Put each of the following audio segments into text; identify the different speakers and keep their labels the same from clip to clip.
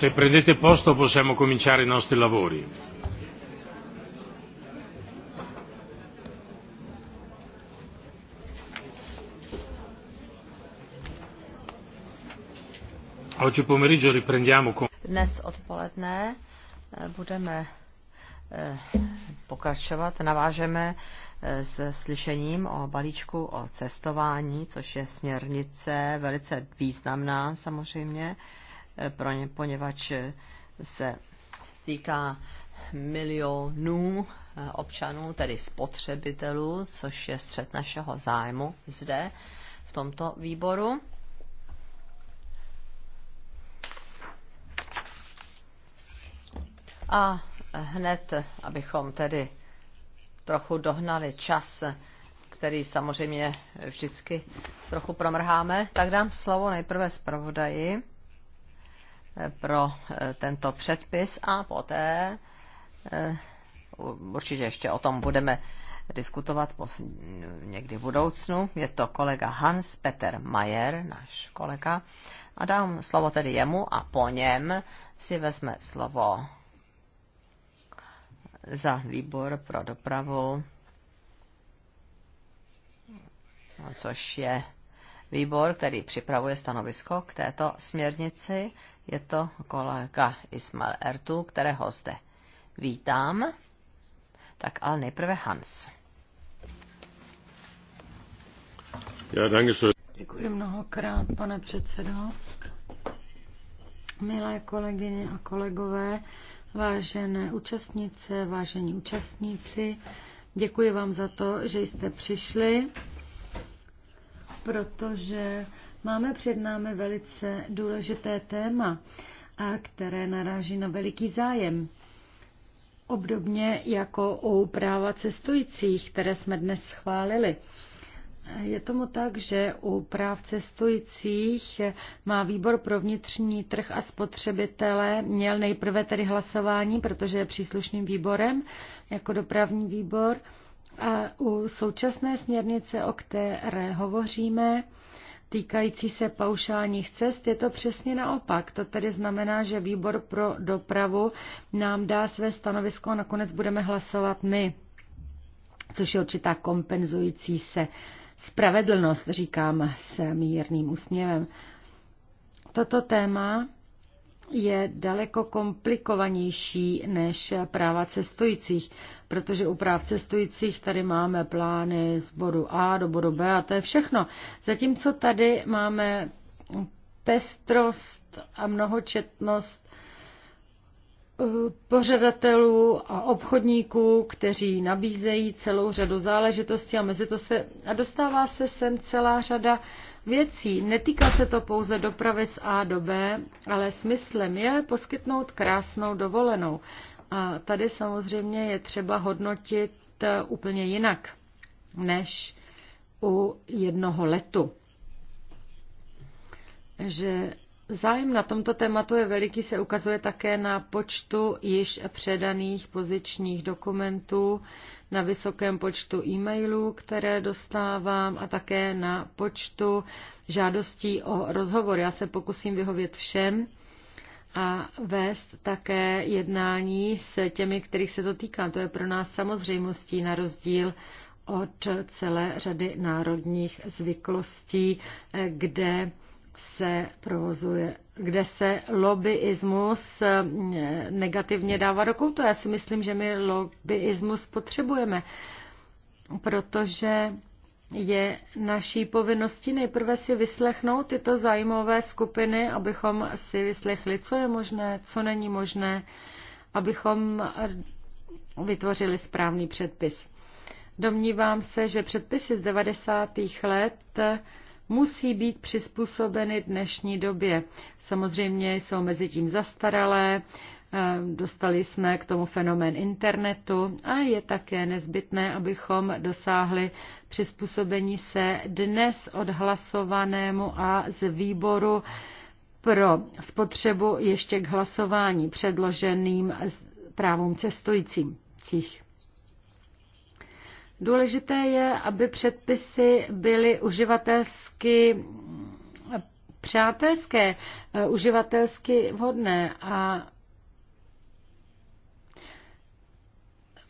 Speaker 1: Se prendete posto possiamo cominciare i nostri lavori.
Speaker 2: Oggi pomeriggio riprendiamo con...
Speaker 1: Dnes odpoledne eh, budeme eh, pokračovat, navážeme eh, s slyšením o balíčku o cestování, což je směrnice velice významná samozřejmě pro ně, poněvadž se týká milionů eh, občanů, tedy spotřebitelů, což je střed našeho zájmu zde v tomto výboru. A hned, abychom tedy trochu dohnali čas, který samozřejmě vždycky trochu promrháme, tak dám slovo nejprve zpravodaji pro eh, tento předpis a poté eh, určitě ještě o tom budeme diskutovat někdy v budoucnu. Je to kolega Hans Peter Mayer, náš kolega. A dám slovo tedy jemu a po něm si vezme slovo za výbor pro dopravu, což je výbor, který připravuje stanovisko k této směrnici. Je to kolega Ismail Ertu, kterého zde vítám. Tak ale nejprve Hans. Já,
Speaker 3: Děkuji mnohokrát, pane předsedo. Milé kolegyně a kolegové, vážené účastnice, vážení účastníci, děkuji vám za to, že jste přišli protože máme před námi velice důležité téma, a které naráží na veliký zájem. Obdobně jako u práva cestujících, které jsme dnes schválili. Je tomu tak, že u práv cestujících má výbor pro vnitřní trh a spotřebitele měl nejprve tedy hlasování, protože je příslušným výborem jako dopravní výbor u současné směrnice, o které hovoříme, týkající se paušálních cest, je to přesně naopak. To tedy znamená, že výbor pro dopravu nám dá své stanovisko a nakonec budeme hlasovat my, což je určitá kompenzující se spravedlnost, říkám s mírným úsměvem. Toto téma je daleko komplikovanější než práva cestujících, protože u práv cestujících tady máme plány z bodu A do bodu B a to je všechno. Zatímco tady máme pestrost a mnohočetnost eh, pořadatelů a obchodníků, kteří nabízejí celou řadu záležitostí a mezi to se a dostává se sem celá řada věcí. Netýká se to pouze dopravy z A do B, ale smyslem je poskytnout krásnou dovolenou. A tady samozřejmě je třeba hodnotit eh, úplně jinak než u jednoho letu. Že Zájem na tomto tématu je veliký, se ukazuje také na počtu již předaných pozičních dokumentů, na vysokém počtu e-mailů, které dostávám a také na počtu žádostí o rozhovor. Já se pokusím vyhovět všem a vést také jednání s těmi, kterých se to týká. To je pro nás samozřejmostí na rozdíl od celé řady národních zvyklostí, kde se provozuje, kde se lobbyismus eh, negativně dává do koutu. Já si myslím, že my lobbyismus potřebujeme, protože je naší povinností nejprve si vyslechnout tyto zajímavé skupiny, abychom si vyslechli, co je možné, co není možné, abychom vytvořili správný předpis. Domnívám se, že předpisy z 90. let musí být přizpůsobeny dnešní době. Samozřejmě jsou mezi tím zastaralé, eh, dostali jsme k tomu fenomén internetu a je také nezbytné, abychom dosáhli přizpůsobení se dnes odhlasovanému a z výboru pro spotřebu ještě k hlasování předloženým právům cestujícím. Cích. Důležité je, aby předpisy byly uživatelsky přátelské, eh, uživatelsky vhodné a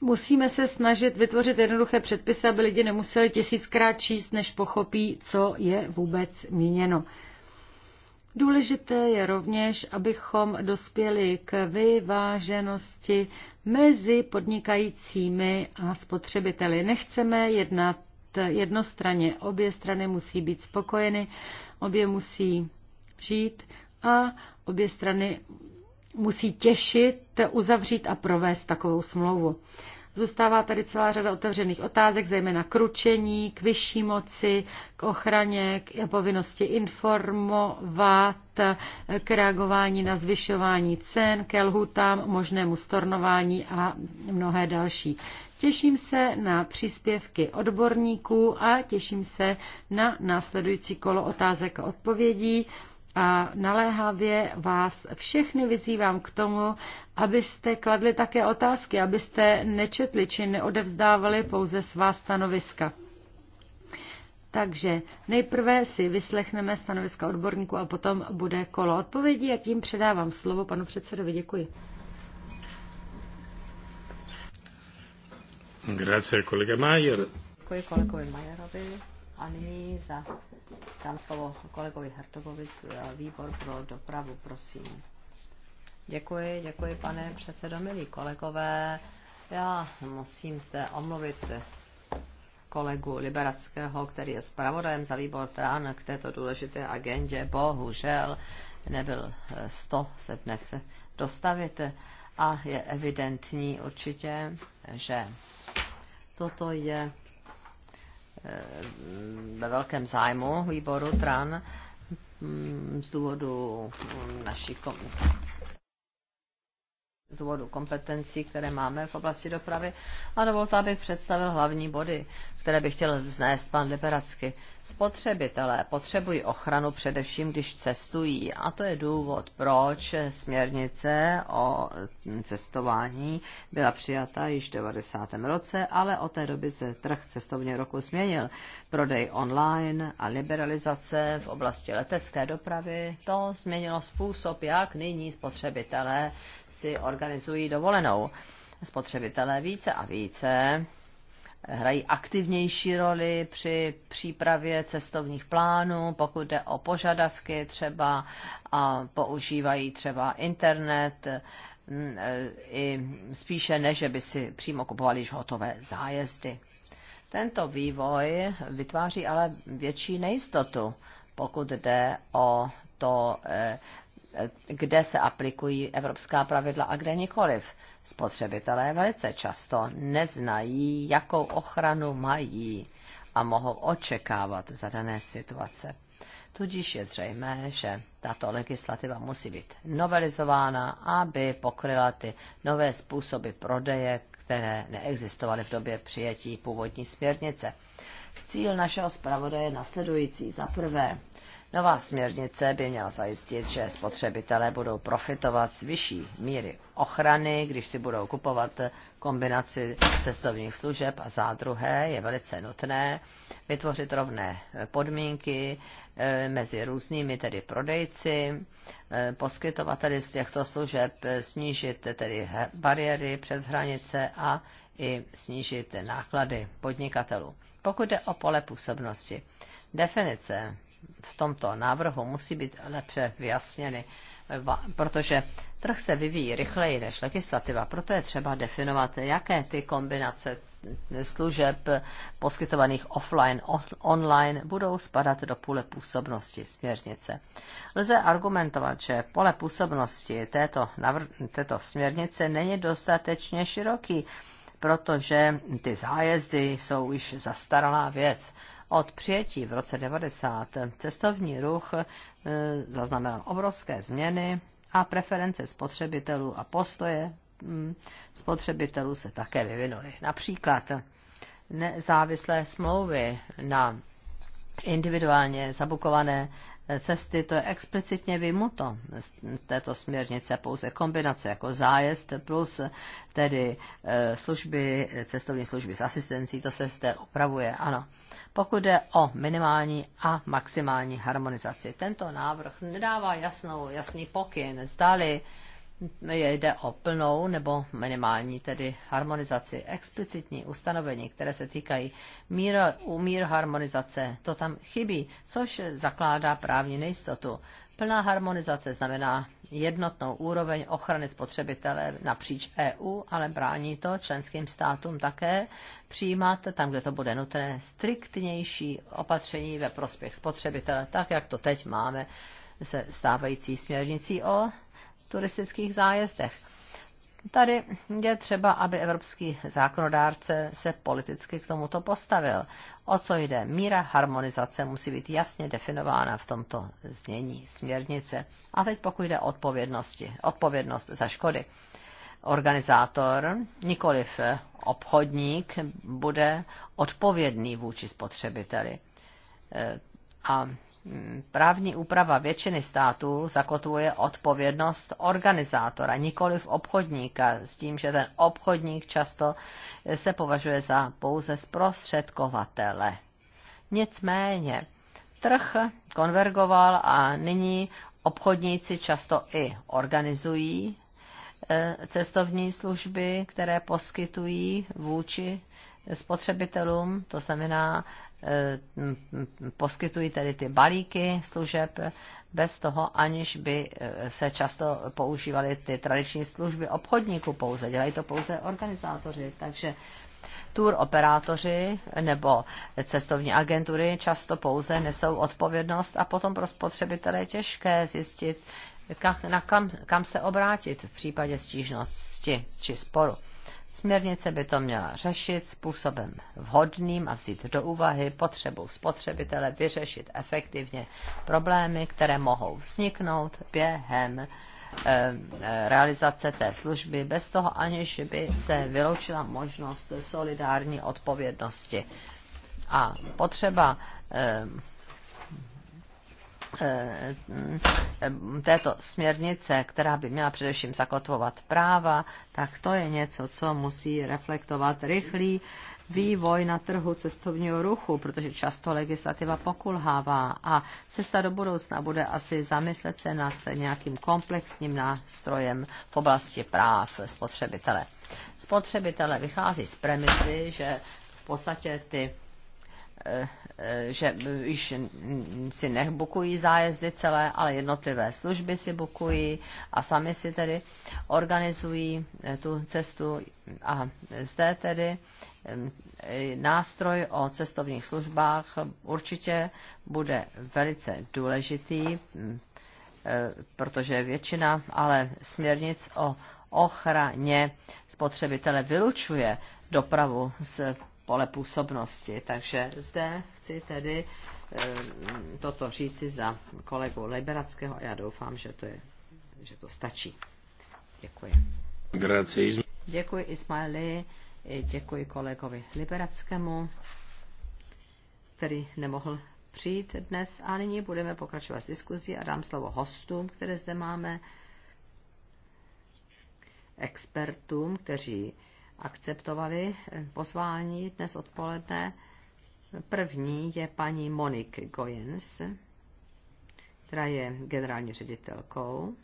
Speaker 3: Musíme se snažit vytvořit jednoduché předpisy, aby lidi nemuseli tisíckrát číst, než pochopí, co je vůbec míněno. Důležité je rovněž, abychom dospěli k vyváženosti mezi podnikajícími a spotřebiteli. Nechceme jednat jednostranně. Obě strany musí být spokojeny, obě musí žít a obě strany musí těšit, uzavřít a provést takovou smlouvu. Zůstává tady celá řada otevřených otázek, zejména k ručení, k vyšší moci, k ochraně, k povinnosti informovat, k reagování na zvyšování cen, ke lhutám, možnému stornování a mnohé další. Těším se na příspěvky odborníků a těším se na následující kolo otázek a odpovědí a naléhavě vás všechny vyzývám k tomu, abyste kladli také otázky, abyste nečetli či neodevzdávali pouze svá stanoviska. Takže nejprve si vyslechneme stanoviska odborníků a potom bude kolo odpovědí a tím předávám slovo panu předsedovi. Děkuji.
Speaker 2: Grazie, kolega Majer.
Speaker 1: Děkuji kolegovi Majerovi. A nyní za, dám slovo kolegovi Hertogovi eh, výbor pro dopravu, prosím. Děkuji, děkuji pane předsedo, milí kolegové. Já musím zde omluvit kolegu Liberackého, který je zpravodajem za výbor TRAN k této důležité agendě. Bohužel nebyl sto eh, se dnes dostavit a je evidentní určitě, že toto je Eh, ve velkém zájmu výboru TRAN mm, z důvodu naší z důvodu kompetencí, které máme v oblasti dopravy. A dovolte, abych představil hlavní body, které bych chtěl vznést pan Liberacky. Spotřebitelé potřebují ochranu především, když cestují. A to je důvod, proč směrnice o cestování byla přijata již v 90. roce, ale od té doby se trh cestovního roku změnil. Prodej online a liberalizace v oblasti letecké dopravy, to změnilo způsob, jak nyní spotřebitelé si organizují dovolenou. Spotřebitelé více a více hrají aktivnější roli při přípravě cestovních plánů, pokud jde o požadavky třeba a používají třeba internet mm, e, i spíše ne, že by si přímo kupovali hotové zájezdy. Tento vývoj vytváří ale větší nejistotu, pokud jde o to, e, kde se aplikují evropská pravidla a kde nikoliv. Spotřebitelé velice často neznají, jakou ochranu mají a mohou očekávat za dané situace. Tudíž je zřejmé, že tato legislativa musí být novelizována, aby pokryla ty nové způsoby prodeje, které neexistovaly v době přijetí původní směrnice. Cíl našeho zpravodaje je nasledující. Za prvé, Nová směrnice by měla zajistit, že spotřebitelé budou profitovat z vyšší míry ochrany, když si budou kupovat kombinaci cestovních služeb a druhé je velice nutné vytvořit rovné podmínky eh, mezi různými tedy prodejci, eh, poskytovateli z těchto služeb, eh, snížit tedy bariéry přes hranice a i snížit náklady podnikatelů. Pokud jde o pole působnosti, definice v tomto návrhu musí být lépe vyjasněny, protože trh se vyvíjí rychleji než legislativa, proto je třeba definovat, jaké ty kombinace služeb poskytovaných offline, online budou spadat do pole působnosti směrnice. Lze argumentovat, že pole působnosti této, této směrnice není dostatečně široký, protože ty zájezdy jsou již zastaralá věc od přijetí v roce 90 cestovní ruch e, zaznamenal obrovské změny a preference spotřebitelů a postoje mm, spotřebitelů se také vyvinuly. Například nezávislé smlouvy na individuálně zabukované cesty, to je explicitně vymuto z této směrnice, pouze kombinace jako zájezd plus tedy e, služby, cestovní služby s asistencí, to se zde opravuje, ano pokud jde o minimální a maximální harmonizaci. Tento návrh nedává jasnou, jasný pokyn, zdali jde o plnou nebo minimální, tedy harmonizaci. Explicitní ustanovení, které se týkají mír, mír harmonizace, to tam chybí, což zakládá právní nejistotu. Plná harmonizace znamená jednotnou úroveň ochrany spotřebitele napříč EU, ale brání to členským státům také přijímat tam, kde to bude nutné, striktnější opatření ve prospěch spotřebitele, tak jak to teď máme se stávající směrnicí o turistických zájezdech. Tady je třeba, aby evropský zákonodárce se politicky k tomuto postavil. O co jde? Míra harmonizace musí být jasně definována v tomto znění směrnice. A teď pokud jde odpovědnosti, odpovědnost za škody. Organizátor, nikoliv obchodník, bude odpovědný vůči spotřebiteli. E, a právní úprava většiny států zakotvuje odpovědnost organizátora, nikoli v obchodníka, s tím, že ten obchodník často se považuje za pouze zprostředkovatele. Nicméně, trh konvergoval a nyní obchodníci často i organizují e, cestovní služby, které poskytují vůči spotřebitelům, to znamená Eh, poskytují tedy ty balíky služeb bez toho, aniž by eh, se často používaly ty tradiční služby obchodníků pouze. Dělají to pouze organizátoři, takže tour operátoři nebo cestovní agentury často pouze nesou odpovědnost a potom pro spotřebitele je těžké zjistit, kam, na kam, kam se obrátit v případě stížnosti či sporu. Směrnice by to měla řešit způsobem vhodným a vzít do úvahy potřebu spotřebitele vyřešit efektivně problémy, které mohou vzniknout během eh, eh, realizace té služby bez toho, aniž by se vyloučila možnost solidární odpovědnosti. A potřeba eh, Eh, této směrnice, která by měla především zakotvovat práva, tak to je něco, co musí reflektovat rychlý vývoj na trhu cestovního ruchu, protože často legislativa pokulhává a cesta do budoucna bude asi zamyslet se nad nějakým komplexním nástrojem v oblasti práv spotřebitele. Spotřebitele vychází z premisy, že v podstatě ty eh, Eh, že již si nebukují zájezdy celé, ale jednotlivé služby si bukují a sami si tedy organizují eh, tu cestu. A zde tedy eh, nástroj o cestovních službách určitě bude velice důležitý, protože většina ale směrnic o ochraně spotřebitele vylučuje dopravu z pole působnosti. Takže zde chci tedy eh, toto říci za kolegu Liberackého a já doufám, že to, je, že to stačí. Děkuji. Děkuji Ismaili, děkuji kolegovi Liberackému, který nemohl přijít dnes a nyní budeme pokračovat s diskuzí a dám slovo hostům, které zde máme, expertům, kteří akceptovali eh, pozvání dnes odpoledne. První je paní Monique Goyens, která je generální ředitelkou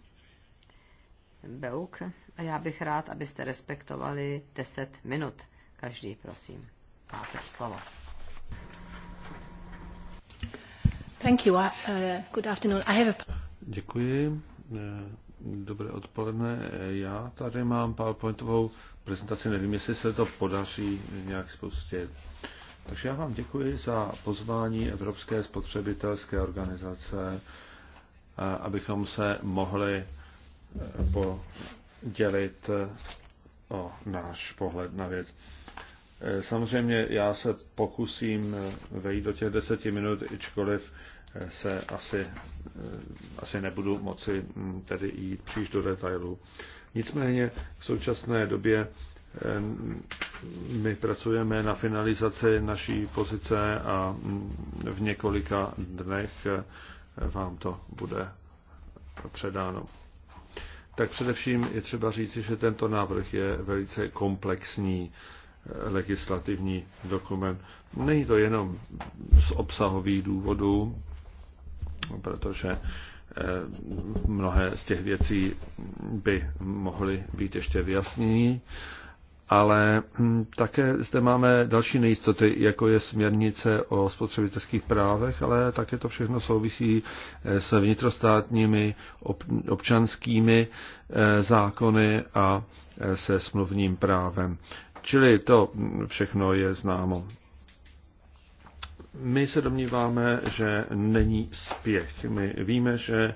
Speaker 1: Beuk. A já bych rád, abyste respektovali 10 minut. Každý, prosím, máte slovo. Thank you. Uh, good afternoon. I have a...
Speaker 2: Děkuji. Eh, Dobré odpoledne. Já tady mám PowerPointovou prezentaci, nevím, jestli se to podaří nějak spustit. Takže já vám děkuji za pozvání Evropské spotřebitelské organizace, eh, abychom se mohli eh, podělit eh, o náš pohled na věc. Samozřejmě já se pokusím vejít do těch deseti minut, ičkoliv se asi, eh, asi nebudu moci mm, tedy jít příliš do detailů. Nicméně v současné době eh, my pracujeme na finalizaci naší pozice a mm, v několika dnech eh, vám to bude předáno. Tak především je třeba říci, že tento návrh je velice komplexní legislativní dokument. Není to jenom z obsahových důvodů, protože eh, mnohé z těch věcí by mohly být ještě vyjasněny. Ale hm, také zde máme další nejistoty, jako je směrnice o spotřebitelských právech, ale také to všechno souvisí eh, s vnitrostátními občanskými eh, zákony a se smluvním právem. Čili to hm, všechno je známo. My se domníváme, že není spěch. My víme, že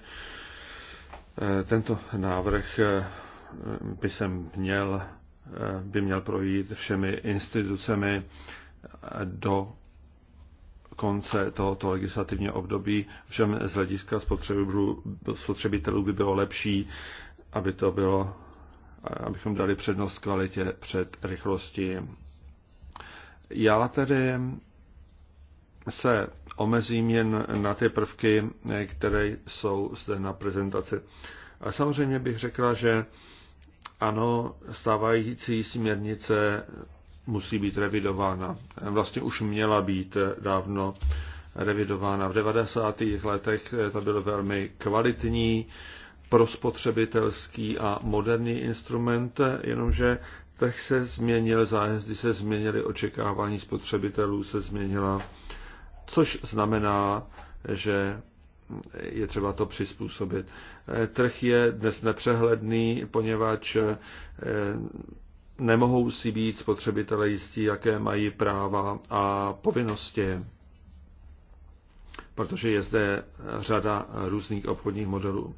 Speaker 2: eh, tento návrh eh, by se měl, eh, by měl projít všemi institucemi do konce tohoto legislativního období. Všem z hlediska spotřebitelů by bylo lepší, aby to bylo, abychom dali přednost kvalitě před rychlostí. Já tedy se omezím jen na ty prvky, které jsou zde na prezentaci. A samozřejmě bych řekla, že ano, stávající směrnice musí být revidována. Vlastně už měla být dávno revidována. V 90. letech to byl velmi kvalitní, prospotřebitelský a moderní instrument, jenomže trh se změnil, zájezdy se změnily, očekávání spotřebitelů se změnila což znamená, že je třeba to přizpůsobit. Eh, trh je dnes nepřehledný, poněvadž eh, nemohou si být spotřebitelé jistí, jaké mají práva a povinnosti, protože je zde řada různých obchodních modelů.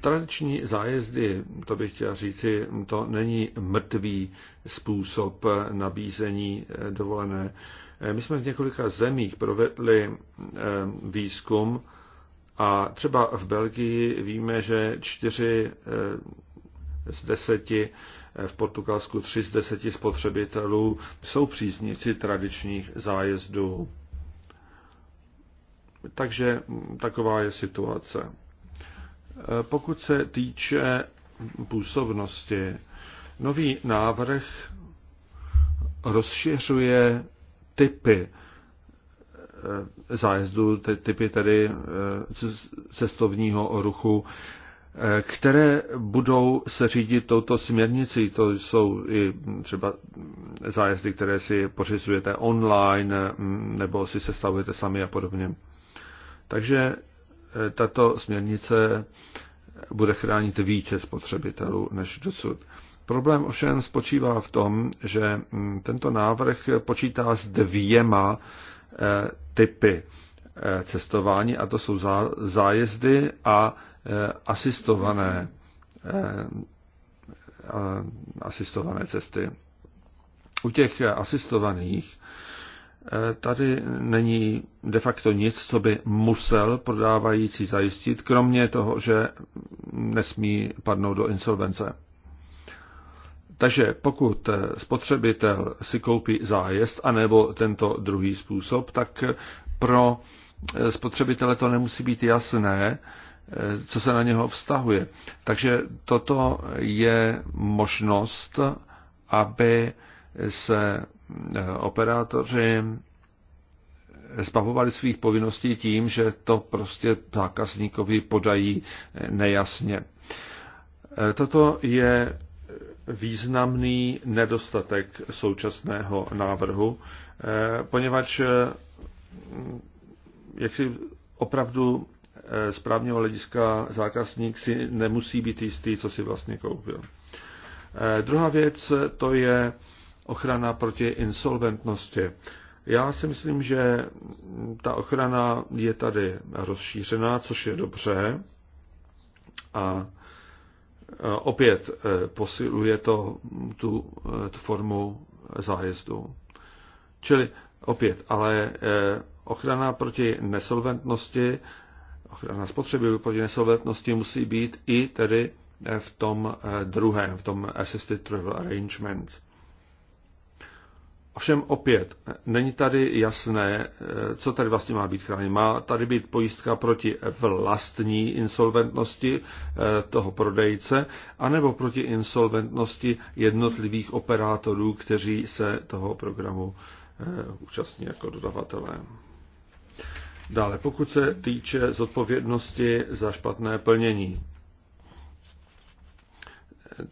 Speaker 2: Tradiční zájezdy, to bych chtěl říci, to není mrtvý způsob nabízení eh, dovolené. Eh, my jsme v několika zemích provedli eh, výzkum a třeba v Belgii víme, že čtyři eh, z deseti, v Portugalsku tři z deseti spotřebitelů jsou příznici tradičních zájezdů. Takže taková je situace. Pokud se týče působnosti, nový návrh rozšiřuje typy eh, zájezdu, ty typy tedy eh, cestovního ruchu, eh, které budou se řídit touto směrnicí. To jsou i mm, třeba zájezdy, které si pořizujete online mm, nebo si sestavujete sami a podobně. Takže tato směrnice bude chránit více spotřebitelů než dosud. Problém ovšem spočívá v tom, že mm, tento návrh počítá s dvěma e, typy e, cestování, a to jsou zájezdy a e, asistované, asistované cesty. U těch asistovaných tady není de facto nic, co by musel prodávající zajistit, kromě toho, že nesmí padnout do insolvence. Takže pokud spotřebitel si koupí zájezd, anebo tento druhý způsob, tak pro spotřebitele to nemusí být jasné, co se na něho vztahuje. Takže toto je možnost, aby se operátoři zbavovali svých povinností tím, že to prostě zákazníkovi podají nejasně. Toto je významný nedostatek současného návrhu, eh, poněvadž eh, jak si opravdu z eh, právního hlediska zákazník si nemusí být jistý, co si vlastně koupil. Druhá věc to je ochrana proti insolventnosti. Já si myslím, že ta ochrana je tady rozšířená, což je dobře. A Eh, opět eh, posiluje to tu, eh, tu formu zájezdu. Čili opět, ale ochrana proti nesolventnosti, ochrana spotřeby proti nesolventnosti musí být i tedy v tom druhém, v tom Assisted Travel Arrangement. Ovšem opět, není tady jasné, eh, co tady vlastně má být chráněno. Má tady být pojistka proti vlastní insolventnosti eh, toho prodejce, anebo proti insolventnosti jednotlivých operátorů, kteří se toho programu eh, účastní jako dodavatelé. Dále, pokud se týče zodpovědnosti za špatné plnění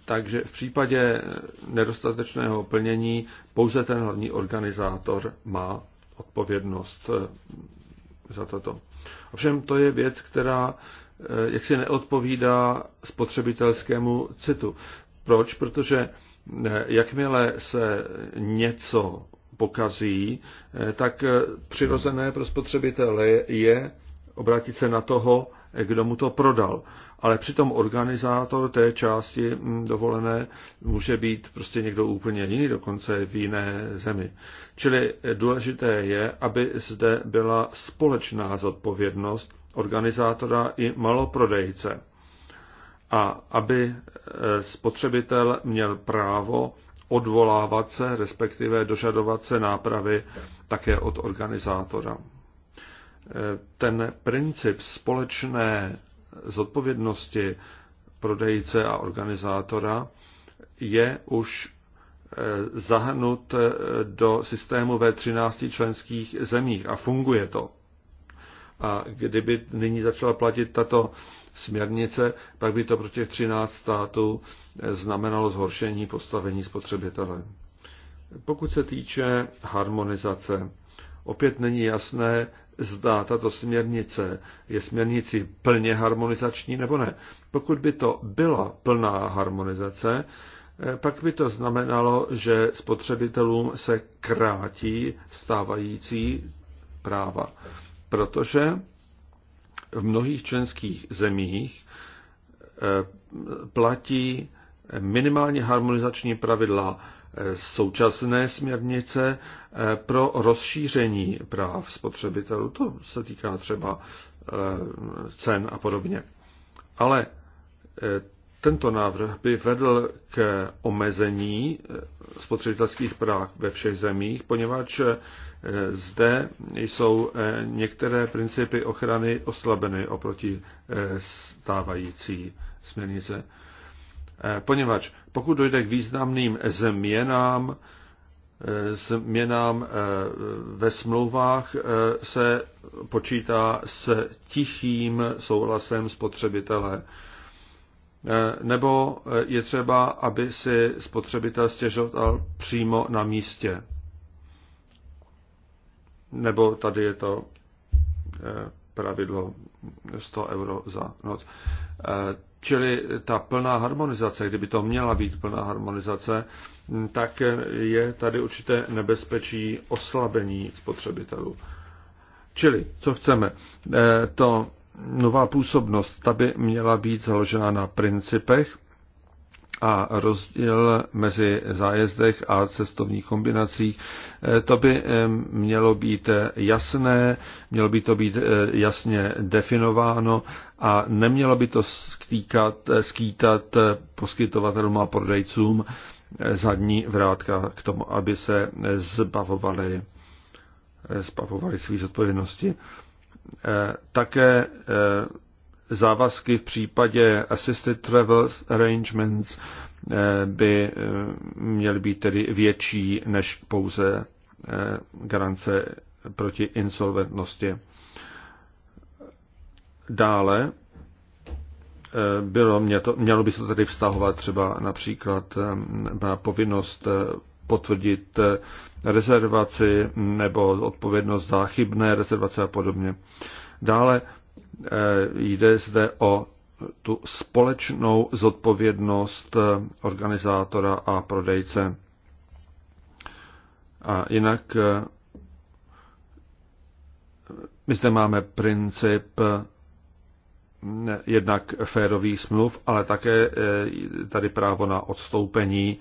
Speaker 2: takže v případě nedostatečného plnění pouze ten hlavní organizátor má odpovědnost eh, za toto. Ovšem to je věc, která eh, jaksi neodpovídá spotřebitelskému citu. Proč? Protože eh, jakmile se něco pokazí, tak přirozené pro spotřebitele je obrátit se na toho, kdo mu to prodal. Ale přitom organizátor té části mm, dovolené může být prostě někdo úplně jiný, dokonce v jiné zemi. Čili důležité je, aby zde byla společná zodpovědnost organizátora i maloprodejce. A aby e, spotřebitel měl právo odvolávat se, respektive dožadovat se nápravy také od organizátora ten princip společné zodpovědnosti prodejce a organizátora je už eh, zahrnut eh, do systému ve 13 členských zemích a funguje to. A kdyby nyní začala platit tato směrnice, pak by to pro těch 13 států eh, znamenalo zhoršení postavení spotřebitele. Pokud se týče harmonizace, opět není jasné, zda tato směrnice je směrnici plně harmonizační nebo ne. Pokud by to byla plná harmonizace, eh, pak by to znamenalo, že spotřebitelům se krátí stávající práva, protože v mnohých členských zemích eh, platí minimálně harmonizační pravidla současné směrnice eh, pro rozšíření práv spotřebitelů. To se týká třeba eh, cen a podobně. Ale eh, tento návrh by vedl k omezení spotřebitelských práv ve všech zemích, poněvadž zde jsou některé principy ochrany oslabeny oproti stávající směrnice. Eh, poněvadž pokud dojde k významným změnám, eh, změnám eh, ve smlouvách se počítá s tichým souhlasem spotřebitele. Nebo je třeba, aby si spotřebitel stěžoval přímo na místě. Nebo tady je to pravidlo 100 euro za noc. Čili ta plná harmonizace, kdyby to měla být plná harmonizace, tak je tady určité nebezpečí oslabení spotřebitelů. Čili, co chceme? Eh, to nová působnost, ta by měla být založena na principech, a rozdíl mezi zájezdech a cestovních kombinacích. Eh, to by eh, mělo být eh, jasné, mělo by to být jasně definováno a nemělo by to skýtat, skýtat poskytovatelům a prodejcům zadní vrátka k tomu, aby se zbavovali, zbavovali svých odpovědnosti. Také závazky v případě Assisted Travel Arrangements eh, by eh, měly být tedy větší než pouze eh, garance proti insolventnosti. Dále bylo, mě to, mělo by se to tedy vztahovat třeba například na povinnost potvrdit rezervaci nebo odpovědnost za chybné rezervace a podobně. Dále Eh, jde zde o tu společnou zodpovědnost eh, organizátora a prodejce. A jinak eh, my zde máme princip jednak férových smluv, ale také tady právo na odstoupení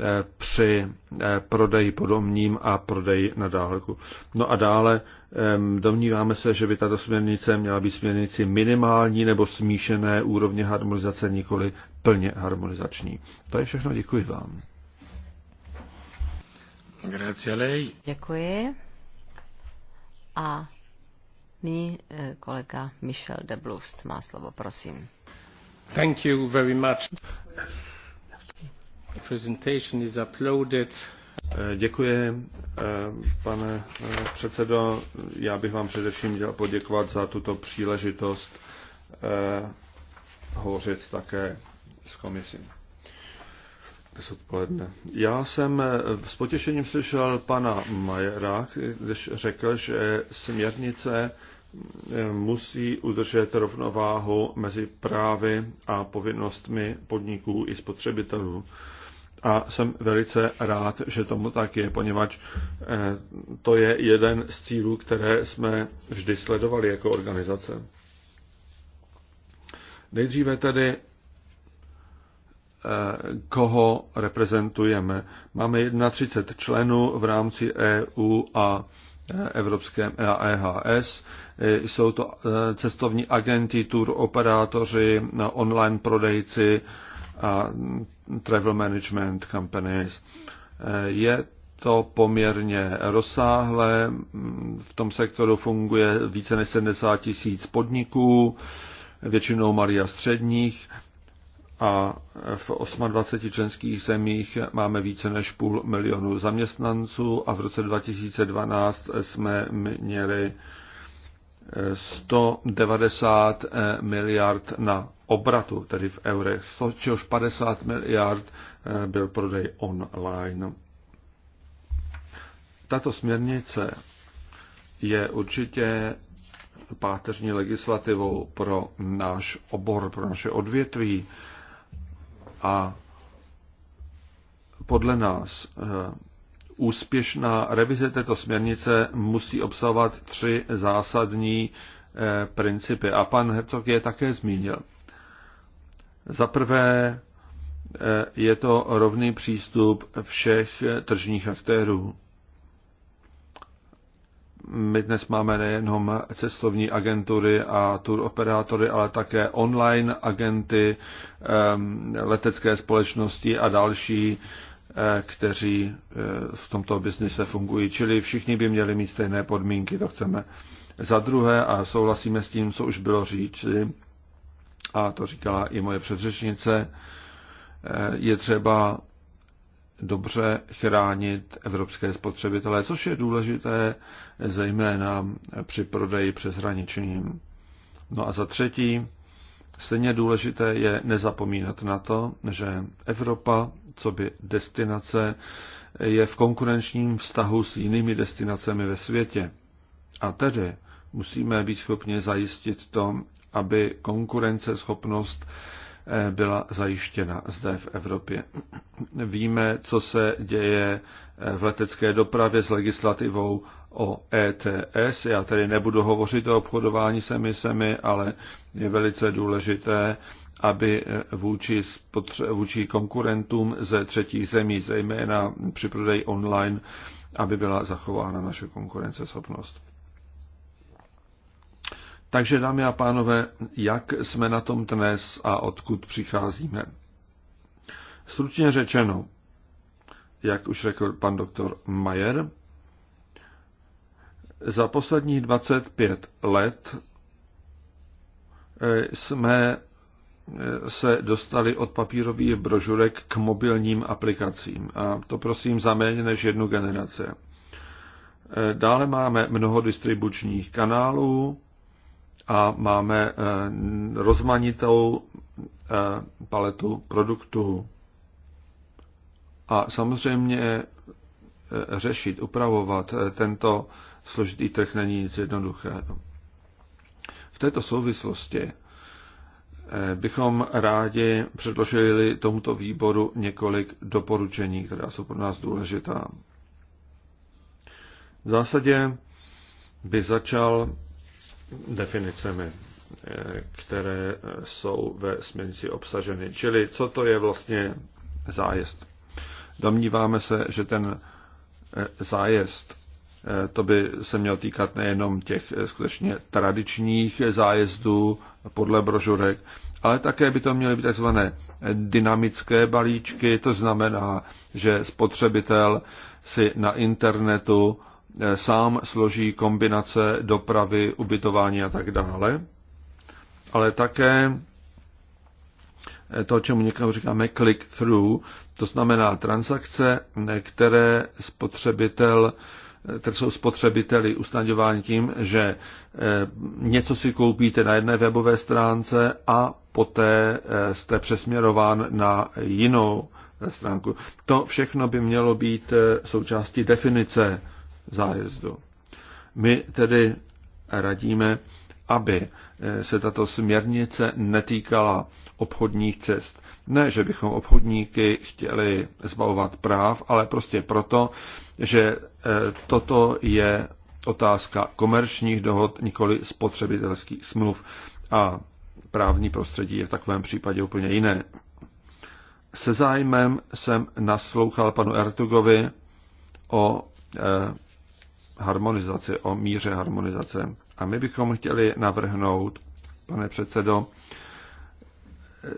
Speaker 2: Eh, při eh, prodeji podomním a prodeji na dálku. No a dále domníváme se, že by tato směrnice měla být směrnici minimální nebo smíšené úrovně harmonizace, nikoli plně harmonizační. To je všechno, děkuji vám.
Speaker 1: Děkuji. A nyní eh, kolega Michel de Blust má slovo, prosím. Thank you
Speaker 2: very much. Eh, děkuji, eh, pane eh, předsedo. Já bych vám především chtěl poděkovat za tuto příležitost hovořit také s komisí dnes odpoledne. Já jsem s potěšením slyšel pana Majera, když řekl, že směrnice musí udržet rovnováhu mezi právy a povinnostmi podniků i spotřebitelů. A jsem velice rád, že tomu tak je, poněvadž eh, to je jeden z cílů, které jsme vždy sledovali jako organizace. Nejdříve tedy, eh, koho reprezentujeme. Máme 31 členů v rámci EU a eh, Evropském e EHS. Jsou to cestovní agenti, tour operátoři, online prodejci, a Travel Management Companies. Eh, je to poměrně rozsáhlé. V tom sektoru funguje více než 70 tisíc podniků, většinou malých a středních. A v 28 členských zemích máme více než půl milionu zaměstnanců a v roce 2012 jsme měli 190 eh, miliard na obratu, tedy v eurech, čehož 50 miliard eh, byl prodej online. Tato směrnice je určitě páteřní legislativou pro náš obor, pro naše odvětví a podle nás eh, Úspěšná revize této směrnice musí obsahovat tři zásadní eh, principy. A pan Hercog je také zmínil. Za prvé eh, je to rovný přístup všech eh, tržních aktérů. My dnes máme nejenom cestovní agentury a tour operátory, ale také online agenty, ehm, letecké společnosti a další kteří eh, v tomto biznise fungují. Čili všichni by měli mít stejné podmínky, to chceme. Za druhé, a souhlasíme s tím, co už bylo říči, a to říkala i moje předřečnice, eh, je třeba dobře chránit evropské spotřebitele, což je důležité zejména při prodeji přeshraničním. No a za třetí, stejně důležité je nezapomínat na to, že Evropa co by destinace je v konkurenčním vztahu s jinými destinacemi ve světě. A tedy musíme být schopni zajistit to, aby konkurenceschopnost eh, byla zajištěna zde v Evropě. Víme, co se děje eh, v letecké dopravě s legislativou o ETS. Já tedy nebudu hovořit o obchodování s emisemi, ale je velice důležité, aby eh, vůči, spotře- vůči konkurentům ze třetích zemí, zejména při prodeji online, aby byla zachována naše konkurenceschopnost. Takže, dámy a pánové, jak jsme na tom dnes a odkud přicházíme? Stručně řečeno, jak už řekl pan doktor Mayer, za posledních 25 let eh, jsme se dostali od papírových brožurek k mobilním aplikacím. A to prosím za méně než jednu generace. E, dále máme mnoho distribučních kanálů a máme e, rozmanitou e, paletu produktů. A samozřejmě řešit, upravovat tento složitý trh není nic jednoduchého. V této souvislosti bychom rádi předložili tomuto výboru několik doporučení, která jsou pro nás důležitá. V zásadě by začal definicemi, které jsou ve směrnici obsaženy. Čili co to je vlastně zájezd? Domníváme se, že ten eh, zájezd eh, to by se měl týkat nejenom těch eh, skutečně tradičních zájezdů podle brožurek, ale také by to měly být tzv. dynamické balíčky, to znamená, že spotřebitel si na internetu eh, sám složí kombinace dopravy, ubytování a tak dále. Ale také eh, to, čemu někdo říkáme click-through, to znamená transakce, eh, které spotřebitel trh jsou spotřebiteli usnadňován tím, že eh, něco si koupíte na jedné webové stránce a poté eh, jste přesměrován na jinou eh, stránku. To všechno by mělo být součástí definice zájezdu. My tedy radíme, aby se tato směrnice netýkala obchodních cest. Ne, že bychom obchodníky chtěli zbavovat práv, ale prostě proto, že e, toto je otázka komerčních dohod, nikoli spotřebitelských smluv. A právní prostředí je v takovém případě úplně jiné. Se zájmem jsem naslouchal panu Ertugovi o e, harmonizaci, o míře harmonizace. A my bychom chtěli navrhnout, pane předsedo,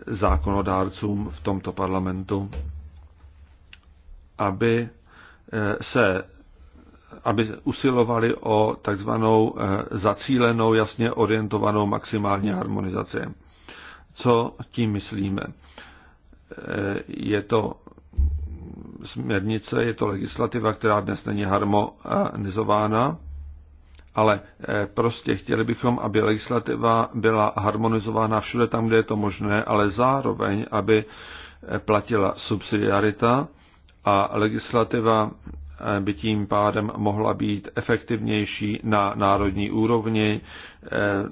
Speaker 2: zákonodárcům v tomto parlamentu, aby eh, se aby usilovali o takzvanou eh, zacílenou, jasně orientovanou maximální harmonizaci. Co tím myslíme? Eh, je to směrnice, je to legislativa, která dnes není harmonizována, ale eh, prostě chtěli bychom, aby legislativa byla harmonizována všude tam, kde je to možné, ale zároveň, aby eh, platila subsidiarita a legislativa eh, by tím pádem mohla být efektivnější na národní úrovni,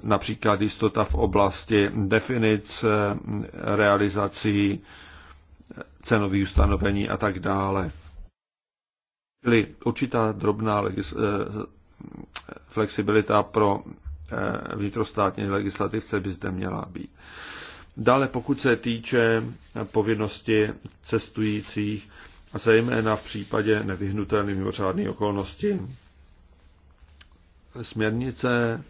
Speaker 2: například jistota v oblasti definic, realizací cenových ustanovení a tak dále. Čili určitá drobná legis- flexibilita pro eh, vnitrostátní legislativce by zde měla být. Dále pokud se týče povinnosti cestujících, a zejména v případě nevyhnutelné mimořádné okolností, směrnice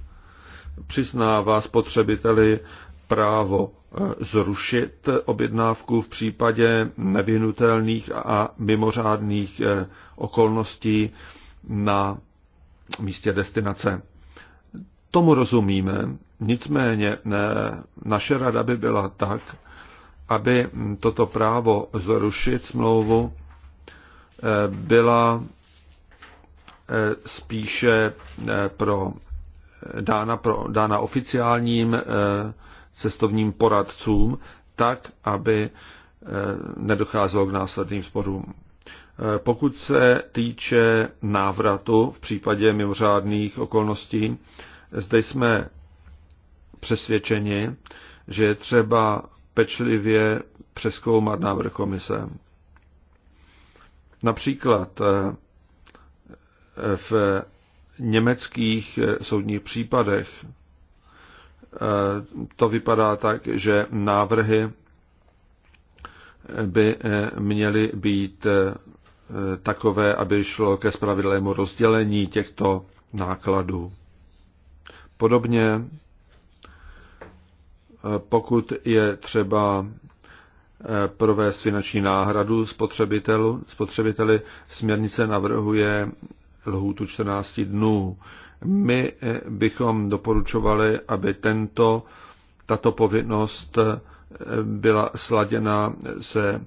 Speaker 2: přiznává spotřebiteli právo eh, zrušit objednávku v případě nevyhnutelných a mimořádných eh, okolností na místě destinace. Tomu rozumíme, nicméně eh, naše rada by byla tak, aby toto právo zrušit smlouvu eh, byla eh, spíše pro, dána, pro, dána oficiálním cestovním poradcům, tak, aby nedocházelo k následným sporům. Eh, pokud se týče návratu v případě mimořádných okolností, zde jsme přesvědčeni, že je třeba pečlivě přeskoumat návrh komise. Například eh, v německých soudních případech eh, to vypadá tak, že návrhy by měly být Eh, takové, aby šlo ke spravedlivému rozdělení těchto nákladů. Podobně, eh, pokud je třeba eh, provést finanční náhradu spotřebitelu, spotřebiteli, směrnice navrhuje lhůtu 14 dnů. My bychom doporučovali, aby tento, tato povinnost byla sladěna se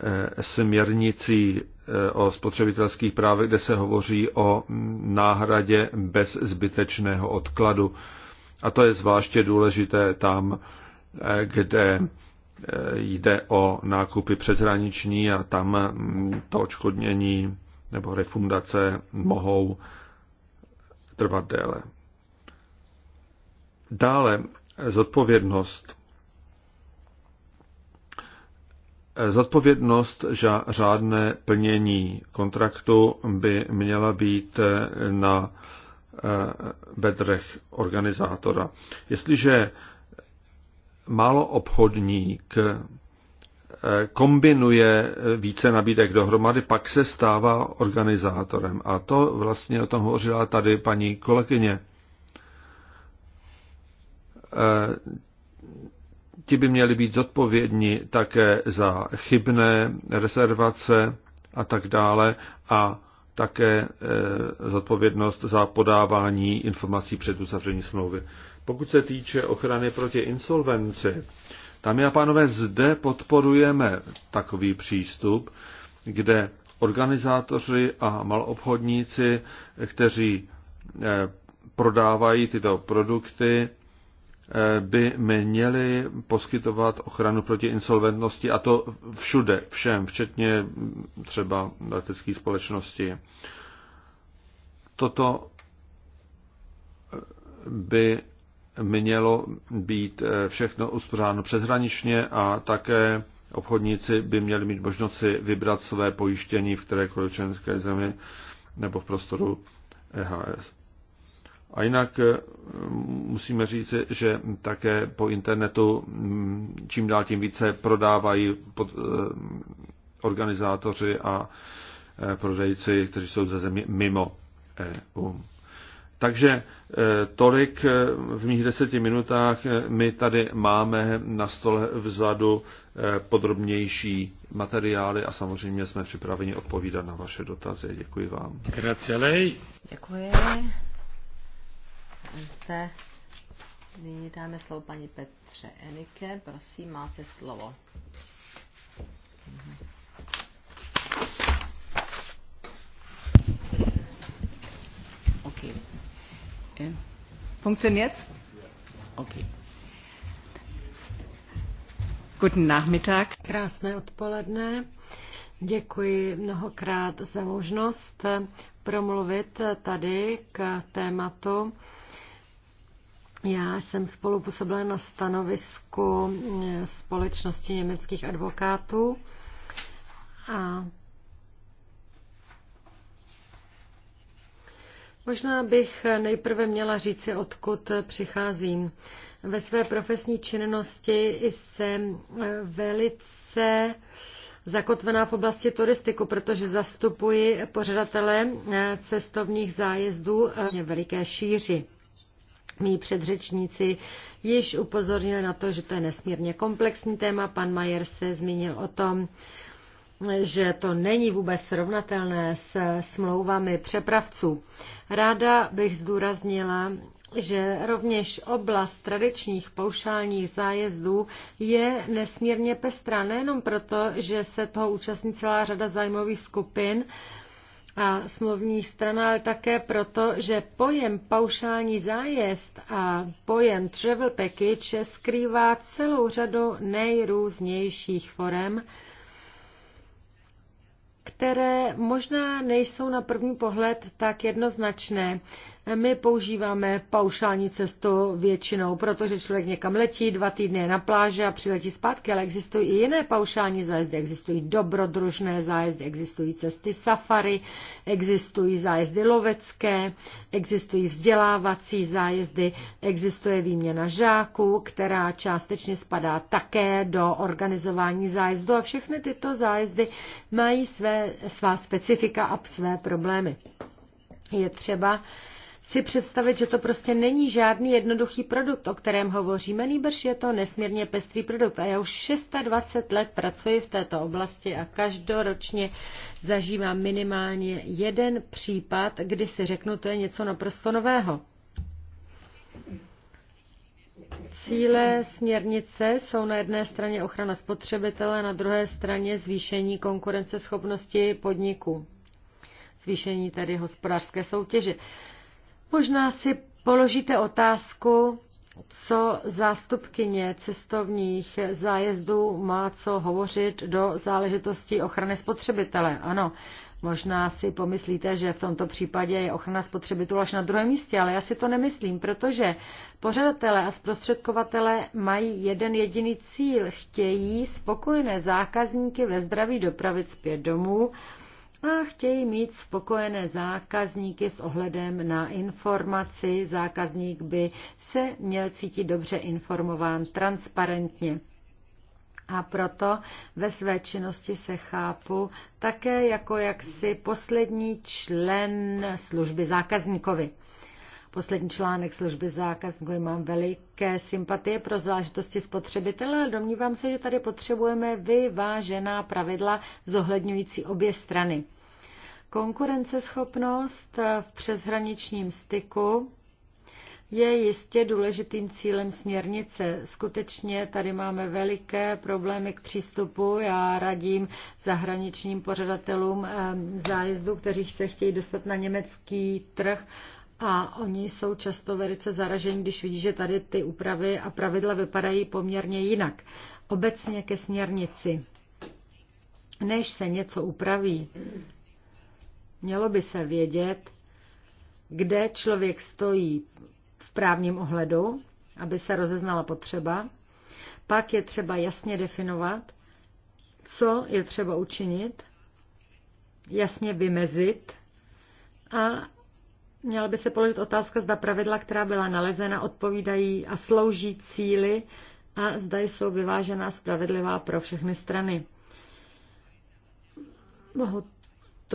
Speaker 2: Eh, směrnicí eh, o spotřebitelských právech, kde se hovoří o náhradě bez zbytečného odkladu. A to je zvláště důležité tam, eh, kde jde o nákupy přeshraniční a tam mm, to očkodnění nebo refundace mohou trvat déle. Dále zodpovědnost Zodpovědnost za řádné plnění kontraktu by měla být na eh, bedrech organizátora. Jestliže málo obchodník eh, kombinuje více nabídek dohromady, pak se stává organizátorem. A to vlastně o tom hovořila tady paní kolegyně eh, ti by měli být zodpovědní také za chybné rezervace a tak dále a také e, zodpovědnost za podávání informací před uzavření smlouvy. Pokud se týče ochrany proti insolvenci, tam já, pánové, zde podporujeme takový přístup, kde organizátoři a malobchodníci, kteří e, prodávají tyto produkty, Eh, by měly poskytovat ochranu proti insolventnosti a to všude, všem, včetně třeba letecké společnosti. Toto eh, by mělo být eh, všechno uspořádáno přeshraničně a také obchodníci by měli mít možnost si vybrat své pojištění v kterékoliv členské zemi nebo v prostoru EHS. A jinak eh, musíme říct, že také po internetu mm, čím dál tím více prodávají pod, eh, organizátoři a eh, prodejci, kteří jsou ze země mimo EU. Takže tolik v mých deseti minutách. My tady máme na stole vzadu podrobnější materiály a samozřejmě jsme připraveni odpovídat na vaše dotazy. Děkuji vám. Gracielej. Děkuji
Speaker 1: zde nyní dáme slovo paní Petře Enike. Prosím, máte slovo. Okay. Eh,
Speaker 3: Funktioniert's? Okay. Guten Nachmittag. Krásné odpoledne. Děkuji mnohokrát za možnost promluvit tady k tématu já jsem spolupůsobila na stanovisku eh, společnosti německých advokátů a Možná bych nejprve měla říci, odkud přicházím. Ve své profesní činnosti jsem eh, velice zakotvená v oblasti turistiku, protože zastupuji pořadatele eh, cestovních zájezdů v veliké šíři. Mí předřečníci již upozornili na to, že to je nesmírně komplexní téma. Pan Majer se zmínil o tom, že to není vůbec srovnatelné s smlouvami přepravců. Ráda bych zdůraznila, že rovněž oblast tradičních poušálních zájezdů je nesmírně pestrá, nejenom proto, že se toho účastní celá řada zájmových skupin, a smluvních stran, ale také proto, že pojem paušální zájezd a pojem travel package skrývá celou řadu nejrůznějších forem, které možná nejsou na první pohled tak jednoznačné. My používáme paušální cestu většinou, protože člověk někam letí, dva týdny na pláži a přiletí zpátky, ale existují i jiné paušální zájezdy. Existují dobrodružné zájezdy, existují cesty safari, existují zájezdy lovecké, existují vzdělávací zájezdy, existuje výměna žáků, která částečně spadá také do organizování zájezdu a všechny tyto zájezdy mají své, svá specifika a své problémy. Je třeba si představit, že to prostě není žádný jednoduchý produkt, o kterém hovoříme, nýbrž je to nesmírně pestrý produkt. A já už 26 let pracuji v této oblasti a každoročně zažívám minimálně jeden případ, kdy si řeknu, to je něco naprosto nového. Cíle směrnice jsou na jedné straně ochrana spotřebitele, na druhé straně zvýšení konkurenceschopnosti podniku zvýšení tedy hospodářské soutěže. Možná si položíte otázku, co zástupkyně cestovních zájezdů má co hovořit do záležitostí ochrany spotřebitele. Ano, možná si pomyslíte, že v tomto případě je ochrana spotřebitelů až na druhém místě, ale já si to nemyslím, protože pořadatelé a zprostředkovatele mají jeden jediný cíl. Chtějí spokojené zákazníky ve zdraví dopravit zpět domů a chtějí mít spokojené zákazníky s ohledem na informaci. Zákazník by se měl cítit dobře informován transparentně. A proto ve své činnosti se chápu také jako jaksi poslední člen služby zákazníkovi. Poslední článek služby zákazníků mám veliké sympatie pro záležitosti spotřebitele, ale domnívám se, že tady potřebujeme vyvážená pravidla zohledňující obě strany. Konkurenceschopnost v přeshraničním styku je jistě důležitým cílem směrnice. Skutečně tady máme veliké problémy k přístupu. Já radím zahraničním pořadatelům ehm, zájezdu, kteří se chtějí dostat na německý trh, a oni jsou často velice zaraženi, když vidí, že tady ty úpravy a pravidla vypadají poměrně jinak. Obecně ke směrnici. Než se něco upraví, mělo by se vědět, kde člověk stojí v právním ohledu, aby se rozeznala potřeba. Pak je třeba jasně definovat, co je třeba učinit, jasně vymezit a Měla by se položit otázka, zda pravidla, která byla nalezena, odpovídají a slouží cíli a zda jsou vyvážená spravedlivá pro všechny strany. Mohu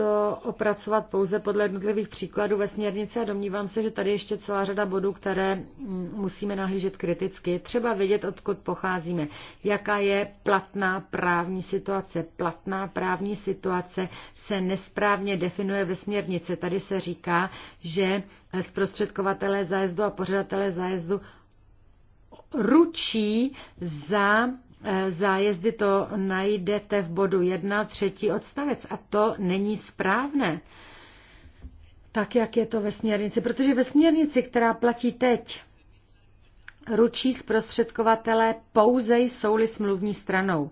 Speaker 3: to opracovat pouze podle jednotlivých příkladů ve směrnici a domnívám se, že tady ještě celá řada bodů, které mm, musíme nahlížet kriticky. Třeba vědět, odkud pocházíme, jaká je platná právní situace. Platná právní situace se nesprávně definuje ve směrnici. Tady se říká, že zprostředkovatelé zájezdu a pořadatelé zájezdu ručí za Eh, zájezdy, to najdete v bodu 1, třetí odstavec. A to není správné, tak jak je to ve směrnici. Protože ve směrnici, která platí teď, ručí zprostředkovatele pouze jsou-li smluvní stranou.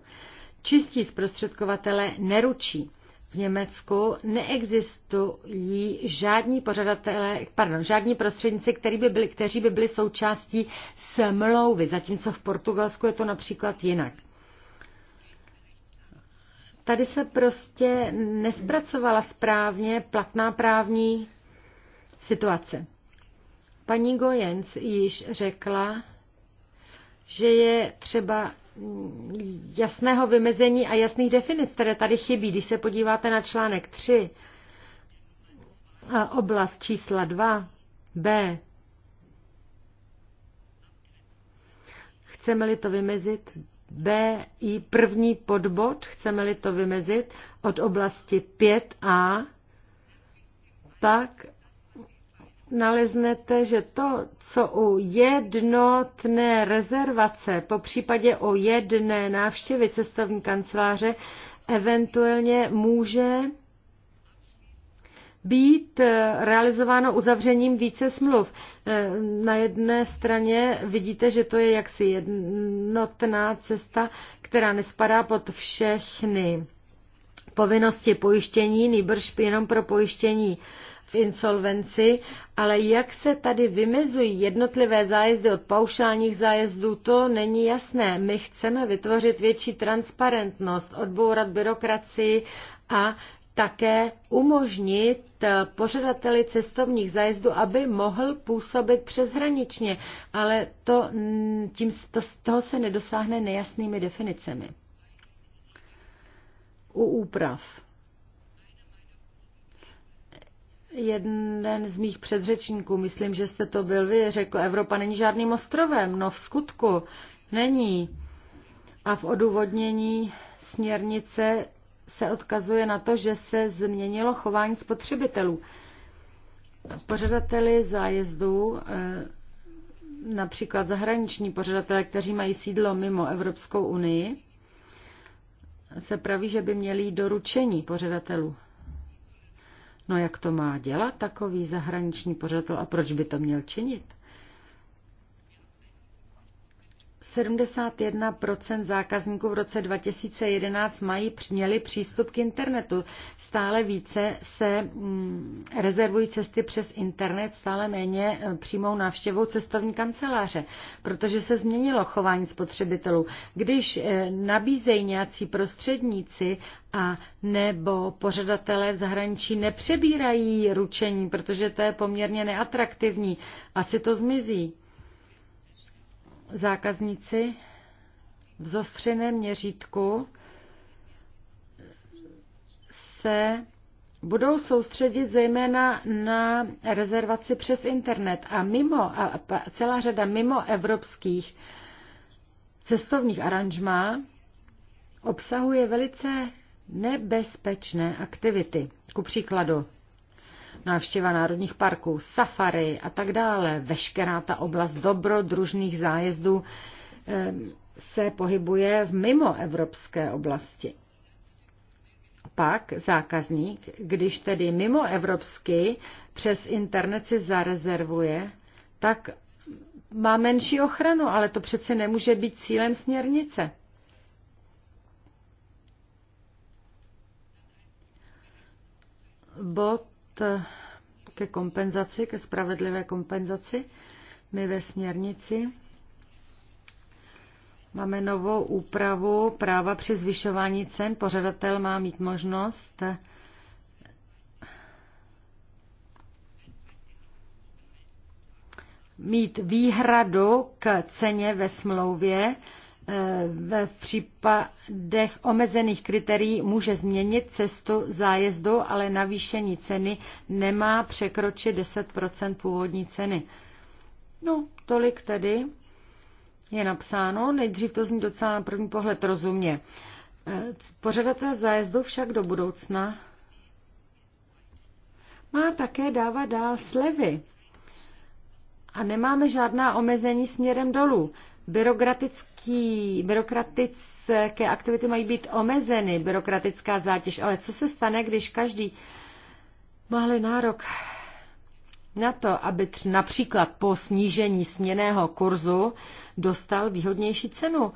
Speaker 3: Čistí zprostředkovatele neručí v Německu neexistují žádní pořadatelé, pardon, žádní prostředníci, který by byli, kteří by byli součástí smlouvy, zatímco v Portugalsku je to například jinak. Tady se prostě nespracovala správně platná právní situace. Paní Gojens již řekla, že je třeba Mm, jasného vymezení a jasných definic, které tady chybí. Když se podíváte na článek 3, oblast čísla 2, B, chceme-li to vymezit, B i první podbod, chceme-li to vymezit, od oblasti 5a, tak naleznete, že to, co u jednotné rezervace, po případě o jedné návštěvy cestovní kanceláře, eventuálně může být eh, realizováno uzavřením více smluv. Eh, na jedné straně vidíte, že to je jaksi jednotná cesta, která nespadá pod všechny povinnosti pojištění, nýbrž jenom pro pojištění v insolvenci, ale jak se tady vymezují jednotlivé zájezdy od paušálních zájezdů, to není jasné. My chceme vytvořit větší transparentnost, odbourat byrokracii a také umožnit pořadateli cestovních zájezdů, aby mohl působit přeshraničně, ale to, mm, tím, to, toho se nedosáhne nejasnými definicemi. U úprav. Jeden z mých předřečníků, myslím, že jste to byl vy, řekl, Evropa není žádným ostrovem. No v skutku není. A v odůvodnění směrnice se odkazuje na to, že se změnilo chování spotřebitelů. Pořadateli zájezdů, eh, například zahraniční pořadatelé, kteří mají sídlo mimo Evropskou unii, se praví, že by měli jít do ručení pořadatelů. No jak to má dělat takový zahraniční pořadatel a proč by to měl činit? 71% zákazníků v roce 2011 mají, měli přístup k internetu. Stále více se mm, rezervují cesty přes internet, stále méně e, přímou návštěvou cestovní kanceláře, protože se změnilo chování spotřebitelů. Když e, nabízejí nějací prostředníci a nebo pořadatelé v zahraničí nepřebírají ručení, protože to je poměrně neatraktivní, asi to zmizí zákazníci v zostřeném měřítku se budou soustředit zejména na rezervaci přes internet a mimo a celá řada mimo evropských cestovních aranžmá obsahuje velice nebezpečné aktivity. Ku příkladu návštěva národních parků, safari a tak dále, veškerá ta oblast dobrodružných zájezdů eh, se pohybuje v mimoevropské oblasti. Pak zákazník, když tedy mimo evropsky přes internet si zarezervuje, tak má menší ochranu, ale to přece nemůže být cílem směrnice. Bod Eh, ke kompenzaci, ke spravedlivé kompenzaci. My ve směrnici máme novou úpravu práva při zvyšování cen. Pořadatel má mít možnost eh, mít výhradu k ceně ve smlouvě, v případech omezených kritérií může změnit cestu zájezdu, ale navýšení ceny nemá překročit 10 původní ceny. No, tolik tedy je napsáno. Nejdřív to zní docela na první pohled rozumně. Eh, pořadatel zájezdu však do budoucna má také dávat dál slevy. A nemáme žádná omezení směrem dolů. Byrokratický, byrokratické aktivity mají být omezeny, byrokratická zátěž. Ale co se stane, když každý má nárok na to, aby tř, například po snížení směného kurzu dostal výhodnější cenu?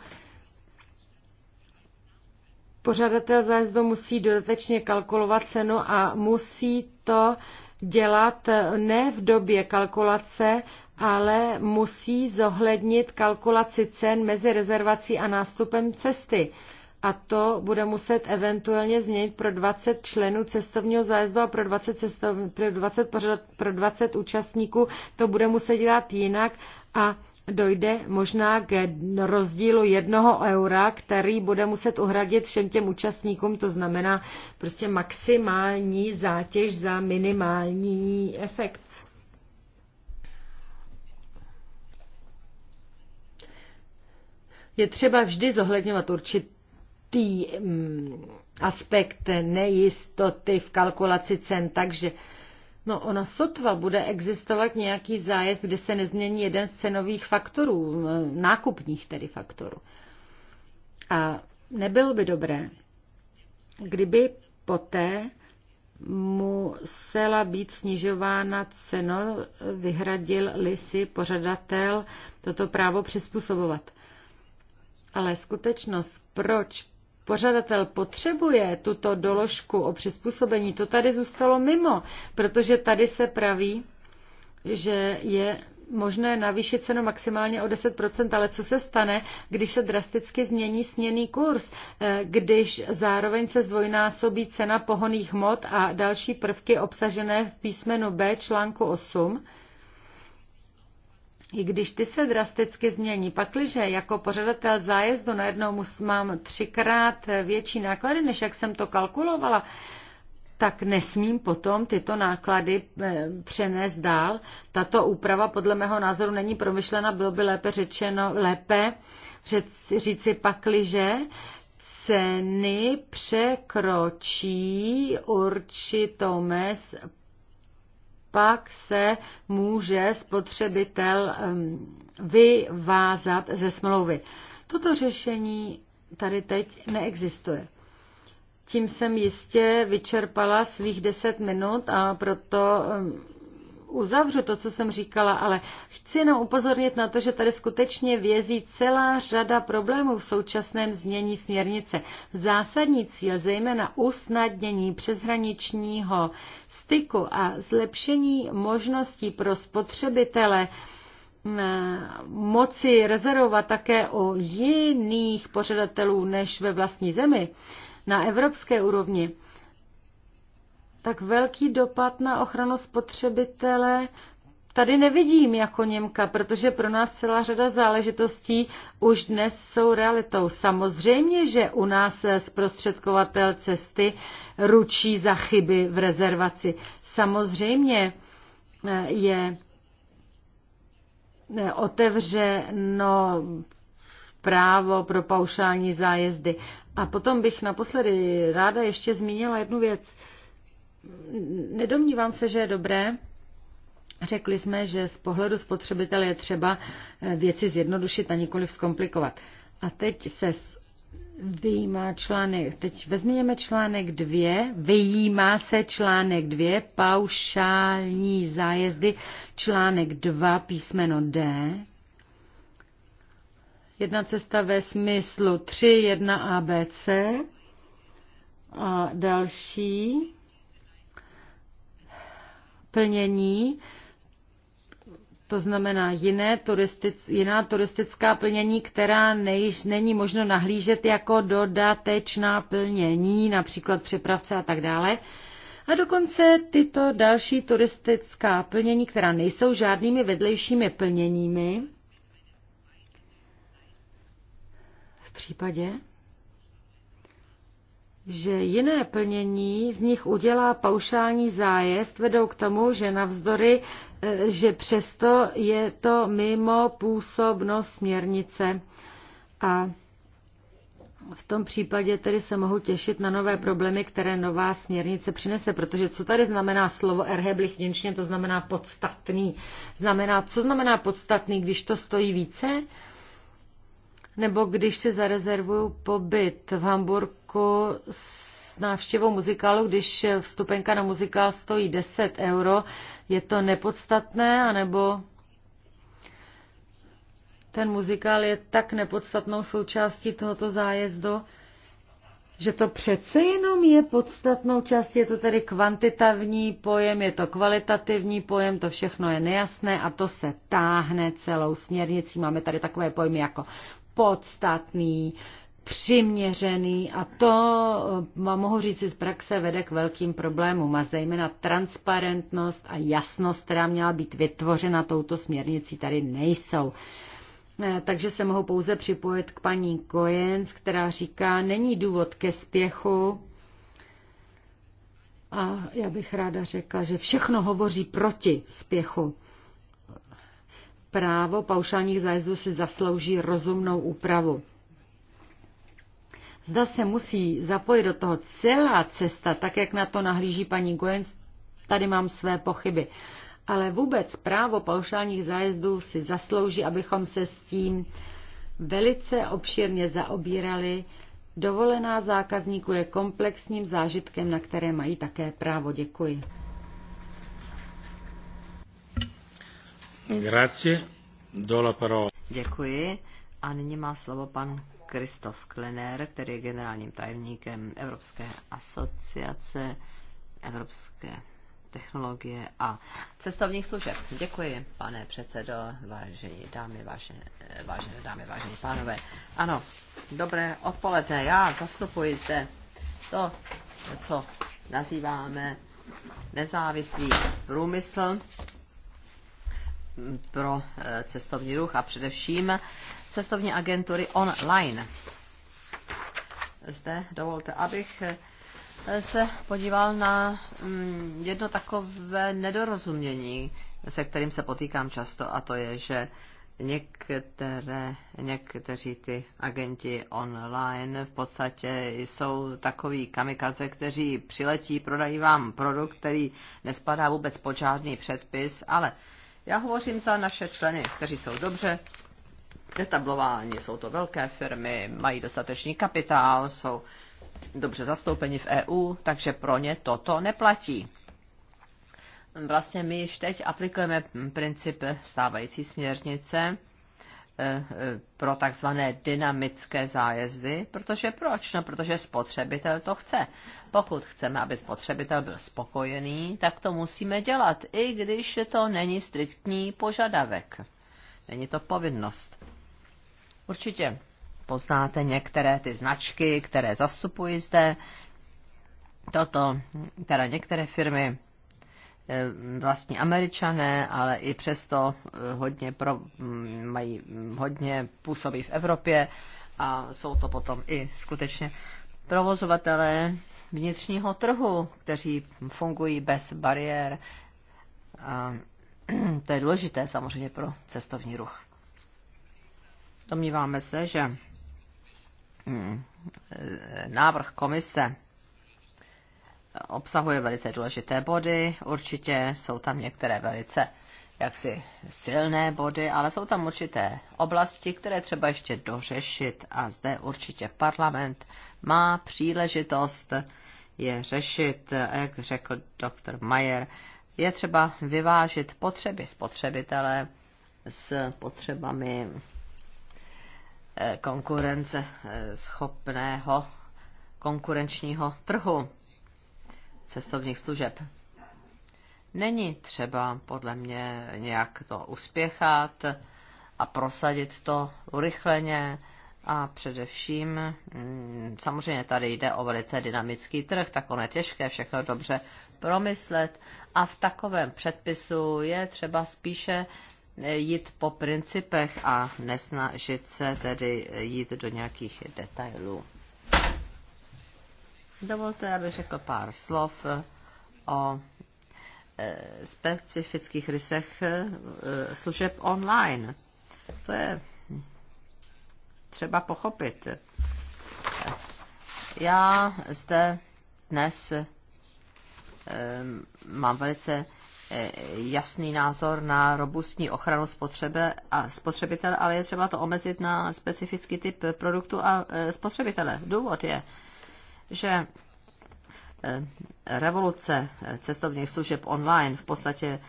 Speaker 3: Pořadatel zájezdu musí dodatečně kalkulovat cenu a musí to dělat ne v době kalkulace, ale musí zohlednit kalkulaci cen mezi rezervací a nástupem cesty. A to bude muset eventuálně změnit pro 20 členů cestovního zájezdu a pro 20, cestov, pro 20, pořad, pro 20 účastníků. To bude muset dělat jinak a dojde možná k rozdílu jednoho eura, který bude muset uhradit všem těm účastníkům, to znamená prostě maximální zátěž za minimální efekt. je třeba vždy zohledňovat určitý mm, aspekt nejistoty v kalkulaci cen, takže No ona sotva bude existovat nějaký zájezd, kde se nezmění jeden z cenových faktorů, mm, nákupních tedy faktorů. A nebylo by dobré, kdyby poté musela být snižována cena, vyhradil-li si pořadatel toto právo přizpůsobovat. Ale skutečnost, proč pořadatel potřebuje tuto doložku o přizpůsobení, to tady zůstalo mimo, protože tady se praví, že je možné navýšit cenu maximálně o 10%, ale co se stane, když se drasticky změní směný kurz, eh, když zároveň se zdvojnásobí cena pohoných hmot a další prvky obsažené v písmenu B článku 8, i když ty se drasticky změní, pakliže jako pořadatel zájezdu najednou mám třikrát větší náklady, než jak jsem to kalkulovala, tak nesmím potom tyto náklady eh, přenést dál. Tato úprava podle mého názoru není promyšlena, bylo by lépe řečeno, lépe říci pakliže ceny překročí určitou mez pak se může spotřebitel vyvázat ze smlouvy. Toto řešení tady teď neexistuje. Tím jsem jistě vyčerpala svých deset minut a proto uzavřu to, co jsem říkala, ale chci jenom upozornit na to, že tady skutečně vězí celá řada problémů v současném změní směrnice. Zásadní cíl, zejména usnadnění přeshraničního styku a zlepšení možností pro spotřebitele eh, moci rezervovat také o jiných pořadatelů než ve vlastní zemi na evropské úrovni, tak velký dopad na ochranu spotřebitele tady nevidím jako Němka, protože pro nás celá řada záležitostí už dnes jsou realitou. Samozřejmě, že u nás zprostředkovatel cesty ručí za chyby v rezervaci. Samozřejmě eh, je eh, otevřeno právo pro paušální zájezdy. A potom bych naposledy ráda ještě zmínila jednu věc. Nedomnívám se, že je dobré, Řekli jsme, že z pohledu spotřebitele je třeba eh, věci zjednodušit a nikoli zkomplikovat. A teď se vyjímá článek, teď vezměme článek dvě. vyjímá se článek dvě. paušální zájezdy, článek dva, písmeno D, jedna cesta ve smyslu 3, 1 ABC a další plnění to znamená jiné turistic, jiná turistická plnění, která nejiž není možno nahlížet jako dodatečná plnění, například přepravce a tak dále. A dokonce tyto další turistická plnění, která nejsou žádnými vedlejšími plněními, v případě, že jiné plnění z nich udělá paušální zájezd, vedou k tomu, že navzdory že přesto je to mimo působnost směrnice a v tom případě tedy se mohu těšit na nové problémy, které nová směrnice přinese, protože co tady znamená slovo erheblich němčně, to znamená podstatný. Znamená, co znamená podstatný, když to stojí více? Nebo když si zarezervuju pobyt v Hamburku s návštěvou muzikálu, když vstupenka na muzikál stojí 10 euro, je to nepodstatné, anebo ten muzikál je tak nepodstatnou součástí tohoto zájezdu, že to přece jenom je podstatnou částí, je to tedy kvantitativní pojem, je to kvalitativní pojem, to všechno je nejasné a to se táhne celou směrnicí. Máme tady takové pojmy jako podstatný, přiměřený a to, eh, mohu říct z praxe, vede k velkým problémům a zejména transparentnost a jasnost, která měla být vytvořena touto směrnicí, tady nejsou. Eh, takže se mohu pouze připojit k paní Kojens, která říká, není důvod ke spěchu. A já bych ráda řekla, že všechno hovoří proti spěchu. Právo paušálních zájezdů si zaslouží rozumnou úpravu Zda se musí zapojit do toho celá cesta, tak jak na to nahlíží paní Goens, tady mám své pochyby. Ale vůbec právo paušálních zájezdů si zaslouží, abychom se s tím velice obšírně zaobírali. Dovolená zákazníků je komplexním zážitkem, na které mají také právo. Děkuji.
Speaker 2: Grazie. Do la
Speaker 1: parola. Děkuji. A nyní má slovo pan Kristof Klener, který je generálním tajemníkem Evropské asociace Evropské technologie a cestovních služeb. Děkuji, pane předsedo, vážení dámy, vážené, vážené dámy, vážení pánové. Ano, dobré odpoledne. Já zastupuji zde to, co nazýváme nezávislý průmysl pro eh, cestovní ruch a především cestovní agentury online. Zde dovolte, abych eh, se podíval na mm, jedno takové nedorozumění, se kterým se potýkám často, a to je, že některé, někteří ty agenti online v podstatě jsou takový kamikaze, kteří přiletí, prodají vám produkt, který nespadá vůbec pod žádný předpis, ale já hovořím za naše členy, kteří jsou dobře detablováni, jsou to velké firmy, mají dostatečný kapitál, jsou dobře zastoupeni v EU, takže pro ně toto neplatí. Vlastně my již teď aplikujeme princip stávající směrnice, Eh, eh, pro takzvané dynamické zájezdy, protože proč? No, protože spotřebitel to chce. Pokud chceme, aby spotřebitel byl spokojený, tak to musíme dělat, i když to není striktní požadavek. Není to povinnost. Určitě poznáte některé ty značky, které zastupují zde. Toto, teda některé firmy Eh, vlastní američané, ale i přesto eh, hodně, pro, mm, mají, mm, hodně působí v Evropě a jsou to potom i skutečně provozovatelé vnitřního trhu, kteří fungují bez bariér. A to je důležité samozřejmě pro cestovní ruch. Domníváme se, že mm, eh, návrh komise obsahuje velice důležité body, určitě jsou tam některé velice jaksi silné body, ale jsou tam určité oblasti, které třeba ještě dořešit a zde určitě parlament má příležitost je řešit, jak řekl doktor Mayer, je třeba vyvážit potřeby spotřebitele s potřebami eh, konkurence eh, schopného konkurenčního trhu cestovních služeb. Není třeba podle mě nějak to uspěchat a prosadit to urychleně a především, mm, samozřejmě tady jde o velice dynamický trh, tak ono je těžké všechno dobře promyslet a v takovém předpisu je třeba spíše eh, jít po principech a nesnažit se tedy jít do nějakých detailů. Dovolte, abych řekl pár slov eh, o eh, specifických rysech eh, služeb online. To je třeba pochopit. Já zde dnes mám velice jasný názor na robustní ochranu spotřebe a spotřebitele, ale je třeba to omezit na specifický typ produktu a spotřebitele. Důvod je, že eh, revoluce eh, cestovních služeb online v podstatě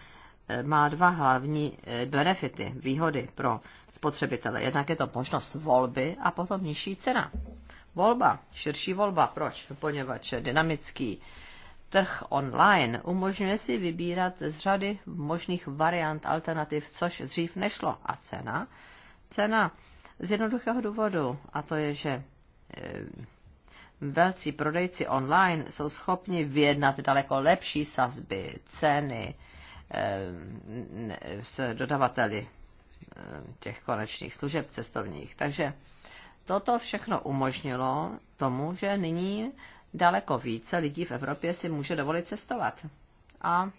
Speaker 1: eh, má dva hlavní benefity, výhody pro spotřebitele. Jednak je to možnost volby a potom nižší cena. Volba, širší volba. Proč? Poněvadž dynamický trh online umožňuje si vybírat z řady možných variant alternativ, což dřív nešlo. A cena? Cena z jednoduchého důvodu, a to je, že velcí prodejci online jsou schopni vyjednat daleko lepší sazby, ceny eh, s dodavateli eh, těch konečných služeb cestovních. Takže toto všechno umožnilo tomu, že nyní daleko více lidí v Evropě si může dovolit cestovat. A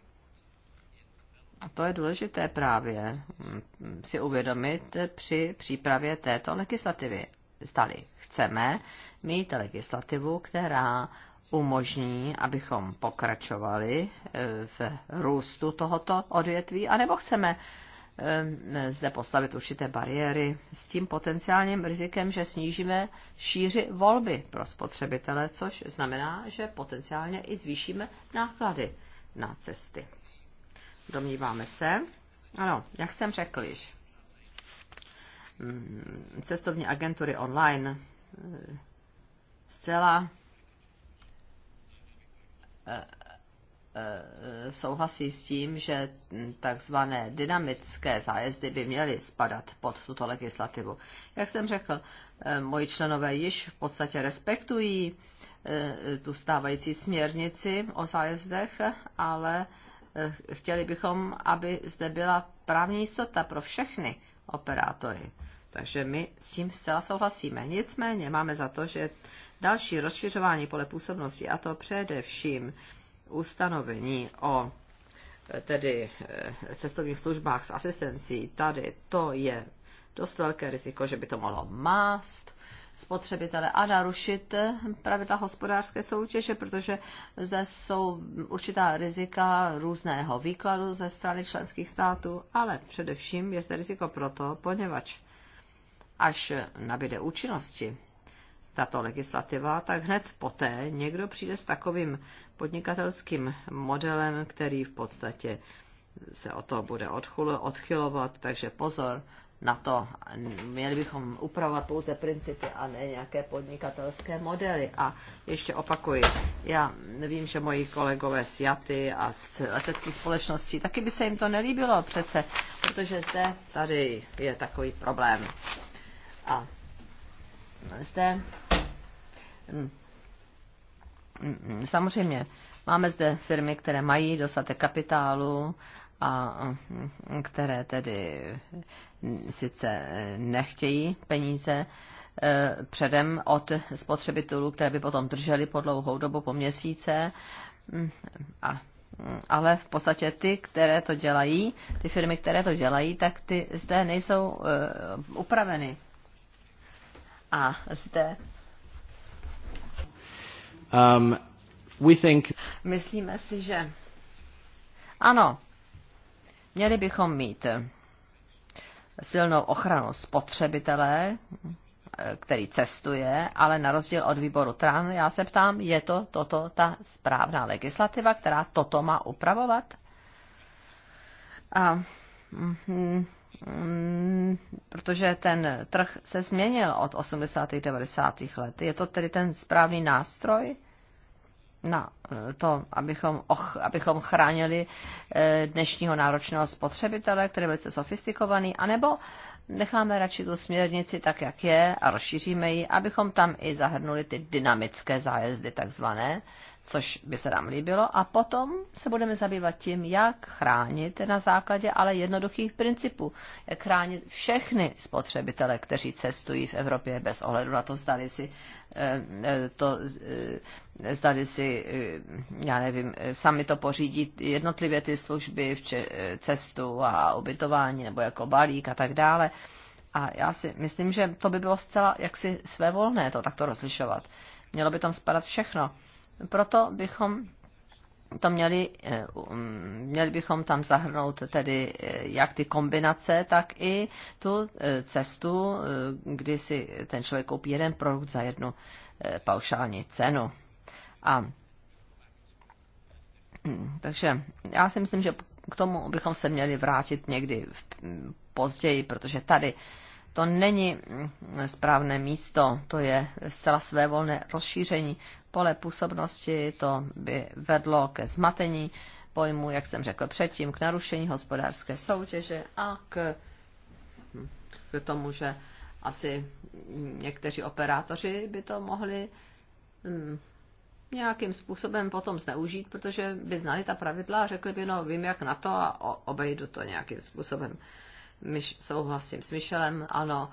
Speaker 1: to je důležité právě hm, si uvědomit při přípravě této legislativy zdali chceme mít legislativu, která umožní, abychom pokračovali e, v růstu tohoto odvětví, anebo chceme e, zde postavit určité bariéry s tím potenciálním rizikem, že snížíme šíři volby pro spotřebitele, což znamená, že potenciálně i zvýšíme náklady na cesty. Domníváme se, ano, jak jsem řekl již, cestovní agentury online zcela eh, eh, souhlasí s tím, že takzvané dynamické zájezdy by měly spadat pod tuto legislativu. Jak jsem řekl, eh, moji členové již v podstatě respektují tu stávající směrnici o zájezdech, ale chtěli bychom, aby zde byla právní jistota pro všechny operátory. Takže my s tím zcela souhlasíme. Nicméně máme za to, že další rozšiřování pole působnosti, a to především ustanovení o e, tedy e, cestovních službách s asistencí, tady to je dost velké riziko, že by to mohlo mást spotřebitele a narušit pravidla hospodářské soutěže, protože zde jsou určitá rizika různého výkladu ze strany členských států, ale především je zde riziko proto, poněvadž až nabide účinnosti tato legislativa, tak hned poté někdo přijde s takovým podnikatelským modelem, který v podstatě se o to bude odchylovat, takže pozor, na to. Měli bychom upravovat pouze principy a ne nějaké podnikatelské modely. A ještě opakuji, já vím, že moji kolegové z Jaty a z leteckých společností, taky by se jim to nelíbilo přece, protože zde tady je takový problém. A zde mm, mm, mm, samozřejmě máme zde firmy, které mají dostatek kapitálu, a které tedy sice nechtějí peníze e, předem od spotřebitelů, které by potom drželi po dlouhou dobu, po měsíce, a, ale v podstatě ty, které to dělají, ty firmy, které to dělají, tak ty zde nejsou uh, upraveny. A zde. Um, we think... Myslíme si, že ano, Měli bychom mít eh, silnou ochranu spotřebitele, eh, který cestuje, ale na rozdíl od výboru TRAN, já se ptám, je to toto ta správná legislativa, která toto má upravovat? A, mm, mm, protože ten trh se změnil od 80. a 90. let. Je to tedy ten správný nástroj? na eh, to, abychom, och, abychom chránili eh, dnešního náročného spotřebitele, který je velice sofistikovaný, anebo necháme radši tu směrnici tak, jak je a rozšíříme ji, abychom tam i zahrnuli ty dynamické zájezdy takzvané, což by se nám líbilo, a potom se budeme zabývat tím, jak chránit na základě ale jednoduchých principů, jak chránit všechny spotřebitele, kteří cestují v Evropě bez ohledu na to, zdali si, eh, eh, to, eh, zdali si já nevím, sami to pořídí jednotlivě ty služby, cestu a ubytování nebo jako balík a tak dále. A já si myslím, že to by bylo zcela jaksi svévolné to takto rozlišovat. Mělo by tam spadat všechno. Proto bychom to měli, eh, um, měli bychom tam zahrnout tedy eh, jak ty kombinace, tak i tu eh, cestu, kdy si ten člověk koupí jeden produkt za jednu paušální cenu. A hm, takže já si myslím, že k tomu bychom se měli vrátit někdy hm, později, protože tady to není hm, správné místo, to je zcela volné rozšíření pole působnosti, to by vedlo ke zmatení pojmu, jak jsem řekl předtím, k narušení hospodářské soutěže a k, k tomu, že asi někteří operátoři by to mohli hm, nějakým způsobem potom zneužít, protože by znali ta pravidla a řekli by, no vím jak na to a obejdu to nějakým způsobem. Myš, souhlasím s Michelem, ano,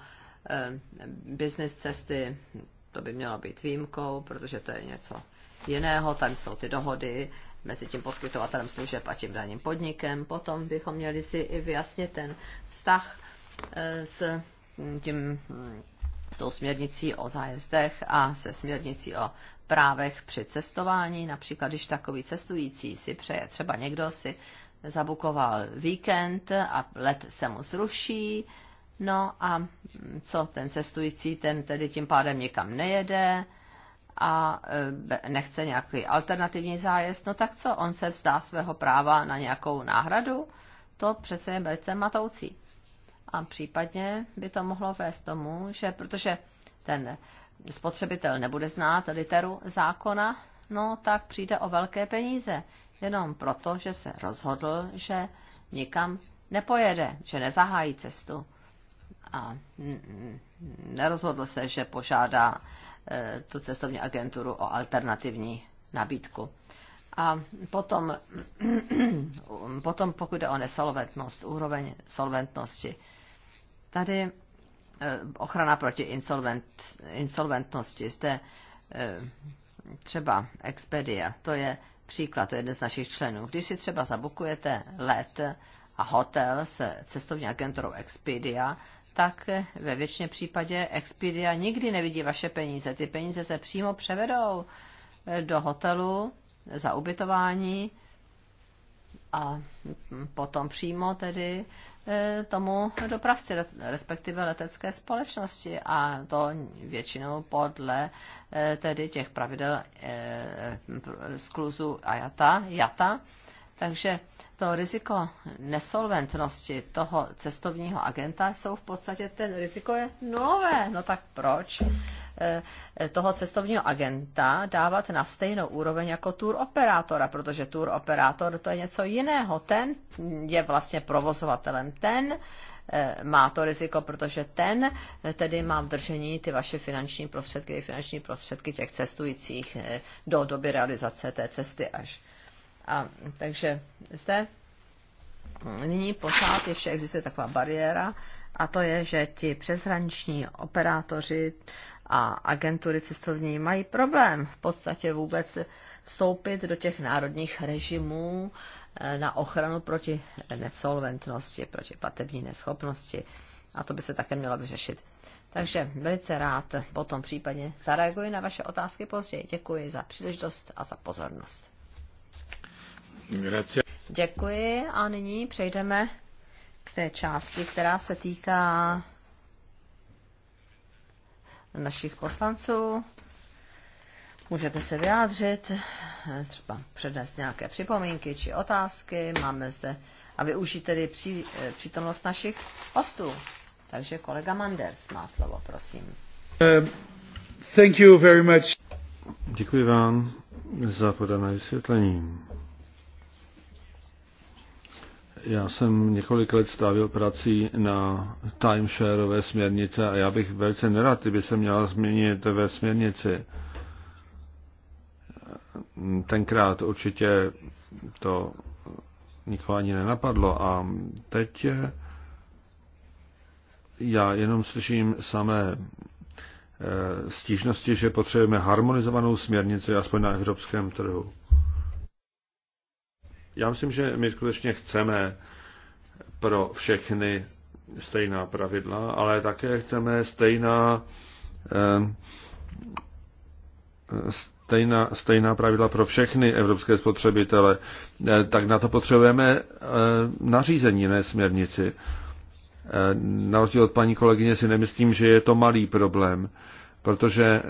Speaker 1: eh, business cesty, to by mělo být výjimkou, protože to je něco jiného, tam jsou ty dohody mezi tím poskytovatelem služeb a tím daným podnikem. Potom bychom měli si i vyjasnit ten vztah eh, s mm, tím mm, s tou směrnicí o zájezdech a se směrnicí o právech při cestování. Například, když takový cestující si přeje, třeba někdo si zabukoval víkend a let se mu zruší, No a co ten cestující, ten tedy tím pádem nikam nejede a e, nechce nějaký alternativní zájezd, no tak co, on se vzdá svého práva na nějakou náhradu? To přece je velice matoucí. A případně by to mohlo vést tomu, že protože ten spotřebitel nebude znát literu zákona, no tak přijde o velké peníze, jenom proto, že se rozhodl, že nikam nepojede, že nezahájí cestu a mm, nerozhodl se, že požádá e, tu cestovní agenturu o alternativní nabídku. A potom, potom pokud jde o nesolventnost, úroveň solventnosti, tady e, ochrana proti insolvent, insolventnosti, zde e, třeba Expedia, to je příklad, to je jeden z našich členů. Když si třeba zabukujete let a hotel se cestovní agenturou Expedia, tak ve většině případě Expedia nikdy nevidí vaše peníze. Ty peníze se přímo převedou eh, do hotelu za ubytování a potom přímo tedy eh, tomu dopravci, respektive letecké společnosti a to většinou podle eh, tedy těch pravidel skluzu a jata, jata takže to riziko nesolventnosti toho cestovního agenta jsou v podstatě, ten riziko je nulové. No tak proč eh, toho cestovního agenta dávat na stejnou úroveň jako tour operátora, protože tour operátor to je něco jiného. Ten je vlastně provozovatelem. Ten eh, má to riziko, protože ten eh, tedy má v držení ty vaše finanční prostředky, finanční prostředky těch cestujících do doby realizace té cesty až. A, takže zde nyní pořád ještě existuje taková bariéra, a to je, že ti přeshraniční operátoři a agentury cestovní mají problém v podstatě vůbec vstoupit do těch národních režimů eh, na ochranu proti nesolventnosti, proti platební neschopnosti. A to by se také mělo vyřešit. Takže velice rád potom případně zareaguji na vaše otázky později. Děkuji za příležitost a za pozornost. Děkuji a nyní přejdeme k té části, která se týká našich poslanců. Můžete se vyjádřit, třeba přednést nějaké připomínky či otázky. Máme zde a využít tedy při, eh, přítomnost našich hostů. Takže kolega Manders má slovo, prosím.
Speaker 2: Uh, thank you very much. Děkuji vám za podané vysvětlení. Já jsem několik let strávil prací na timeshareové směrnice a já bych velice nerad, kdyby se měla změnit ve směrnici. Tenkrát určitě to nikoho ani nenapadlo a teď já jenom slyším samé eh, stížnosti, že potřebujeme harmonizovanou směrnici, aspoň na evropském trhu. Já myslím, že my skutečně chceme pro všechny stejná pravidla, ale také chceme stejná, eh, stejná, stejná pravidla pro všechny evropské spotřebitele. Eh, tak na to potřebujeme eh, nařízení, ne směrnici. Na rozdíl od paní kolegyně si nemyslím, že je to malý problém, protože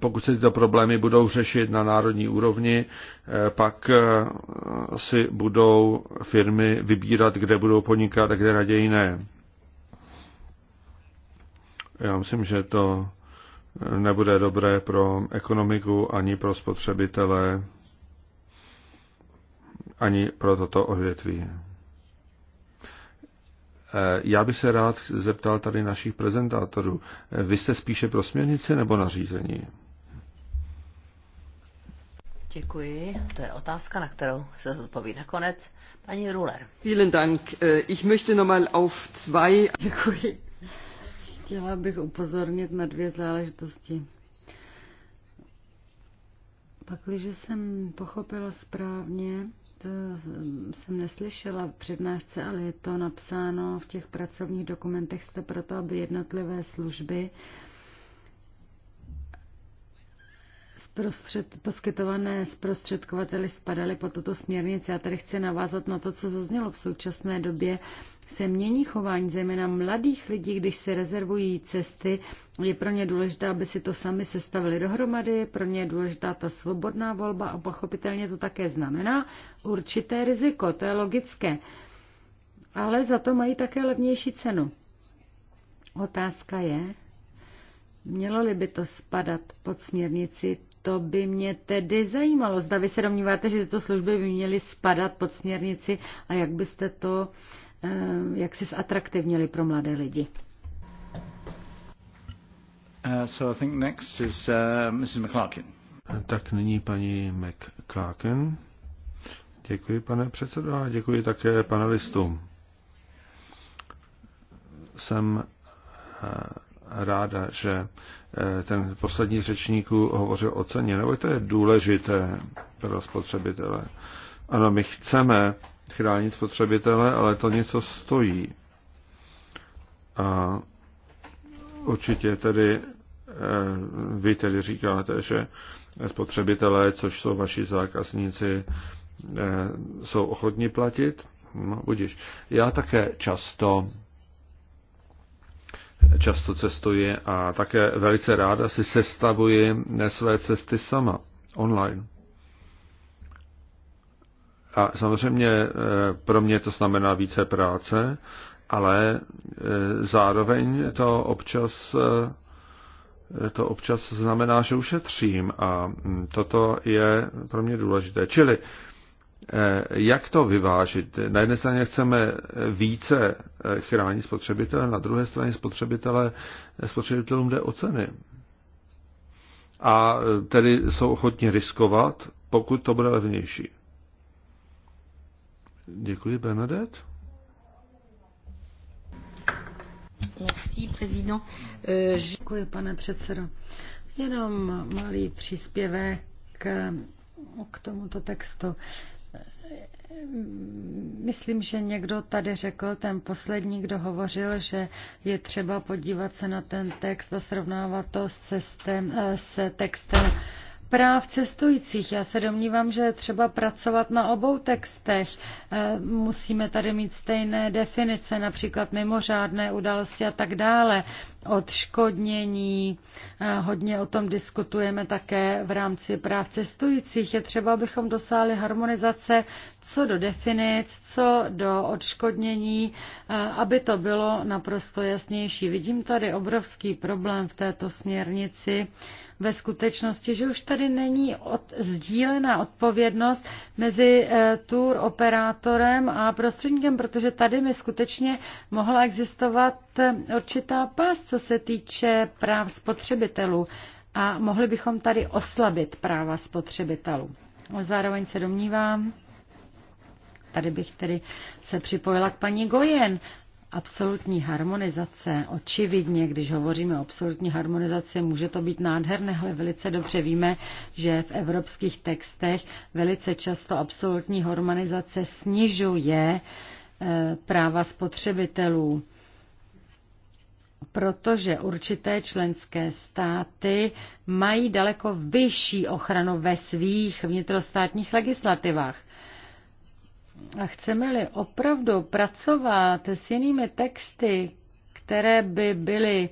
Speaker 2: pokud se tyto problémy budou řešit na národní úrovni, eh, pak eh, si budou firmy vybírat, kde budou podnikat a kde raději ne. Já myslím, že to eh, nebude dobré pro ekonomiku ani pro spotřebitele, ani pro toto odvětví. Já bych se rád zeptal tady našich prezentátorů. Vy jste spíše pro směrnici nebo nařízení?
Speaker 1: Děkuji. To je otázka, na kterou se odpoví nakonec paní Ruler. Vielen Dank. Äh, ich möchte nochmal auf zwei... Děkuji.
Speaker 3: Chtěla bych upozornit na dvě záležitosti. Pakliže jsem pochopila správně, to jsem neslyšela v přednášce, ale je to napsáno v těch pracovních dokumentech, jste proto, aby jednotlivé služby zprostřed, poskytované zprostředkovateli spadaly pod tuto směrnici. Já tady chci navázat na to, co zaznělo v současné době. Se mění chování zejména mladých lidí, když se rezervují cesty. Je pro ně důležité, aby si to sami sestavili dohromady, pro ně je důležitá ta svobodná volba a pochopitelně to také znamená určité riziko, to je logické. Ale za to mají také levnější cenu. Otázka je, Mělo-li by to spadat pod směrnici to by mě tedy zajímalo. Zda vy se domníváte, že tyto služby by měly spadat pod směrnici a jak byste to, eh, jak si zatraktivnili pro mladé lidi?
Speaker 4: Uh, so I think next is uh, Mrs. McClarkin.
Speaker 2: Tak nyní paní McClarkin. Děkuji, pane předsedo, a děkuji také panelistům. Jsem eh, ráda, že eh, ten poslední řečník hovořil o ceně, nebo to je důležité pro spotřebitele. Ano, my chceme chránit spotřebitele, ale to něco stojí. A určitě tedy eh, vy tedy říkáte, že spotřebitelé, což jsou vaši zákazníci, eh, jsou ochotní platit. No, budíš. Já také často často cestuje a také velice ráda si sestavuje své cesty sama online. A samozřejmě eh, pro mě to znamená více práce, ale eh, zároveň to občas, eh, to občas znamená, že ušetřím a mm, toto je pro mě důležité. Čili Eh, jak to vyvážit. Na jedné straně chceme více eh, chránit spotřebitele, na druhé straně spotřebitele, eh, spotřebitelům jde o ceny. A tedy jsou ochotni riskovat, pokud to bude levnější. Děkuji, Bernadette. Merci,
Speaker 3: président. Děkuji, pane předsedo. Jenom malý příspěvek k tomuto textu. Myslím, že někdo tady řekl, ten poslední, kdo hovořil, že je třeba podívat se na ten text a srovnávat to s, cestem, eh, s textem práv cestujících. Já se domnívám, že je třeba pracovat na obou textech. Eh, musíme tady mít stejné definice, například mimořádné události a tak dále odškodnění. Eh, hodně o tom diskutujeme také v rámci práv cestujících. Je třeba, abychom dosáhli harmonizace co do definic, co do odškodnění, eh, aby to bylo naprosto jasnější. Vidím tady obrovský problém v této směrnici ve skutečnosti, že už tady není od, sdílená odpovědnost mezi e, tour operátorem a prostředníkem, protože tady mi skutečně mohla existovat určitá pás, co se týče práv spotřebitelů a mohli bychom tady oslabit práva spotřebitelů. Zároveň se domnívám, tady bych tedy se připojila k paní Gojen, absolutní harmonizace, očividně, když hovoříme o absolutní harmonizaci, může to být nádherné, ale velice dobře víme, že v evropských textech velice často absolutní harmonizace snižuje eh, práva spotřebitelů protože určité členské státy mají daleko vyšší ochranu ve svých vnitrostátních legislativách. A chceme-li opravdu pracovat s jinými texty, které by byly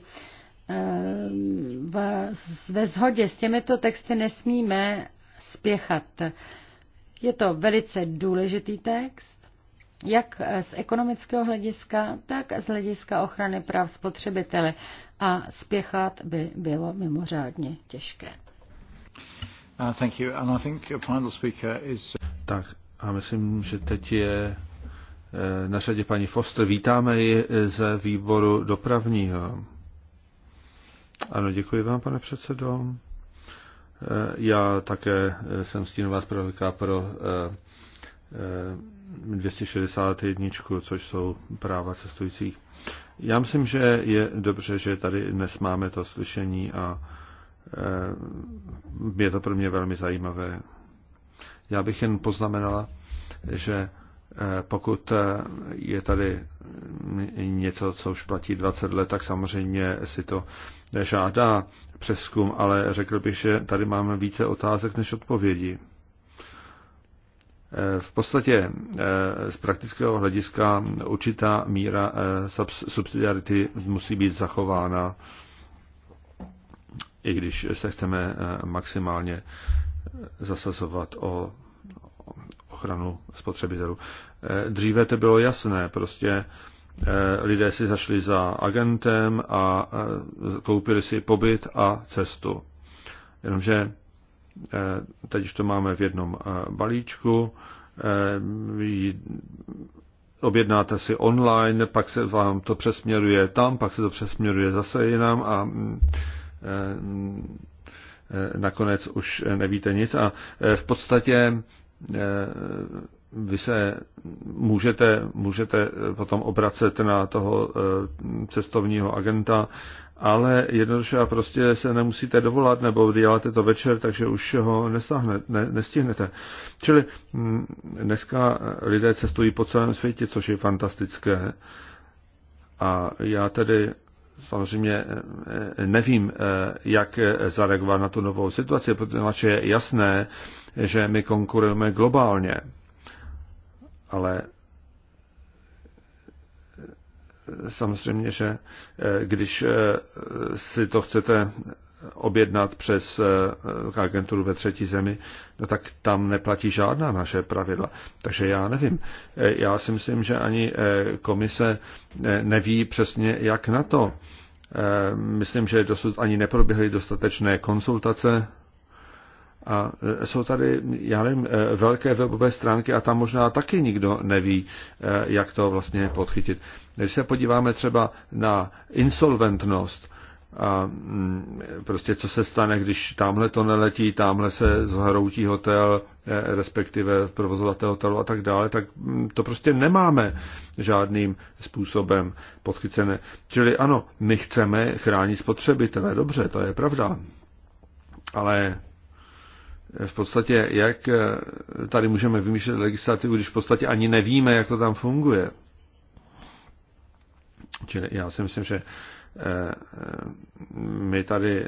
Speaker 3: eh, ve shodě s těmito texty, nesmíme spěchat. Je to velice důležitý text, jak eh, z ekonomického hlediska, tak z hlediska ochrany práv spotřebitele. A spěchat by bylo mimořádně těžké.
Speaker 2: Uh, thank you. And I think final speaker is... Uh, tak a myslím, že teď je eh, na řadě paní Foster. Vítáme ji eh, ze výboru dopravního. Ano, děkuji vám, pane předsedo. Já také jsem stínová zpravodajka pro 261, eh, což jsou práva cestujících. Já myslím, že je dobře, že tady dnes máme to slyšení a eh, je to pro mě velmi zajímavé. Já bych jen poznamenala, že eh, pokud je tady něco, co už platí 20 let, tak samozřejmě si to žádá přeskum, ale řekl bych, že tady máme více otázek než odpovědí. Eh, v podstatě eh, z praktického hlediska určitá míra eh, subsidiarity musí být zachována, i když se chceme maximálně zasazovat o ochranu spotřebitelů. Dříve to bylo jasné, prostě lidé si zašli za agentem a koupili si pobyt a cestu. Jenomže Eh, teď to máme v jednom eh, balíčku, eh, objednáte si online, pak se vám to přesměruje tam, pak se to přesměruje zase jinam a mm, nakonec už nevíte nic a v podstatě vy se můžete, můžete potom obracet na toho cestovního agenta ale jednoduše a prostě se nemusíte dovolat, nebo děláte to večer, takže už ho nestahne, ne, nestihnete. Čili mm, dneska lidé cestují po celém světě, což je fantastické. A já tedy samozřejmě eh, nevím, eh, jak zareagovat na tu novou situaci, protože je jasné, že my konkurujeme globálně. Ale samozřejmě, že eh, když eh, si to chcete objednat přes eh, agenturu ve třetí zemi, no tak tam neplatí žádná naše pravidla. Takže já nevím. Já si myslím, že ani komise neví přesně, jak na to. Myslím, že dosud ani neproběhly dostatečné konsultace a e, jsou tady, já nevím, e, velké webové stránky a tam možná taky nikdo neví, e, jak to vlastně podchytit. Když se podíváme třeba na insolventnost, a mm, prostě co se stane, když tamhle to neletí, tamhle se zhroutí hotel, respektive provozovatel hotelu a tak dále, tak mm, to prostě nemáme žádným způsobem podchycené. Čili ano, my chceme chránit spotřebitele, dobře, to je pravda, ale v podstatě, jak eh, tady můžeme vymýšlet legislativu, když v podstatě ani nevíme, jak to tam funguje. Čili já si myslím, že eh, my tady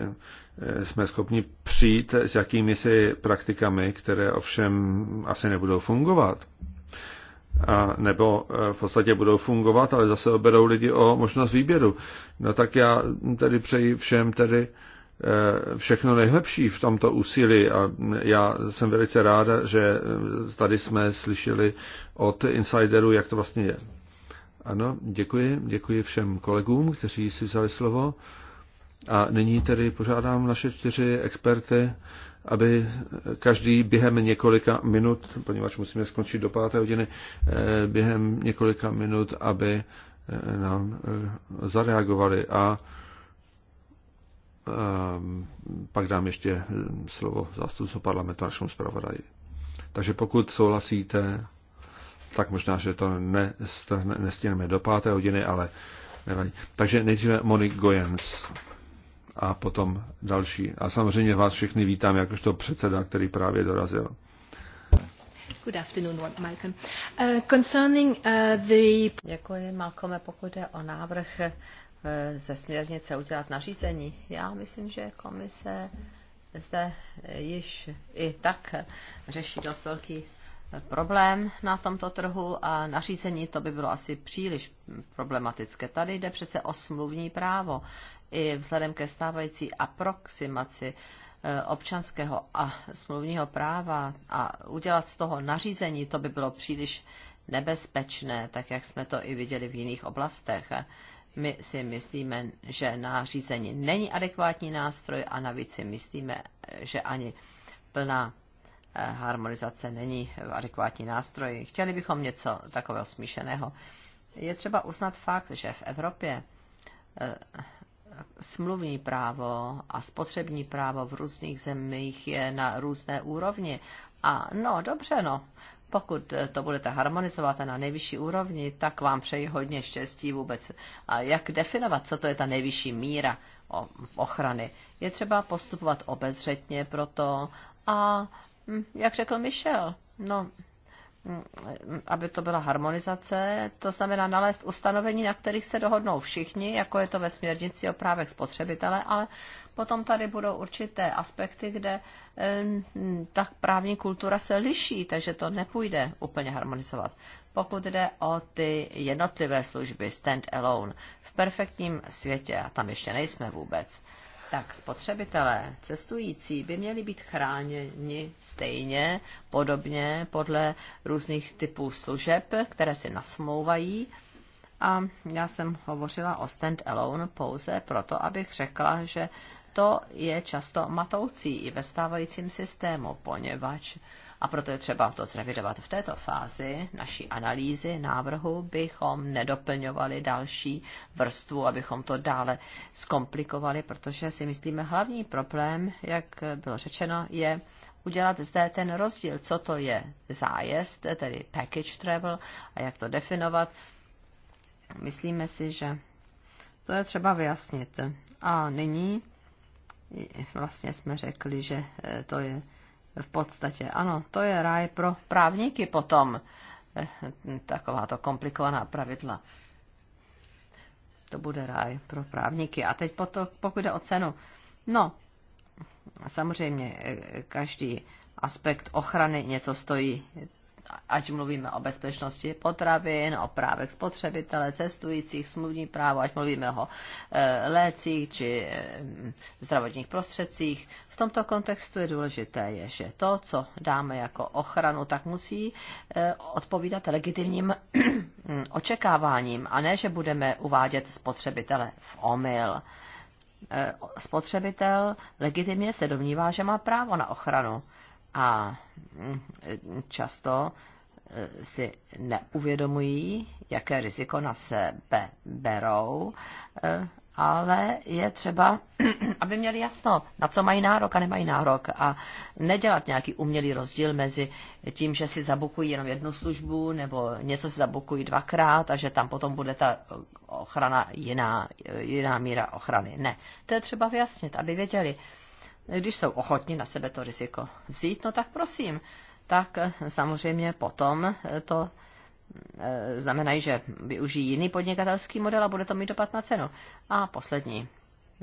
Speaker 2: eh, jsme schopni přijít s jakými si praktikami, které ovšem asi nebudou fungovat. A nebo v podstatě budou fungovat, ale zase oberou lidi o možnost výběru. No tak já tedy přeji všem tedy Eh, všechno nejlepší v tomto úsilí a já jsem velice ráda, že tady jsme slyšeli od insiderů, jak to vlastně je. Ano, děkuji, děkuji všem kolegům, kteří si vzali slovo. A nyní tedy požádám naše čtyři experty, aby každý během několika minut, poněvadž musíme skončit do páté hodiny, eh, během několika minut, aby eh, nám zareagovali. A Ehm, pak dám ještě eh, slovo zástupcům parlamentu našemu zpravodaji. Takže pokud souhlasíte, tak možná, že to nestihneme do páté hodiny, ale nevadí. Takže nejdříve Monik Gojens a potom další. A samozřejmě vás všechny vítám, jakožto předseda, který právě dorazil.
Speaker 1: Good afternoon, Malcolm. Uh, concerning uh, the... Děkuji, Malcolm, pokud je o návrh Eh, ze směrnice udělat nařízení. Já myslím, že komise zde již i tak řeší dost velký eh, problém na tomto trhu a nařízení to by bylo asi příliš problematické. Tady jde přece o smluvní právo i vzhledem ke stávající aproximaci eh, občanského a smluvního práva a udělat z toho nařízení, to by bylo příliš nebezpečné, tak jak jsme to i viděli v jiných oblastech. My si myslíme, že nářízení není adekvátní nástroj a navíc si myslíme, že ani plná eh, harmonizace není adekvátní nástroj. Chtěli bychom něco takového smíšeného. Je třeba uznat fakt, že v Evropě eh, smluvní právo a spotřební právo v různých zemích je na různé úrovni. A no, dobře, no, pokud eh, to budete harmonizovat na nejvyšší úrovni, tak vám přeji hodně štěstí vůbec. A jak definovat, co to je ta nejvyšší míra ochrany? Je třeba postupovat obezřetně pro to. a, hm, jak řekl Michel, no, hm, aby to byla harmonizace, to znamená nalézt ustanovení, na kterých se dohodnou všichni, jako je to ve směrnici o právech spotřebitele, ale Potom tady budou určité aspekty, kde eh, ta právní kultura se liší, takže to nepůjde úplně harmonizovat. Pokud jde o ty jednotlivé služby stand alone v perfektním světě, a tam ještě nejsme vůbec, tak spotřebitelé cestující by měli být chráněni stejně, podobně podle různých typů služeb, které si nasmouvají. A já jsem hovořila o stand-alone pouze proto, abych řekla, že to je často matoucí i ve stávajícím systému, poněvadž a proto je třeba to zrevidovat v této fázi naší analýzy návrhu, bychom nedoplňovali další vrstvu, abychom to dále zkomplikovali, protože si myslíme, hlavní problém, jak bylo řečeno, je udělat zde ten rozdíl, co to je zájezd, tedy package travel a jak to definovat. Myslíme si, že to je třeba vyjasnit. A nyní vlastně jsme řekli, že eh, to je v podstatě, ano, to je ráj pro právníky potom, eh, taková to komplikovaná pravidla. To bude ráj pro právníky. A teď pokud jde o cenu, no, samozřejmě eh, každý aspekt ochrany něco stojí ať mluvíme o bezpečnosti potravin, o právech spotřebitele, cestujících, smluvní právo, ať mluvíme o eh, lécích či eh, zdravotních prostředcích. V tomto kontextu je důležité, je, že to, co dáme jako ochranu, tak musí eh, odpovídat legitimním očekáváním, a ne, že budeme uvádět spotřebitele v omyl spotřebitel legitimně se domnívá, že má právo na ochranu a mm, často eh, si neuvědomují, jaké riziko na sebe berou, eh, ale je třeba, aby měli jasno, na co mají nárok a nemají nárok a nedělat nějaký umělý rozdíl mezi tím, že si zabukují jenom jednu službu nebo něco si zabukují dvakrát a že tam potom bude ta ochrana jiná, jiná míra ochrany. Ne, to je třeba vyjasnit, aby věděli, když jsou ochotní na sebe to riziko vzít, no tak prosím, tak eh, samozřejmě potom eh, to eh, znamenají, že využijí jiný podnikatelský model a bude to mít dopad na cenu. A poslední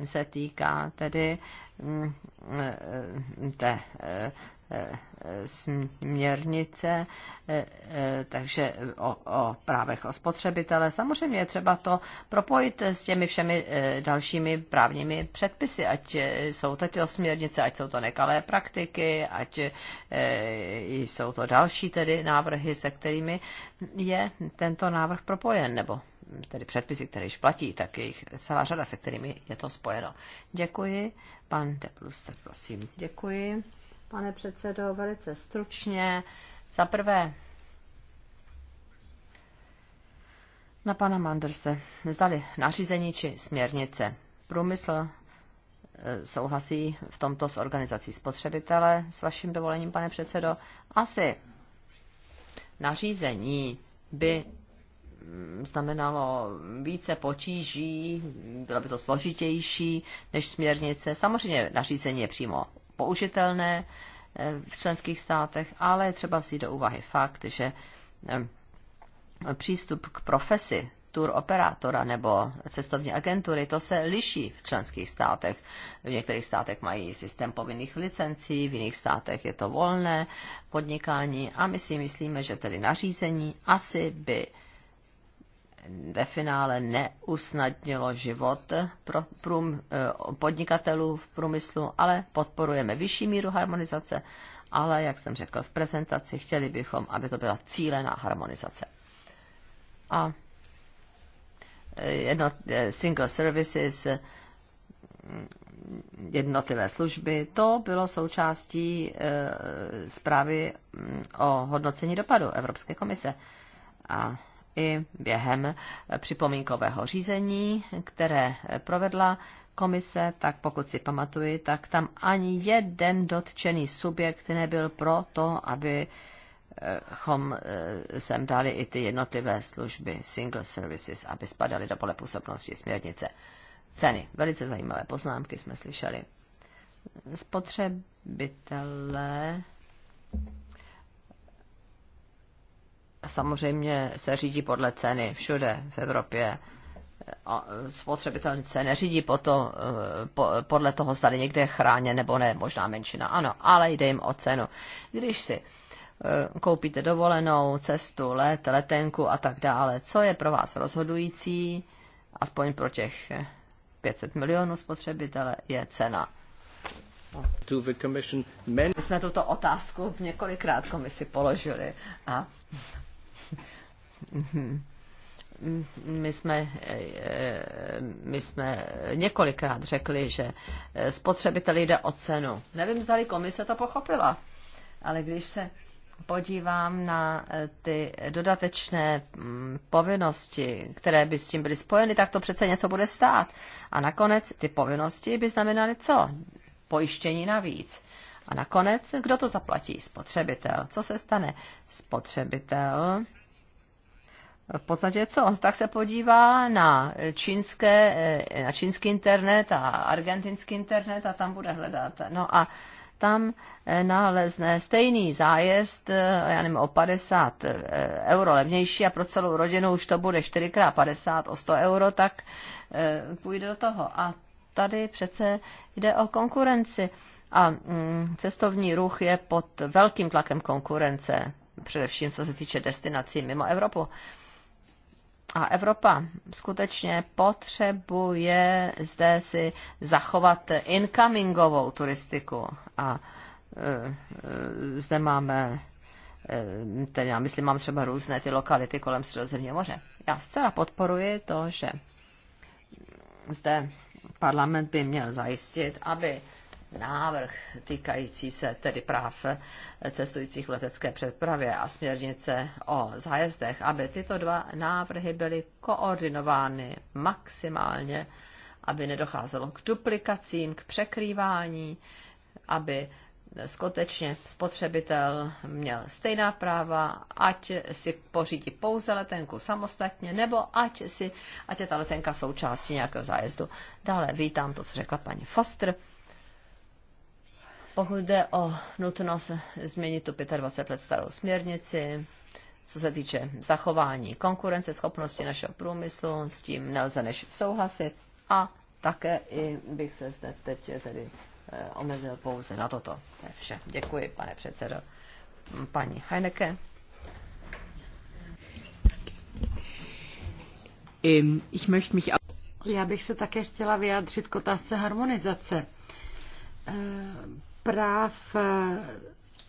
Speaker 1: se týká tedy mm, mm, té e, e, směrnice, e, takže o, o právech o spotřebitele. Samozřejmě je třeba to propojit s těmi všemi dalšími právními předpisy, ať jsou to ty směrnice, ať jsou to nekalé praktiky, ať jsou to další tedy návrhy, se kterými je tento návrh propojen, nebo tedy předpisy, které již platí, tak je jich celá řada, se kterými je to spojeno. Děkuji. Pan tak prosím. Děkuji. Pane předsedo, velice stručně. Za prvé, na pana Manderse. Zdali nařízení či směrnice. Průmysl e, souhlasí v tomto s organizací spotřebitele, s vaším dovolením, pane předsedo. Asi nařízení by Mm, znamenalo více potíží, bylo by to složitější než směrnice. Samozřejmě nařízení je přímo použitelné eh, v členských státech, ale je třeba vzít do úvahy fakt, že eh, přístup k profesi tour operátora nebo cestovní agentury, to se liší v členských státech. V některých státech mají systém povinných licencí, v jiných státech je to volné podnikání a my si myslíme, že tedy nařízení asi by ve finále neusnadnilo život pro prům, eh, podnikatelů v průmyslu, ale podporujeme vyšší míru harmonizace, ale jak jsem řekl v prezentaci, chtěli bychom, aby to byla cílená harmonizace. A eh, jedno, eh, single services, mm, jednotlivé služby, to bylo součástí zprávy mm, o hodnocení dopadu Evropské komise. A i během připomínkového řízení, které provedla komise, tak pokud si pamatuji, tak tam ani jeden dotčený subjekt nebyl pro to, aby chom eh, sem dali i ty jednotlivé služby, single services, aby spadaly do pole působnosti směrnice. Ceny. Velice zajímavé poznámky jsme slyšeli. Spotřebitelé samozřejmě se řídí podle ceny všude v Evropě. Spotřebitel se neřídí po to, eh, po, podle toho, zda někde je nebo ne, možná menšina, ano, ale jde jim o cenu. Když si eh, koupíte dovolenou, cestu, let, letenku a tak dále, co je pro vás rozhodující, aspoň pro těch 500 eh, milionů spotřebitele, je cena. My jsme tuto otázku několikrát komisi položili a Mhm. my jsme, eh, my jsme několikrát řekli, že eh, spotřebitel jde o cenu. Nevím, zda komise to pochopila, ale když se podívám na eh, ty dodatečné mm, povinnosti, které by s tím byly spojeny, tak to přece něco bude stát. A nakonec ty povinnosti by znamenaly co? Pojištění navíc. A nakonec, kdo to zaplatí? Spotřebitel. Co se stane? Spotřebitel v podstatě co? Tak se podívá na, čínské, eh, na čínský internet a argentinský internet a tam bude hledat. No a tam eh, nalezne stejný zájezd, eh, já nevím, o 50 euro levnější a pro celou rodinu už to bude 4x50 o 100 euro, tak půjde do toho. A tady přece jde o konkurenci. A mm, cestovní ruch je pod velkým tlakem konkurence, především co se týče destinací mimo Evropu. A Evropa skutečně potřebuje zde si zachovat incomingovou turistiku. A e, e, zde máme, e, tedy já myslím, mám třeba různé ty lokality kolem Středozemního moře. Já zcela podporuji to, že zde parlament by měl zajistit, aby návrh týkající se tedy práv cestujících v letecké přepravě a směrnice o zájezdech, aby tyto dva návrhy byly koordinovány maximálně, aby nedocházelo k duplikacím, k překrývání, aby skutečně spotřebitel měl stejná práva, ať si pořídí pouze letenku samostatně, nebo ať, si, ať je ta letenka součástí nějakého zájezdu. Dále vítám to, co řekla paní Foster pokud jde o nutnost změnit tu 25 let starou směrnici, co se týče zachování konkurence, schopnosti našeho průmyslu, s tím nelze než souhlasit. A také i bych se zde teď tedy eh, omezil pouze na toto. To je vše. Děkuji, pane předsedo. Paní Heineke.
Speaker 3: Já bych se také
Speaker 1: chtěla vyjádřit
Speaker 3: k otázce harmonizace. Eh, práv eh,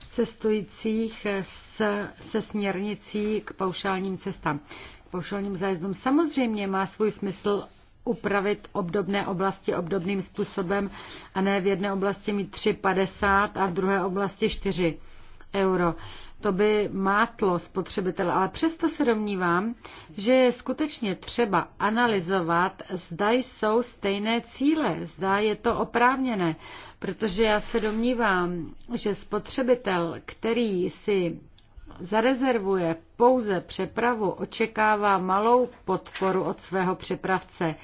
Speaker 3: cestujících eh, se, se směrnicí k paušálním cestám, k paušálním zájezdům. Samozřejmě má svůj smysl upravit obdobné oblasti obdobným způsobem a ne v jedné oblasti mít 3,50 a v druhé oblasti 4 euro to by mátlo spotřebitele, ale přesto se domnívám, že je skutečně třeba analyzovat, zda jsou stejné cíle, zda je to oprávněné, protože já se domnívám, že spotřebitel, který si zarezervuje pouze přepravu, očekává malou podporu od svého přepravce.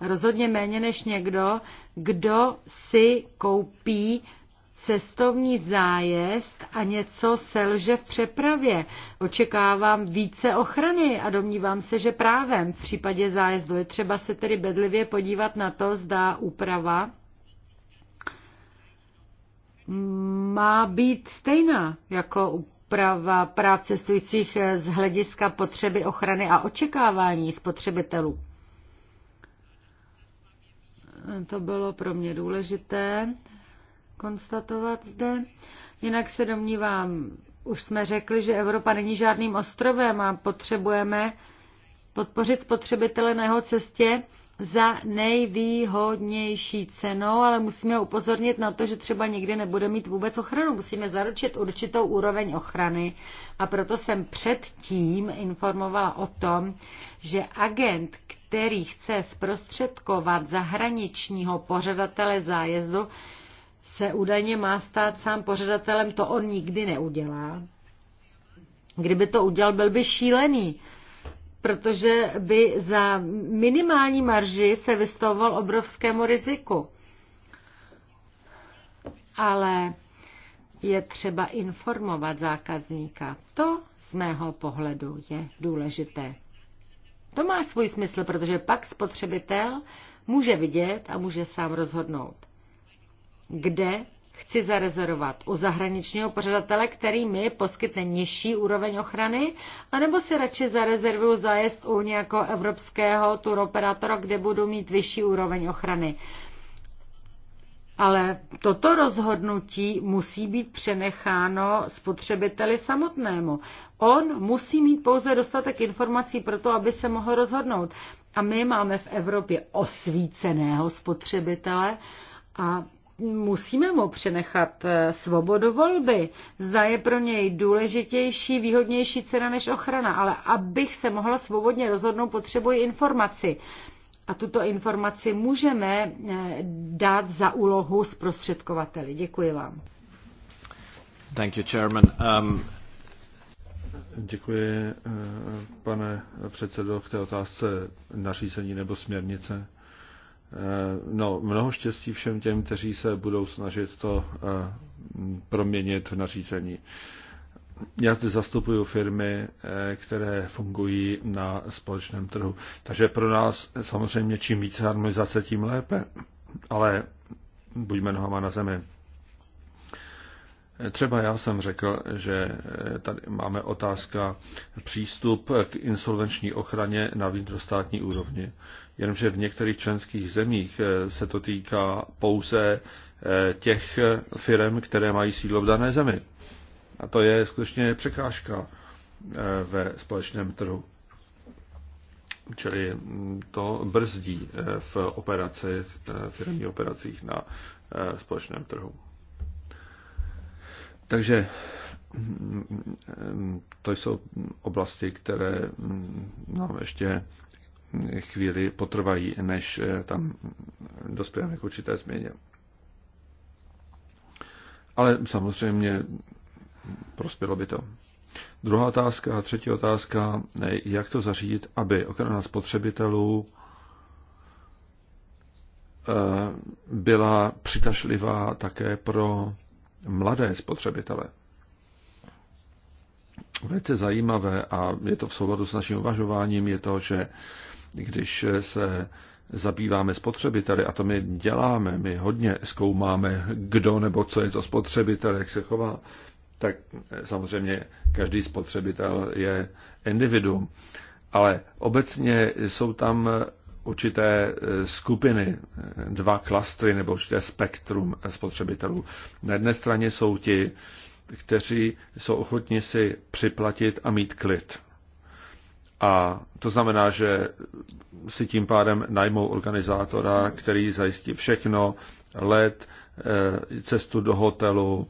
Speaker 3: Rozhodně méně než někdo, kdo si koupí cestovní zájezd a něco selže v přepravě. Očekávám více ochrany a domnívám se, že právem v případě zájezdu je třeba se tedy bedlivě podívat na to, zda úprava má být stejná jako úprava práv cestujících z hlediska potřeby ochrany a očekávání spotřebitelů. To bylo pro mě důležité konstatovat zde. Jinak se domnívám, už jsme řekli, že Evropa není žádným ostrovem a potřebujeme podpořit spotřebitele na jeho cestě za nejvýhodnější cenou, ale musíme upozornit na to, že třeba někdy nebude mít vůbec ochranu. Musíme zaručit určitou úroveň ochrany a proto jsem předtím informovala o tom, že agent, který chce zprostředkovat zahraničního pořadatele zájezdu, se údajně má stát sám pořadatelem, to on nikdy neudělá. Kdyby to udělal, byl by šílený, protože by za minimální marži se vystavoval obrovskému riziku. Ale je třeba informovat zákazníka. To z mého pohledu je důležité. To má svůj smysl, protože pak spotřebitel může vidět a může sám rozhodnout kde chci zarezervovat u zahraničního pořadatele, který mi poskytne nižší úroveň ochrany, anebo si radši zarezervuju zájezd u nějakého evropského turoperátora, kde budu mít vyšší úroveň ochrany. Ale toto rozhodnutí musí být přenecháno spotřebiteli samotnému. On musí mít pouze dostatek informací pro to, aby se mohl rozhodnout. A my máme v Evropě osvíceného spotřebitele a musíme mu přenechat eh, svobodu volby. Zda je pro něj důležitější, výhodnější cena než ochrana, ale abych se mohla svobodně rozhodnout, potřebuji informaci. A tuto informaci můžeme eh, dát za úlohu zprostředkovateli. Děkuji vám.
Speaker 2: Thank you, Chairman. Um... Děkuji, eh, pane předsedo, k té otázce nařízení nebo směrnice. Eh, no, mnoho štěstí všem těm, kteří se budou snažit to eh, proměnit v nařízení. Já zde zastupuju firmy, eh, které fungují na společném trhu. Takže pro nás samozřejmě čím více harmonizace, tím lépe. Ale buďme nohama na zemi. Třeba já jsem řekl, že tady máme otázka přístup k insolvenční ochraně na vnitrostátní úrovni. Jenomže v některých členských zemích eh, se to týká pouze eh, těch firm, které mají sídlo v dané zemi. A to je skutečně překážka eh, ve společném trhu. Čili mm, to brzdí v operacích, firmních operacích na společném trhu. Takže mm, mm, to jsou oblasti, které mm, nám ještě chvíli potrvají, než eh, tam dospějeme k určité změně. Ale samozřejmě prospělo by to. Druhá otázka a třetí otázka, eh, jak to zařídit, aby ochrana spotřebitelů eh, byla přitažlivá také pro mladé spotřebitele. Velice zajímavé a je to v souladu s naším uvažováním, je to, že když se zabýváme spotřebiteli, a to my děláme, my hodně zkoumáme, kdo nebo co je to spotřebitel, jak se chová, tak samozřejmě každý spotřebitel je individuum. Ale obecně jsou tam určité eh, skupiny, eh, dva klastry nebo určité spektrum eh, spotřebitelů. Na jedné straně jsou ti, kteří jsou ochotni si připlatit a mít klid. A to znamená, že si tím pádem najmou organizátora, který zajistí všechno, let, cestu do hotelu,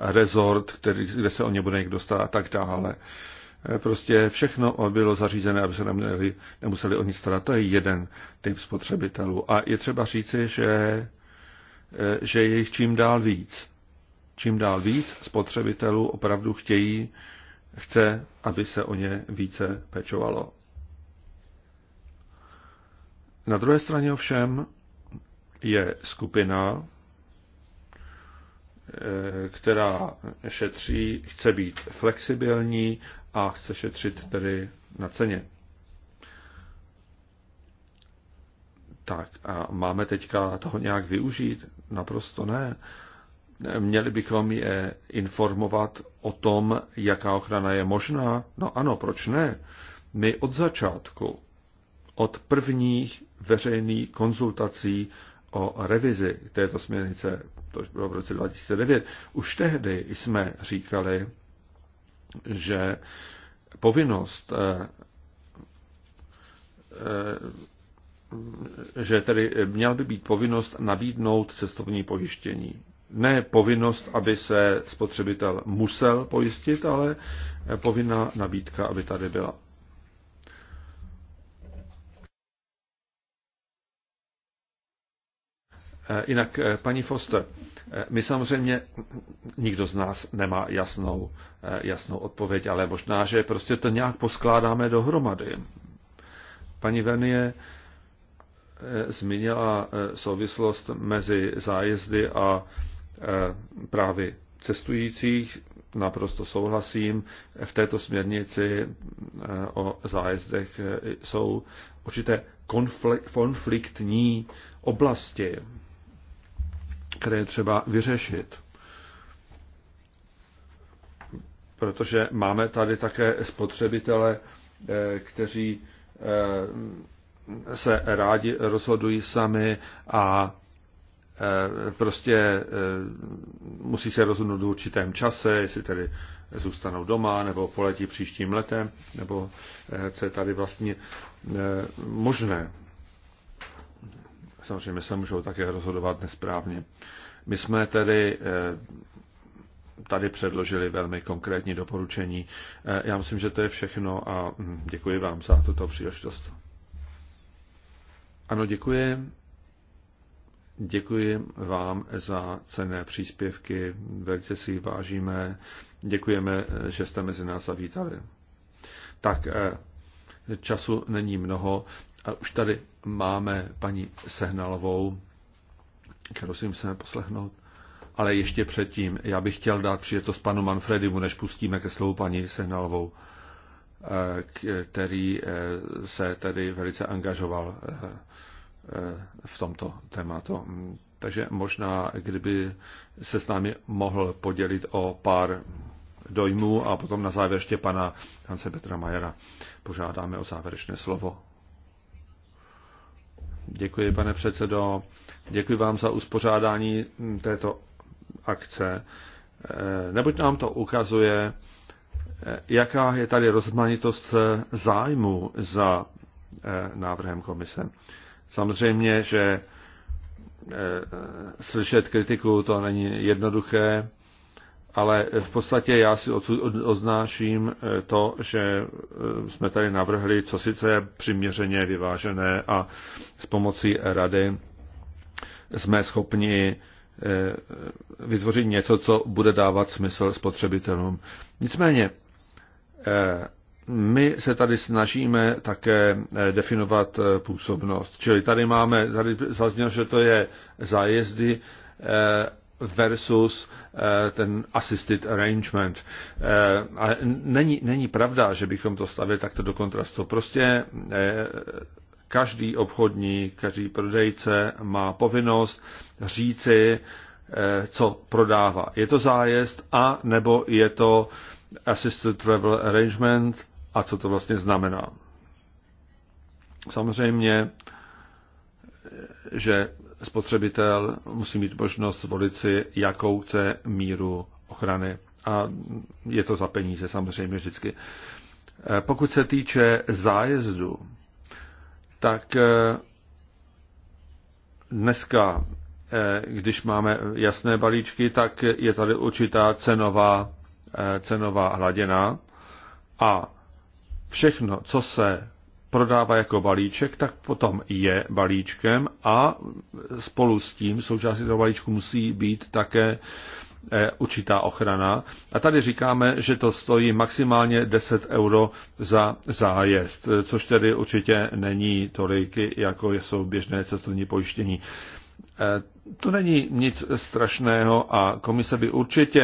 Speaker 2: resort, který, kde se o ně bude někdo starat a tak dále. Eh, prostě všechno bylo zařízené, aby se nemuseli, nemuseli o nic starat. To je jeden typ spotřebitelů. A je třeba říci, že, eh, že je jich čím dál víc. Čím dál víc spotřebitelů opravdu chtějí, chce, aby se o ně více pečovalo. Na druhé straně ovšem je skupina, eh, která šetří, chce být flexibilní a chce šetřit tedy na ceně. Tak a máme teďka toho nějak využít? Naprosto ne. Měli bychom je informovat o tom, jaká ochrana je možná? No ano, proč ne? My od začátku, od prvních veřejných konzultací o revizi této směrnice, to bylo v roce 2009, už tehdy jsme říkali, že povinnost eh, eh, že tedy měla by být povinnost nabídnout cestovní pojištění. Ne povinnost, aby se spotřebitel musel pojistit, ale povinná nabídka, aby tady byla. Eh, jinak, eh, paní Foster, eh, my samozřejmě, nikdo z nás nemá jasnou, jasnou odpověď, ale možná, že prostě to nějak poskládáme dohromady. Paní Venie zmínila souvislost mezi zájezdy a právě cestujících. Naprosto souhlasím. V této směrnici o zájezdech jsou určité konfliktní oblasti které je třeba vyřešit. Protože máme tady také spotřebitele, eh, kteří eh, se rádi rozhodují sami a eh, prostě musí se rozhodnout v určitém čase, jestli tedy zůstanou doma, nebo poletí příštím letem, nebo co je tady vlastně možné samozřejmě se můžou také rozhodovat nesprávně. My jsme tedy eh, tady předložili velmi konkrétní doporučení. Eh, já myslím, že to je všechno a hm, děkuji vám za tuto příležitost. Ano, děkuji. Děkuji vám za cené příspěvky, velice si jich vážíme. Děkujeme, eh, že jste mezi nás zavítali. Tak času není mnoho, a už tady máme paní Sehnalovou, kterou si musíme poslechnout. Ale ještě předtím, já bych chtěl dát přijetost panu Manfredimu, než pustíme ke slovu paní Sehnalovou, eh, který eh, se tedy velice angažoval eh, v tomto tématu. Takže možná, kdyby se s námi mohl podělit o pár dojmů a potom na závěr ještě pana Hanse Petra Majera požádáme o závěrečné slovo. Děkuji, pane předsedo. Děkuji vám za uspořádání této akce. Eh, neboť nám to ukazuje, eh, jaká je tady rozmanitost zájmu za eh, návrhem komise. Samozřejmě, že slyšet kritiku to není jednoduché, ale v podstatě já si oznáším eh, to, že eh, jsme tady navrhli, co sice přiměřeně vyvážené a s pomocí rady jsme schopni eh, vytvořit něco, co bude dávat smysl spotřebitelům. Nicméně, my se tady snažíme také definovat působnost. Čili tady máme, tady zaznělo, že to je zájezdy versus eh, ten assisted arrangement. Eh, ale není, není pravda, že bychom to stavili takto do kontrastu. Prostě eh, každý obchodník, každý prodejce má povinnost říci, co prodává. Je to zájezd a nebo je to assisted travel arrangement a co to vlastně znamená. Samozřejmě, že spotřebitel musí mít možnost zvolit si, jakou chce míru ochrany. A je to za peníze samozřejmě vždycky. Eh, pokud se týče zájezdu, tak eh, dneska, eh, když máme jasné balíčky, tak je tady určitá cenová, cenová hladina a všechno, co se prodává jako balíček, tak potom je balíčkem a spolu s tím součástí toho balíčku musí být také eh, určitá ochrana. A tady říkáme, že to stojí maximálně 10 euro za zájezd, což tedy určitě není tolik, jako jsou běžné cestovní pojištění. Eh, to není nic strašného a komise by určitě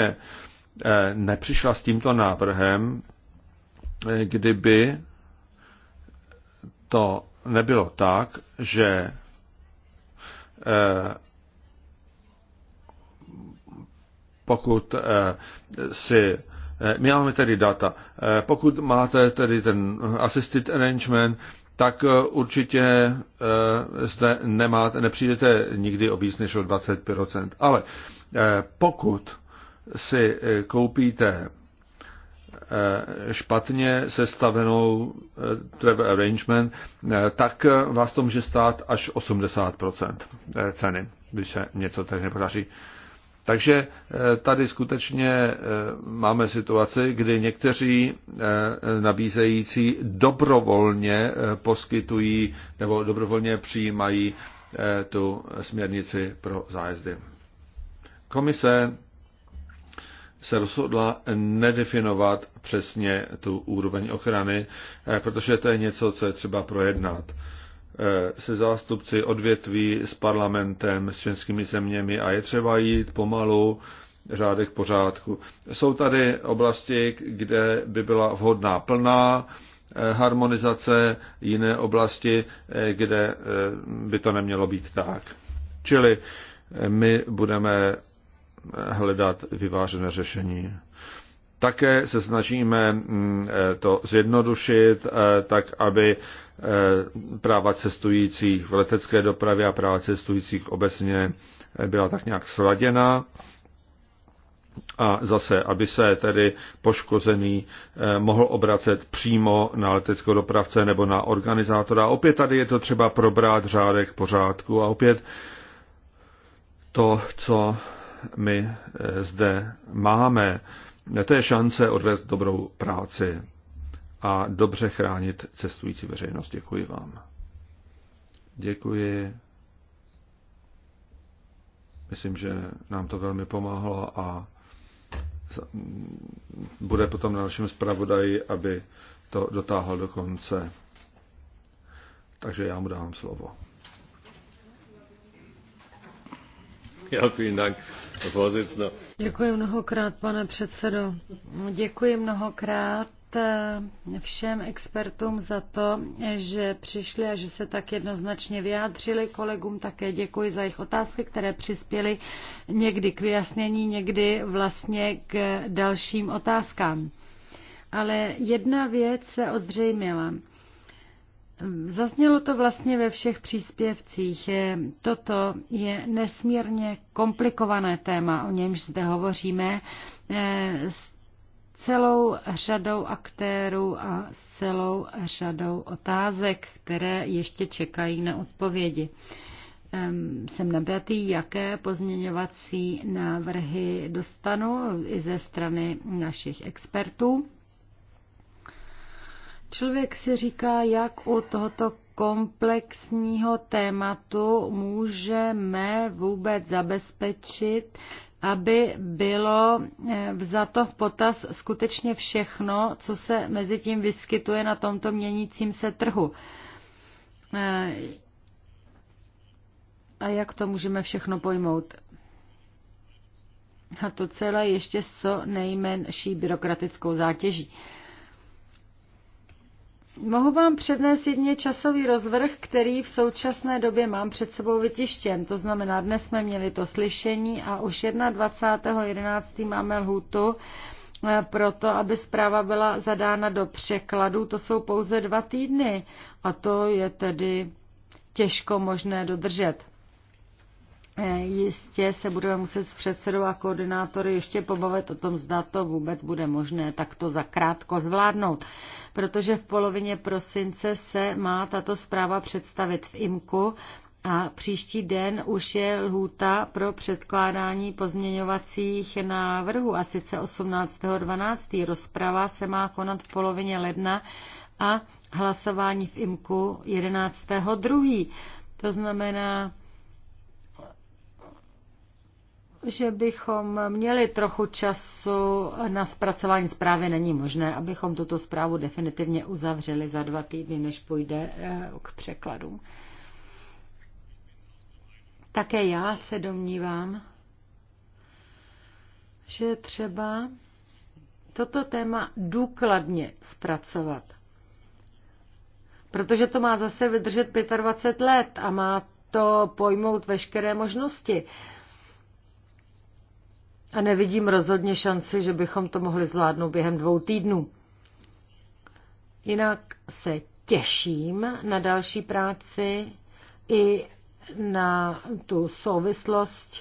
Speaker 2: eh, nepřišla s tímto návrhem, kdyby to nebylo tak, že eh, pokud eh, si eh, my máme tedy data. Pokud máte tedy ten assisted arrangement, tak určitě zde nemáte, nepřijdete nikdy o víc než o 25%. Ale pokud si koupíte Eh, špatně sestavenou eh, travel arrangement, eh, tak vás to může stát až 80% ceny, když se něco tak nepodaří. Takže tady skutečně máme situaci, kdy někteří nabízející dobrovolně poskytují nebo dobrovolně přijímají tu směrnici pro zájezdy. Komise se rozhodla nedefinovat přesně tu úroveň ochrany, eh, protože to je něco, co je třeba projednat eh, se zástupci odvětví, s parlamentem, s českými zeměmi a je třeba jít pomalu, řádek pořádku. Jsou tady oblasti, kde by byla vhodná plná eh, harmonizace, jiné oblasti, kde by to nemělo být tak. Čili my budeme hledat vyvážené řešení. Také se snažíme mm, eh, to zjednodušit eh, tak, aby eh, práva cestujících v letecké dopravě a práva cestujících obecně byla tak nějak sladěna a zase, aby se tedy poškozený mohl obracet přímo na leteckého dopravce nebo na organizátora. Opět tady je to třeba probrát řádek pořádku a opět to, co my eh, zde máme. To je šance odvést dobrou práci a dobře chránit cestující veřejnost. Děkuji vám. Děkuji. Myslím, že nám to velmi pomáhlo a bude potom na našem zpravodaji, aby to dotáhl do konce. Takže já mu dávám slovo. Ja, vielen Dank. No.
Speaker 3: Děkuji mnohokrát, pane předsedo. Děkuji mnohokrát eh, všem expertům za to, že přišli a že se tak jednoznačně vyjádřili. Kolegům také děkuji za jejich otázky, které přispěly někdy k vyjasnění, někdy vlastně k dalším otázkám. Ale jedna věc se ozřejmila. Zaznělo to vlastně ve všech příspěvcích. Toto je nesmírně komplikované téma, o němž zde hovoříme eh, s celou řadou aktérů a s celou řadou otázek, které ještě čekají na odpovědi. Ehm, jsem nabratý, jaké pozměňovací návrhy dostanu i ze strany našich expertů Člověk si říká, jak u tohoto komplexního tématu můžeme vůbec zabezpečit, aby bylo eh, vzato v potaz skutečně všechno, co se mezi tím vyskytuje na tomto měnícím se trhu. Eh, a jak to můžeme všechno pojmout? A to celé ještě s nejmenší byrokratickou zátěží. Mohu vám přednést jedině časový rozvrh, který v současné době mám před sebou vytištěn. To znamená, dnes jsme měli to slyšení a už 21.11. máme lhůtu eh, proto, aby zpráva byla zadána do překladu. To jsou pouze dva týdny a to je tedy těžko možné dodržet. Eh, jistě se budeme muset s předsedou a koordinátory ještě pobavit o tom, zda to vůbec bude možné takto zakrátko zvládnout protože v polovině prosince se má tato zpráva představit v IMKU a příští den už je lhůta pro předkládání pozměňovacích návrhů a sice 18.12. Rozprava se má konat v polovině ledna a hlasování v IMKU 11.2. To znamená, že bychom měli trochu času na zpracování zprávy. Není možné, abychom tuto zprávu definitivně uzavřeli za dva týdny, než půjde eh, k překladům. Také já se domnívám, že třeba toto téma důkladně zpracovat. Protože to má zase vydržet 25 let a má to pojmout veškeré možnosti. Uh, a nevidím rozhodně šanci, že bychom to mohli zvládnout během dvou týdnů. Jinak se těším na další práci i na tu souvislost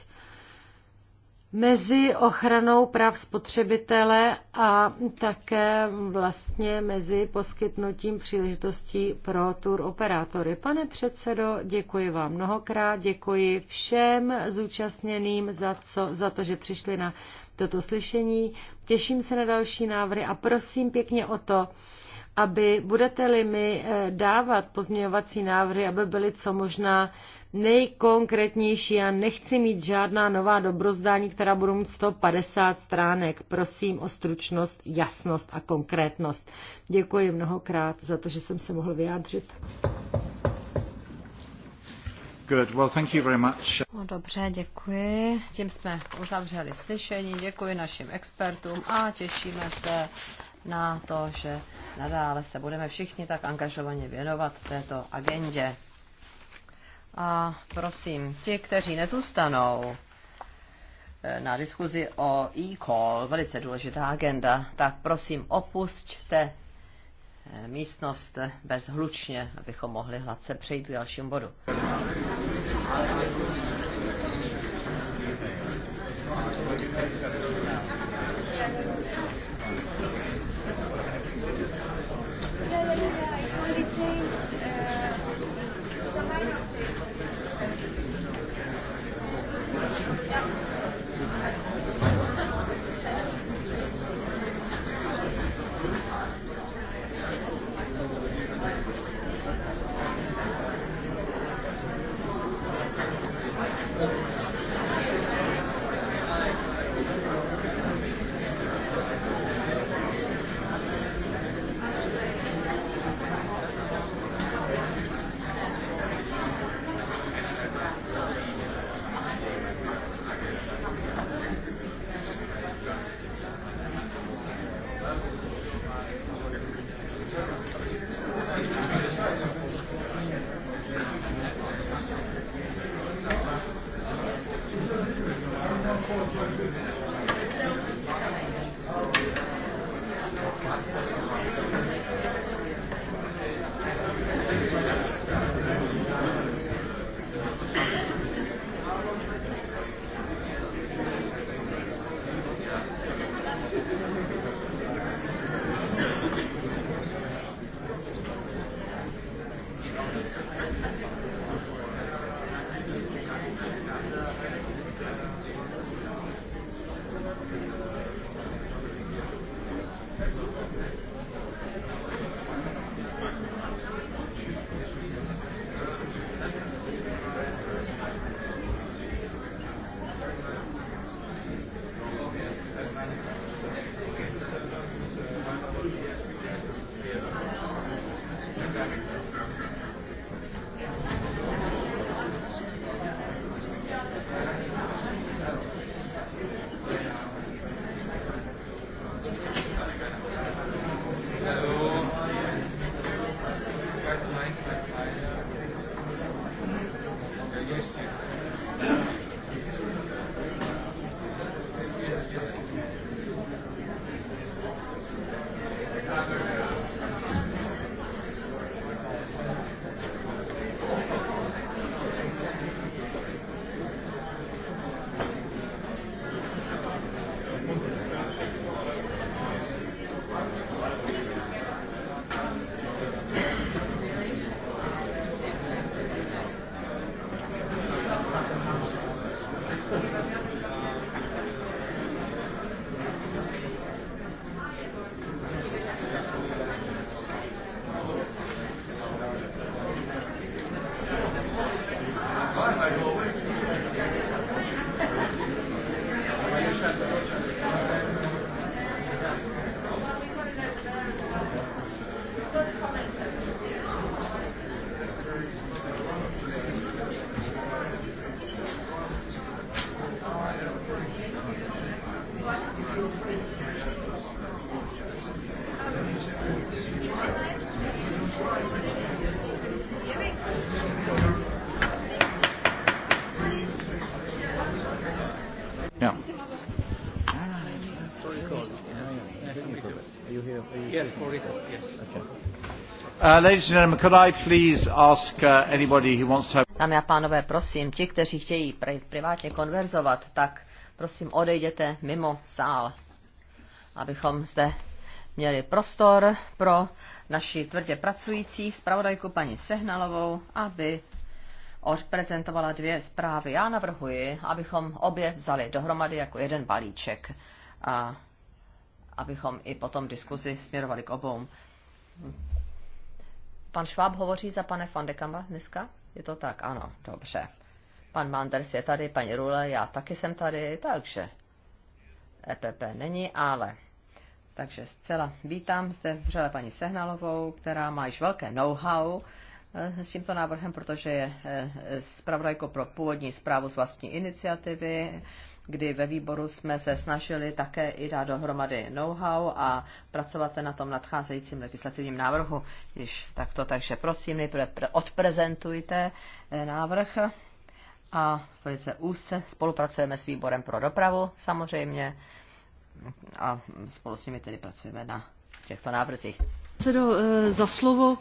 Speaker 3: mezi ochranou práv spotřebitele a také vlastně mezi poskytnutím příležitostí pro tur operátory. Pane předsedo, děkuji vám mnohokrát, děkuji všem zúčastněným za, co, za to, že přišli na toto slyšení. Těším se na další návrhy a prosím pěkně o to, aby budete-li mi eh, dávat pozměňovací návrhy, aby byly co možná nejkonkrétnější. Já nechci mít žádná nová dobrozdání, která budou mít 150 stránek. Prosím o stručnost, jasnost a konkrétnost. Děkuji mnohokrát
Speaker 1: za to, že jsem se mohl vyjádřit.
Speaker 2: Good. Well, thank you very much.
Speaker 1: No, dobře, děkuji. Tím jsme uzavřeli slyšení. Děkuji našim expertům a těšíme se na to, že nadále se budeme všichni tak angažovaně věnovat této agendě. A prosím, ti, kteří nezůstanou eh, na diskuzi o e-call, velice důležitá agenda, tak prosím opusťte eh, místnost bezhlučně, abychom mohli hladce přejít k dalšímu bodu.
Speaker 2: Uh, uh,
Speaker 1: Dámy a pánové, prosím, ti, kteří chtějí privátně konverzovat, tak prosím odejděte mimo sál, abychom zde měli prostor pro naši tvrdě pracující zpravodajku paní Sehnalovou, aby odprezentovala dvě zprávy. Já navrhuji, abychom obě vzali dohromady jako jeden balíček a abychom i potom diskuzi směrovali k obou. Pan Schwab hovoří za pane van de Kamba dneska? Je to tak? Ano, dobře. Pan Manders je tady, paní Rule, já taky jsem tady, takže EPP není, ale. Takže zcela vítám zde vřele paní Sehnalovou, která má již velké know-how eh, s tímto návrhem, protože je eh, zpravodajkou pro původní zprávu z vlastní iniciativy kdy ve výboru jsme se snažili také i dát dohromady know-how a pracovat na tom nadcházejícím legislativním návrhu. Již takto, takže prosím, nejprve odprezentujte eh, návrh a velice úzce spolupracujeme s výborem pro dopravu samozřejmě a spolu s nimi tedy pracujeme na těchto návrzích.
Speaker 4: Cedo, eh, za slovo.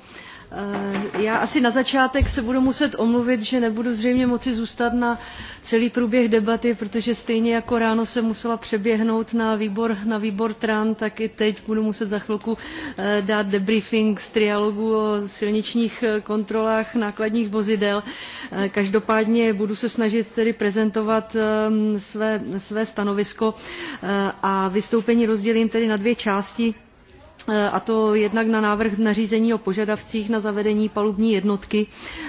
Speaker 4: Eh, já asi na začátek se budu muset omluvit, že nebudu zřejmě moci zůstat na celý průběh debaty, protože stejně jako ráno jsem musela přeběhnout na výbor, na výbor TRAN, tak i teď budu muset za chvilku eh, dát debriefing z trialogu o silničních kontrolách nákladních vozidel. Každopádně budu se snažit tedy prezentovat ehm, své, své stanovisko a vystoupení rozdělím tedy na dvě části Eh, a to jednak na návrh nařízení o požadavcích na zavedení palubní jednotky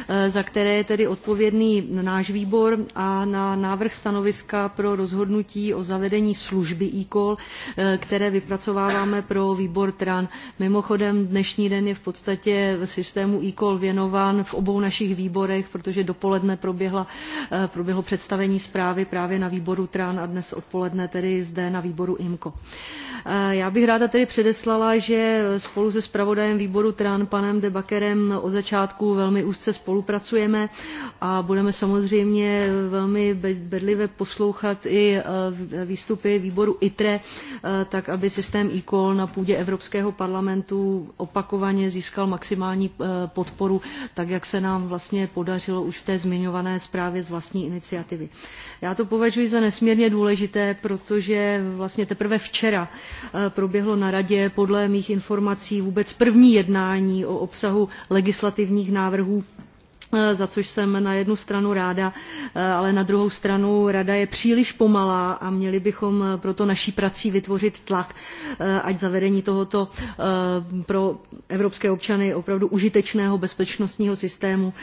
Speaker 4: eh, za které je tedy odpovědný náš výbor a na návrh stanoviska pro rozhodnutí o zavedení služby ecall eh, které vypracováváme pro výbor tran. mimochodem dnešní den je v podstatě systému ecall věnován v obou našich výborech protože dopoledne proběhla, proběhlo představení zprávy právě na výboru tran a dnes odpoledne tedy zde na výboru imco. já bych ráda tedy předeslala že že spolu se zpravodajem výboru TRAN, panem Debakerem, od začátku velmi úzce spolupracujeme a budeme samozřejmě velmi bedlivě poslouchat i e, výstupy výboru ITRE, e, tak aby systém e na půdě Evropského parlamentu opakovaně získal maximální e, podporu, tak jak se nám vlastně podařilo už v té zmiňované zprávě z vlastní iniciativy. Já to považuji za nesmírně důležité, protože vlastně teprve včera proběhlo na radě podle mých informací vůbec první jednání o obsahu legislativních návrhů Eh, za což jsem na jednu stranu ráda, eh, ale na druhou stranu rada je příliš pomalá a měli bychom eh, proto naší prací vytvořit tlak, ať zavedení tohoto pro evropské občany opravdu užitečného bezpečnostního systému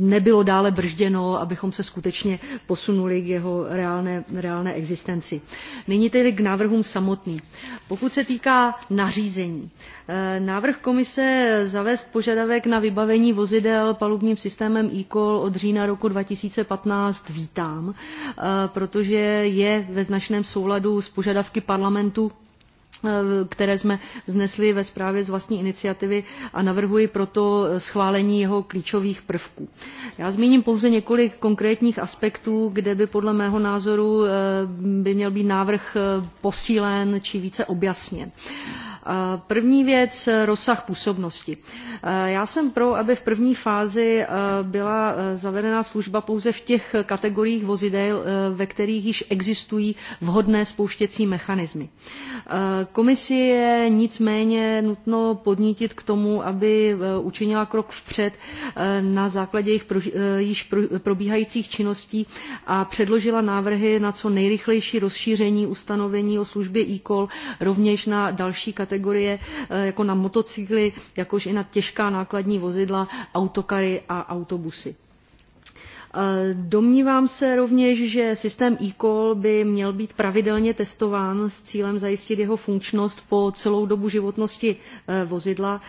Speaker 4: nebylo dále bržděno, abychom se skutečně posunuli k jeho reálné, reálné existenci. Nyní tedy k návrhům samotným. Pokud se týká nařízení, návrh komise zavést požadavek na vybavení vozidla vozidel palubním systémem e od října roku 2015 vítám, eh, protože je ve značném souladu s požadavky parlamentu eh, které jsme znesli ve zprávě z vlastní iniciativy a navrhuji proto schválení jeho klíčových prvků. Já zmíním pouze několik konkrétních aspektů, kde by podle mého názoru eh, by měl být návrh posílen či více objasněn. První věc, eh, rozsah působnosti. Eh, já jsem pro, aby v první fázi eh, byla zavedena služba pouze v těch kategoriích vozidel, ve kterých již existují vhodné spouštěcí mechanismy. Komisi je nicméně nutno podnítit k tomu, aby učinila krok vpřed na základě jejich již probíhajících činností a předložila návrhy na co nejrychlejší rozšíření ustanovení o službě e-call rovněž na další kategorie kategorie eh, jako na motocykly, jakož i na těžká nákladní vozidla, autokary a autobusy. Eh, domnívám se rovněž, že systém eCall by měl být pravidelně testován s cílem zajistit jeho funkčnost po celou dobu životnosti eh, vozidla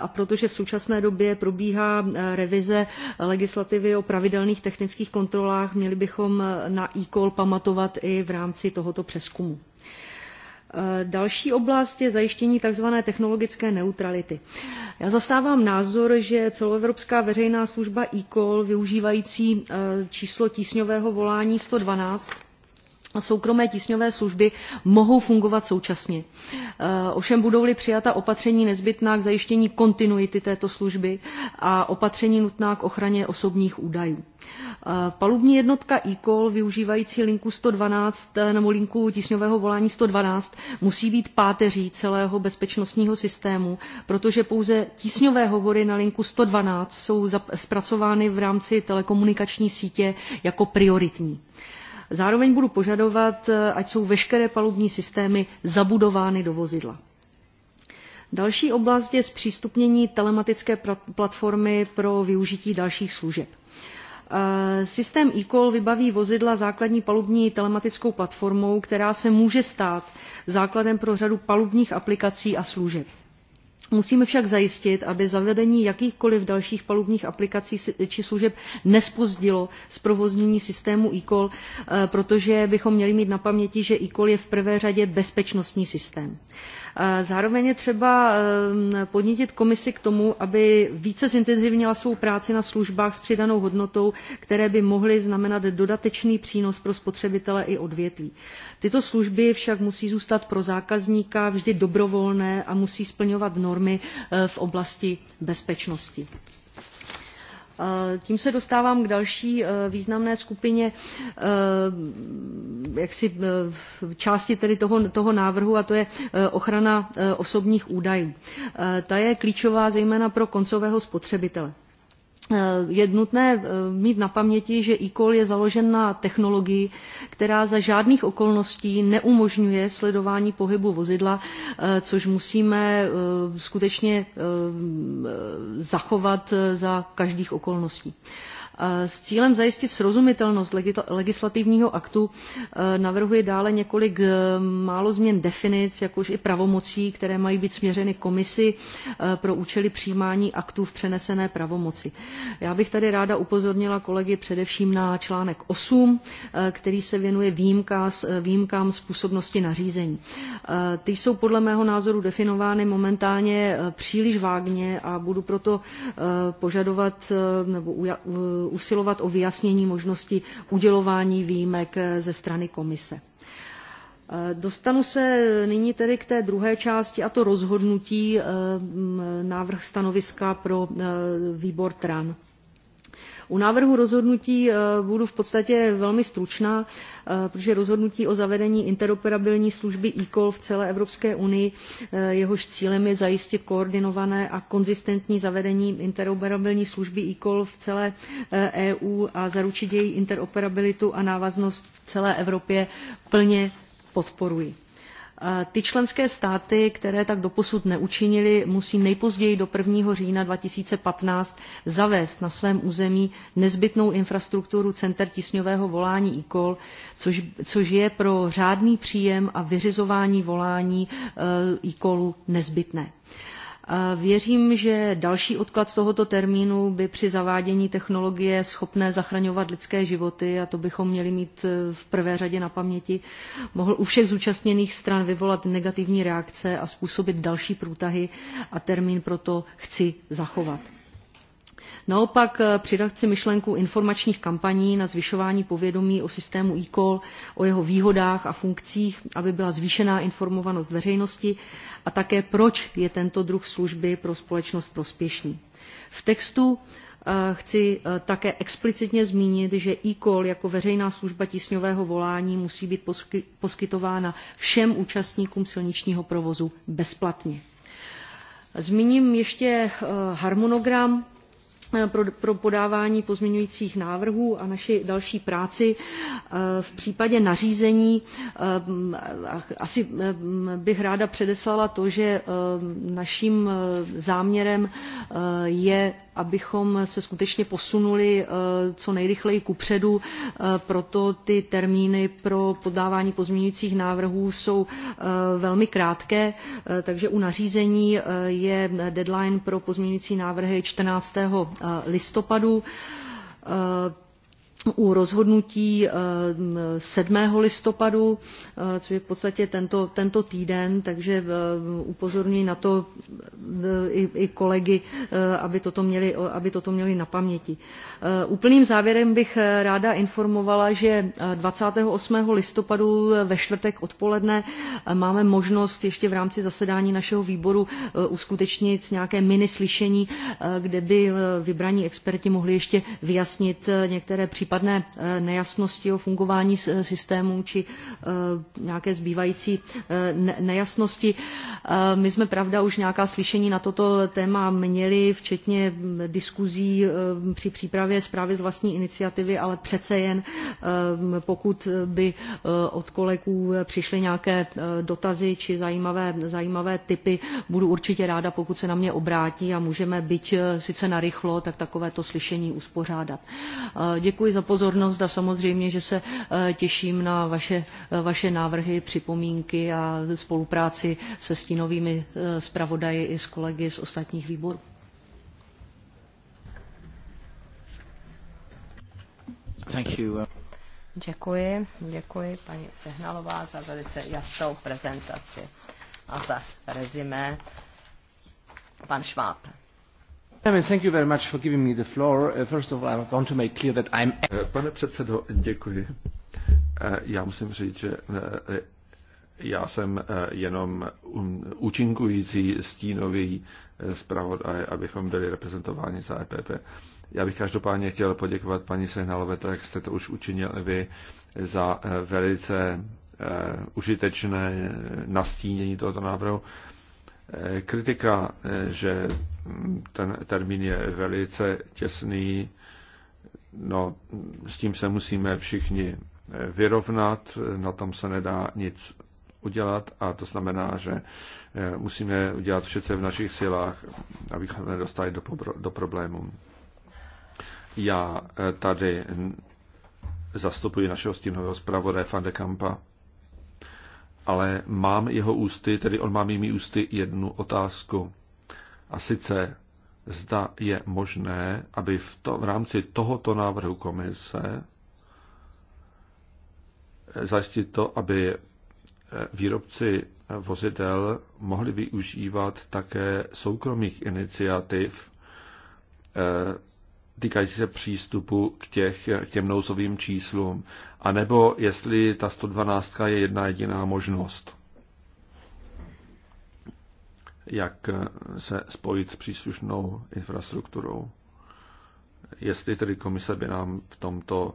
Speaker 4: a protože v současné době probíhá revize legislativy o pravidelných technických kontrolách, měli bychom na eCall pamatovat i v rámci tohoto přeskumu. Eh, další oblast je zajištění tzv. technologické neutrality. Já zastávám názor, že celoevropská veřejná služba e-call využívající eh, číslo tísňového volání 112 soukromé tísňové služby mohou fungovat současně. Eh, ovšem budou-li přijata opatření nezbytná k zajištění kontinuity této služby a opatření nutná k ochraně osobních údajů. Eh, palubní jednotka e využívající linku 112 eh, nebo linku tísňového volání 112 musí být páteří celého bezpečnostního systému, protože pouze tísňové hovory na linku 112 jsou zpracovány v rámci telekomunikační sítě jako prioritní. Zároveň budu požadovat, eh, ať jsou veškeré palubní systémy zabudovány do vozidla. Další oblast je zpřístupnění telematické platformy pro využití dalších služeb. Eh, systém eCall vybaví vozidla základní palubní telematickou platformou, která se může stát základem pro řadu palubních aplikací a služeb. Musíme však zajistit, aby zavedení jakýchkoliv dalších palubních aplikací či služeb nespozdilo zprovoznění systému ecall eh, protože bychom měli mít na paměti, že ecall je v prvé řadě bezpečnostní systém. Eh, zároveň je třeba eh, podnítit komisi k tomu, aby více zintenzivnila svou práci na službách s přidanou hodnotou, které by mohly znamenat dodatečný přínos pro spotřebitele i odvětví. Tyto služby však musí zůstat pro zákazníka vždy dobrovolné a musí splňovat normy eh, v oblasti bezpečnosti. Eh, tím se dostávám k další eh, významné skupině eh, jaksi části tedy toho, toho návrhu a to je ochrana osobních údajů. Ta je klíčová zejména pro koncového spotřebitele Eh, je nutné eh, mít na paměti, že e je založen na technologii, která za žádných okolností neumožňuje sledování pohybu vozidla, eh, což musíme skutečně zachovat za každých okolností. Eh, s cílem zajistit srozumitelnost legislativního aktu eh, navrhuje dále několik eh, málo změn definic, jakož i pravomocí, které mají být směřeny komisi pro účely přijímání aktů v přenesené pravomoci. Já bych tady ráda upozornila kolegy především na článek eight který se věnuje výjimkám z působnosti nařízení. Ty jsou podle mého názoru definovány momentálně příliš vágně a budu proto požadovat nebo Eh, usilovat o vyjasnění možnosti udělování výjimek eh, ze strany komise. Eh, dostanu se nyní tedy k té druhé části, a to rozhodnutí návrh stanoviska pro výbor TRAN. U návrhu rozhodnutí eh, budu v podstatě velmi stručná, eh, protože rozhodnutí o zavedení interoperabilní služby e v celé Evropské unii, eh, jehož cílem je zajistit koordinované a konzistentní zavedení interoperabilní služby e v celé EU e a zaručit její interoperabilitu a návaznost v celé Evropě, plně podporuji. Ty členské státy, které tak doposud neučinily, musí nejpozději do 1. října 2015 zavést na svém území nezbytnou infrastrukturu center tisňového volání e což, což je pro řádný příjem a vyřizování volání e nezbytné. Věřím, že další odklad tohoto termínu by při zavádění technologie schopné zachraňovat lidské životy, a to bychom měli mít e, v prvé řadě na paměti, mohl u všech zúčastněných stran vyvolat negativní reakce a způsobit další průtahy a termín proto chci zachovat. Naopak eh, přidat chci myšlenku informačních kampaní na zvyšování povědomí o systému e-call, o jeho výhodách a funkcích, aby byla zvýšená informovanost veřejnosti a také proč je tento druh služby pro společnost prospěšný. V textu eh, chci eh, také explicitně zmínit, že e-call jako veřejná služba tisňového volání musí být poskytována všem účastníkům silničního provozu bezplatně. Zmíním ještě harmonogram Eh, pro, pro podávání pozměňujících návrhů a naši další práci. Eh, v případě nařízení eh, asi bych ráda předeslala to, že naším záměrem je, abychom se skutečně posunuli co nejrychleji kupředu, proto ty termíny pro podávání pozměňujících návrhů jsou velmi krátké, takže u nařízení je deadline pro pozměňující návrhy 14 listopadu eh, Vlastně u rozhodnutí 7. Eh, listopadu, eh, což je v podstatě tento, tento týden, takže eh, upozorňuji na to i, i kolegy, aby toto, měli, aby toto měli na paměti. Úplným závěrem bych ráda informovala, že 28. listopadu ve čtvrtek odpoledne máme možnost ještě v rámci zasedání našeho výboru uskutečnit nějaké mini slyšení, kde by vybraní experti mohli ještě vyjasnit některé případy případné eh, nejasnosti o fungování eh, systému či eh, nějaké zbývající nejasnosti. My jsme pravda už nějaká slyšení na toto téma měli, včetně mm, diskuzí při přípravě zprávy z vlastní iniciativy, ale přece jen pokud by od kolegů přišly nějaké dotazy či zajímavé, zajímavé typy, budu určitě ráda, pokud se na mě obrátí a můžeme, být sice narychlo, tak takovéto slyšení uspořádat. Děkuji za pozornost a samozřejmě, že se eh, těším na vaše, eh, vaše návrhy, připomínky a spolupráci se stínovými eh, zpravodaji i s kolegy z ostatních výborů. Thank you. Uh,
Speaker 1: děkuji, děkuji paní Sehnalová za velice jasnou prezentaci a za rezimé. Pan Schwab.
Speaker 2: Eh, pane předsedo, děkuji. Eh, já musím říct, že eh, já jsem jenom um, účinkující stínový zpravodaj, abychom byli reprezentováni za EPP. Já bych každopádně chtěl poděkovat paní Sehnalové, tak jak jste to už učinili vy, za velice užitečné nastínění tohoto návrhu. Kritika, že ten termín je velice těsný, no s tím se musíme všichni vyrovnat, na tom se nedá nic udělat a to znamená, že eh, musíme udělat všechno v našich silách, abychom nedostali do, do problémů. Já eh, tady zastupuji našeho stínového zpravodaje Fandekampa. de Kampa ale mám jeho ústy, tedy on má mými ústy jednu otázku. A sice, zda je možné, aby v, to, v rámci tohoto návrhu komise eh, zajistit to, aby eh, výrobci vozidel mohli využívat také soukromých iniciativ eh, týkající se přístupu k, těch, k těm nouzovým číslům, anebo jestli ta 112 je jedna jediná možnost, jak eh, se spojit s příslušnou infrastrukturou. Jestli tedy komise by nám v tomto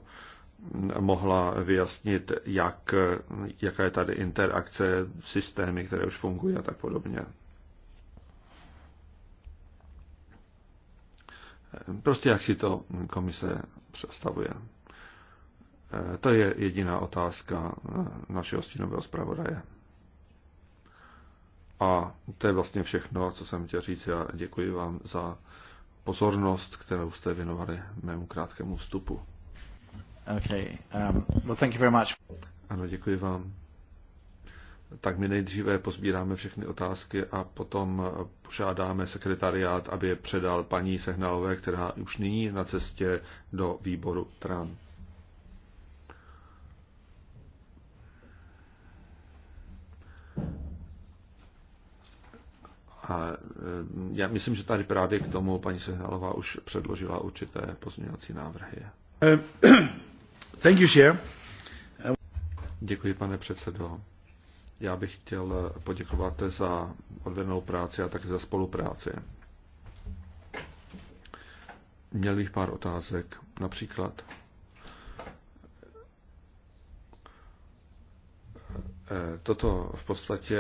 Speaker 2: mm, mohla vyjasnit, jak, eh, jaká je tady interakce, systémy, které už fungují a tak podobně. Prostě jak si to komise představuje. E, to je jediná otázka e, našeho stínového zpravodaje. A to je vlastně všechno, co jsem chtěl říct. Já děkuji vám za pozornost, kterou jste věnovali mému krátkému vstupu. Okay. Um, well, thank you very much. Ano, děkuji vám tak my nejdříve pozbíráme všechny otázky a potom požádáme sekretariát, aby je předal paní Sehnalové, která už nyní je na cestě do výboru TRAN. A eh, já myslím, že tady právě k tomu paní Sehnalová už předložila určité pozměňovací návrhy. Eh, thank you, Chair. Děkuji, pane předsedo. Já bych chtěl poděkovat za odvedenou práci a také za spolupráci. Měl bych pár otázek. Například, eh, toto v podstatě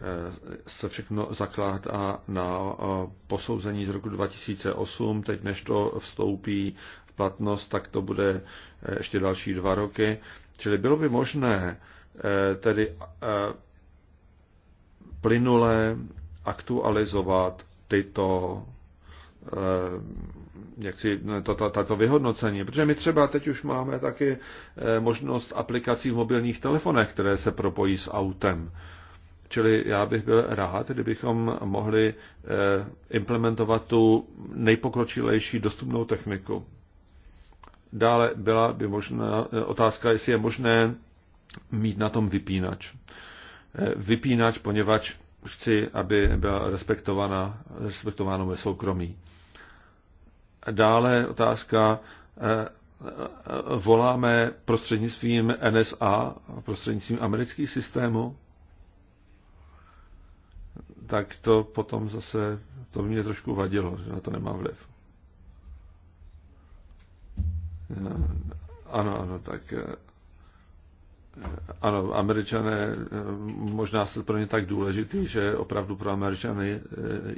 Speaker 2: eh, se všechno zakládá na eh, posouzení z roku 2008. Teď, než to vstoupí v platnost, tak to bude ještě další dva roky. Čili bylo by možné Eh, tedy eh, plynule aktualizovat tyto eh, jak si no, to tato vyhodnocení. Protože my třeba teď už máme taky možnost aplikací v mobilních telefonech, které se propojí s autem. Čili já bych byl rád, kdybychom mohli implementovat tu nejpokročilejší dostupnou techniku. Dále byla by možná otázka, jestli je možné mít na tom vypínač. E, vypínač, poněvadž chci, aby byla respektována, respektováno ve soukromí. Dále otázka, e, e, voláme prostřednictvím NSA, prostřednictvím amerických systémů, tak to potom zase, to by mě trošku vadilo, že na to nemá vliv. Ano, ano, tak ano, američané, možná se pro ně tak důležitý, že opravdu pro američany eh,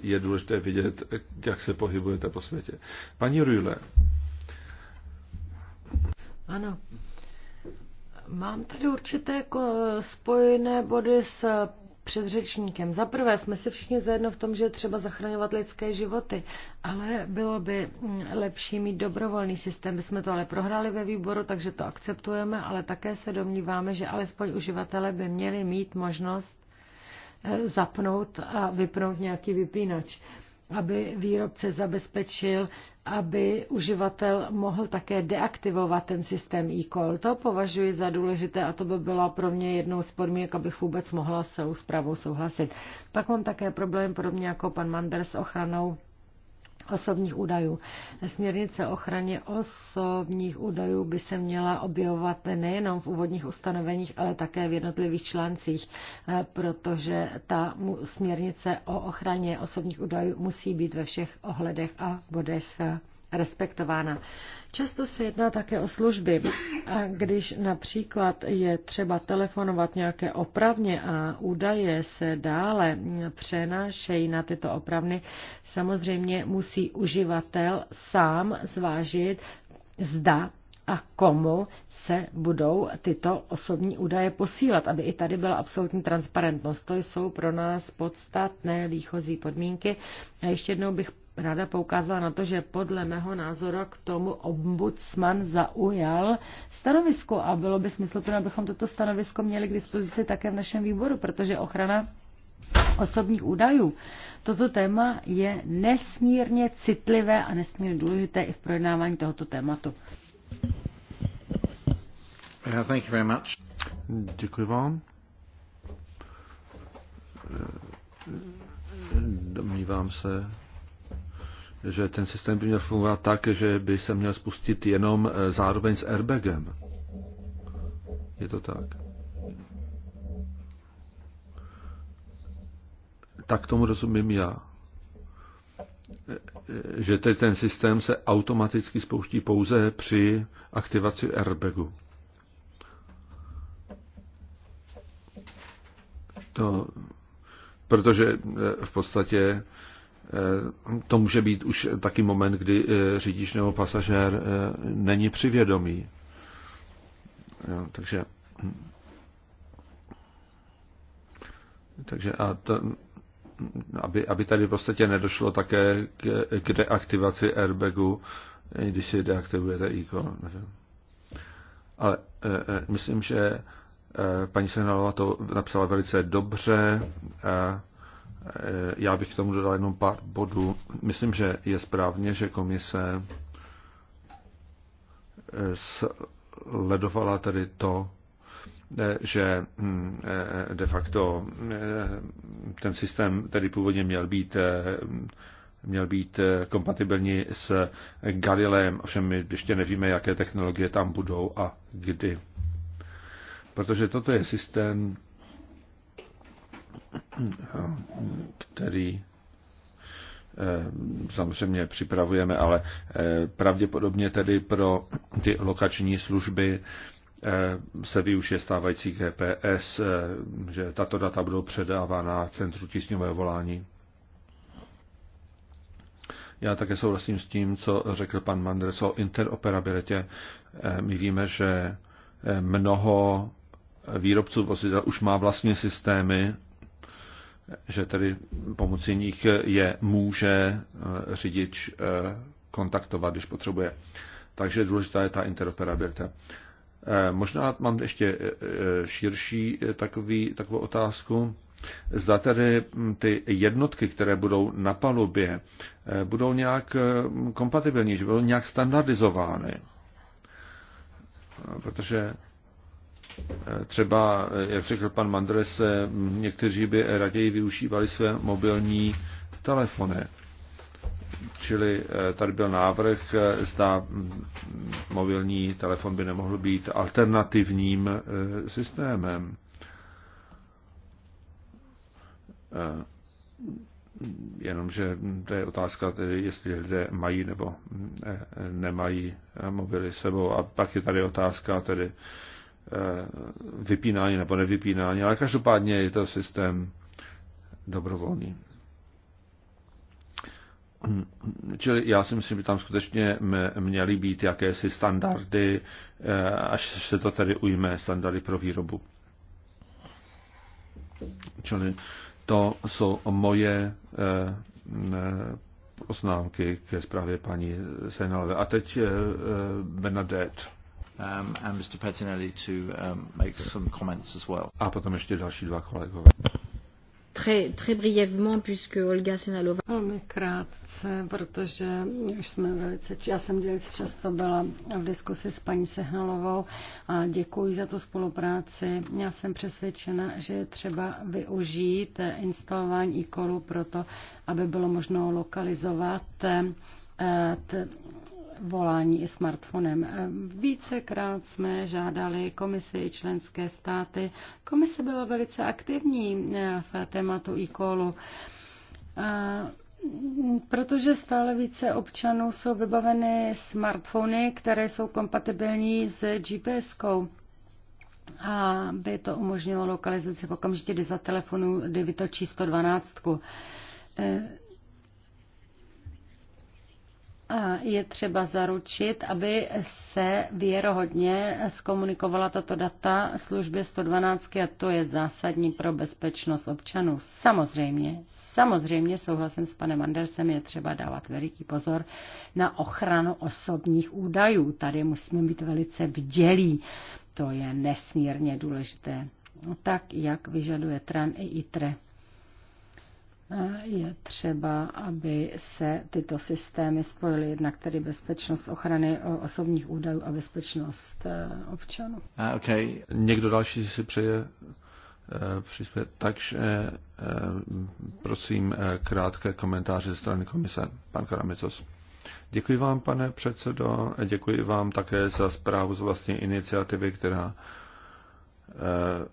Speaker 2: je důležité vidět, jak se pohybujete po světě. Paní Rujle.
Speaker 3: Ano. Mám tady určité spojené body s předřečníkem. Za prvé jsme se všichni zajedno v tom, že je třeba zachraňovat lidské životy, ale bylo by mm, lepší mít dobrovolný systém. My jsme to ale prohráli ve výboru, takže to akceptujeme, ale také se domníváme, že alespoň uživatelé by měli mít možnost eh, zapnout a vypnout nějaký vypínač aby výrobce zabezpečil, aby uživatel mohl také deaktivovat ten systém e-call. To považuji za důležité a to by byla pro mě jednou z podmínek, abych vůbec mohla s celou zprávou souhlasit. Pak mám také problém, podobně jako pan Manders, s ochranou osobních údajů. Směrnice o ochraně osobních údajů by se měla objevovat nejenom v úvodních ustanoveních, ale také v jednotlivých článcích, eh, protože ta směrnice o ochraně osobních údajů musí být ve všech ohledech a bodech eh, respektována. Často se jedná také o služby. A když například je třeba telefonovat nějaké opravně a údaje se dále přenášejí na tyto opravny, samozřejmě musí uživatel sám zvážit, zda a komu se budou tyto osobní údaje posílat, aby i tady byla absolutní transparentnost. To jsou pro nás podstatné výchozí podmínky. A ještě jednou bych ráda poukázala na to, že podle mého názoru k tomu ombudsman zaujal stanovisko a bylo by smysluplné, abychom toto stanovisko měli k dispozici také v našem výboru, protože ochrana osobních údajů. Toto téma je nesmírně citlivé a nesmírně důležité i v projednávání tohoto tématu.
Speaker 2: Uh, thank you very much. Děkuji vám. Eh, eh, domnívám se, že ten systém by měl fungovat tak, že by se měl spustit jenom eh, zároveň s airbagem. Je to tak. Tak tomu rozumím já. Eh, že teď ten systém se automaticky spouští pouze při aktivaci airbagu. To, protože eh, v podstatě Eh, to může být už taky moment, kdy eh, řidič nebo pasažér eh, není přivědomý. Jo, takže takže a to, aby, aby tady v podstatě nedošlo také k, k deaktivaci airbagu, když si deaktivujete ICO. Nevím. Ale e, myslím, že e, paní Sehnalová to napsala velice dobře. E, Eh, já bych k tomu dodal jenom pár bodů. Myslím, že je správně, že komise eh, sledovala tedy to, eh, že hm, de facto ten systém tedy původně měl být měl být kompatibilní s Galileem, ovšem my ještě nevíme, jaké technologie tam budou a kdy. Protože toto je systém, který eh, samozřejmě připravujeme, ale eh, pravděpodobně tedy pro ty lokační služby eh, se využije stávající GPS, že tato data budou předávána Centru tisňového volání. Já také souhlasím s tím, co řekl pan Manders o interoperabilitě. My víme, že mnoho výrobců vozidel už má vlastně systémy že tedy pomocí nich je může eh, řidič eh, kontaktovat, když potřebuje. Takže důležitá je ta interoperabilita. Eh, možná mám ještě širší takový, takovou otázku. Zda tedy hm, ty jednotky, které budou na palubě, budou nějak hm, kompatibilní, že budou nějak standardizovány. Protože Třeba, jak řekl pan Mandres, někteří by raději využívali své mobilní telefony. Čili eh, tady byl návrh, eh, zda mm, mobilní telefon by nemohl být alternativním eh, systémem. Jenomže to je otázka, tedy, jestli lidé mají nebo nemají mobily sebou. A pak je tady otázka tedy Eh, vypínání nebo nevypínání, ale každopádně je to systém dobrovolný. Čili já si myslím, že tam skutečně měly být jakési standardy, eh, až se to tedy ujme, standardy pro výrobu. Čili to jsou moje eh, poznámky ke zprávě paní Senalve. A teď Bernadette um, and Mr. Pettinelli to um, make some comments as well. A potom ještě další dva kolegové. Très,
Speaker 1: très brièvement, puisque Olga Senalová... Velmi
Speaker 3: krátce, protože už jsme velice... Já jsem velice často byla v diskusi s paní Sehnalovou a děkuji za tu spolupráci. Já jsem přesvědčena, že je třeba využít eh, instalování e callu pro to, aby bylo možno lokalizovat eh, volání i smartfonem. Eh, vícekrát jsme žádali komisi i členské státy. Komise byla velice aktivní eh, v tématu e-callu. Eh, protože stále více občanů jsou vybaveny smartfony, které jsou kompatibilní s GPS-kou a by to umožnilo lokalizaci v okamžitě, kdy za telefonu, kdy vytočí 112 je třeba zaručit, aby se věrohodně zkomunikovala tato data službě 112 a to je zásadní pro bezpečnost občanů. Samozřejmě, samozřejmě souhlasím s panem Andersem, je třeba dávat veliký pozor na ochranu osobních údajů. Tady musíme být velice vdělí, to je nesmírně důležité, tak jak vyžaduje TRAN i ITRE je třeba, aby se tyto systémy spojily jednak tedy bezpečnost ochrany osobních údajů a bezpečnost e, občanů.
Speaker 2: A, okay. Někdo další si přeje e, přispět, takže e, prosím krátké komentáře ze strany komise. Pan Karamicos. Děkuji vám, pane předsedo, děkuji vám také za zprávu z vlastní iniciativy, která Eh,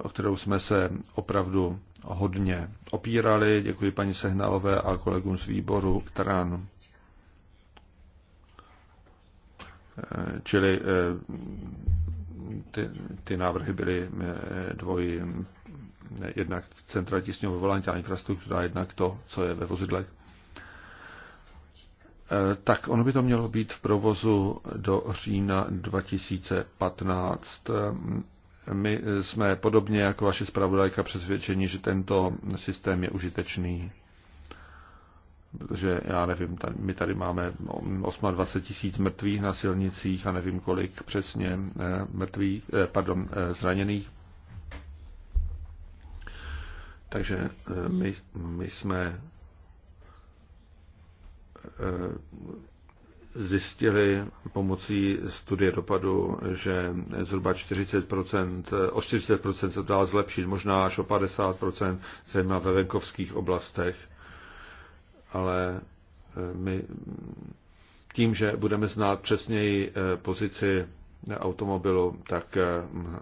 Speaker 2: o kterou jsme se opravdu hodně opírali. Děkuji paní Sehnalové a kolegům z výboru která eh, Čili eh, ty, ty návrhy byly dvojí, jednak centra tísňového volání a infrastruktura, jednak to, co je ve vozidlech. Tak ono by to mělo být v provozu do října 2015. My eh, jsme podobně jako vaše zpravodajka přesvědčeni, že tento systém je užitečný. Protože já nevím, tady, my tady máme 28 tisíc mrtvých na silnicích a nevím kolik přesně eh, mrtvých, eh, pardon, zraněných. Takže my, my jsme zjistili pomocí studie dopadu, že zhruba 40%, o 40% se dá zlepšit, možná až o 50%, zejména ve venkovských oblastech. Ale eh, my tím, že budeme znát přesněji eh, pozici automobilu, tak eh,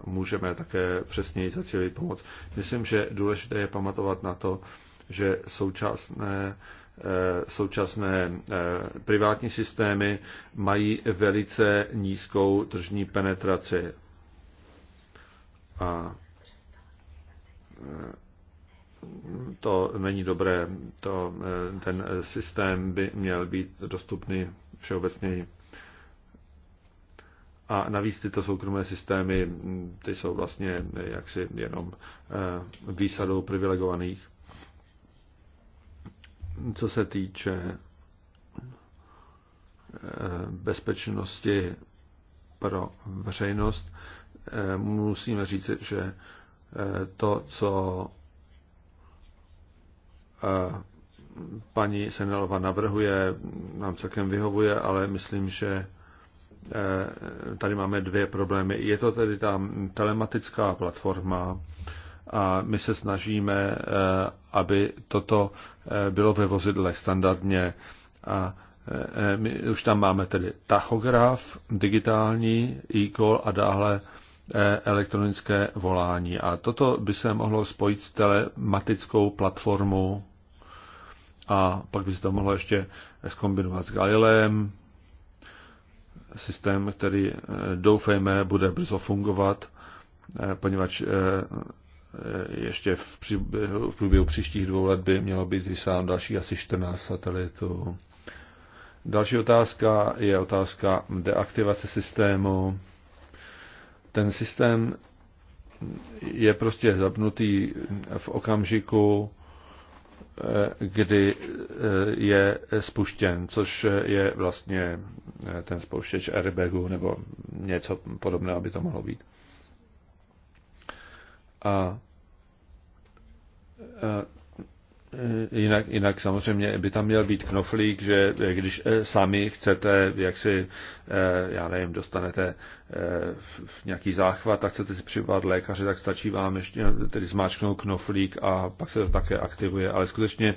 Speaker 2: můžeme také přesněji zacílit pomoc. Myslím, že důležité je pamatovat na to, že současné Eh, současné eh, privátní systémy mají velice nízkou tržní penetraci. A eh, to není dobré. To, ten systém by měl být dostupný všeobecněji. A navíc tyto soukromé systémy, hm, ty jsou vlastně jaksi jenom výsadou privilegovaných co se týče eh, bezpečnosti pro veřejnost, eh, musíme říct, že eh, to, co paní Senelova navrhuje, nám celkem vyhovuje, ale myslím, že tady máme dvě problémy. Je to tedy ta telematická platforma, a my se snažíme, eh, aby toto eh, bylo ve vozidle standardně. A eh, my už tam máme tedy tachograf, digitální, e-call a dále elektronické volání. A toto by se mohlo spojit s telematickou platformou a pak by se to mohlo ještě zkombinovat s Galileem, systém, který doufejme bude brzo fungovat, poněvadž Eh, ještě v, při, v průběhu příštích dvou let by mělo být vysáno další asi 14 satelitů. Další otázka je otázka deaktivace systému. Ten systém je prostě zapnutý v okamžiku, eh, kdy eh, je spuštěn, což je vlastně ten spouštěč airbagu nebo něco podobného, aby to mohlo být. A Jinak, jinak samozřejmě by tam měl být knoflík, že když e, sami chcete, jak si, e, já nevím, dostanete e, nějaký záchvat a chcete si přivat lékaře, tak stačí vám ještě tedy zmáčknout knoflík a pak se to také aktivuje. Ale skutečně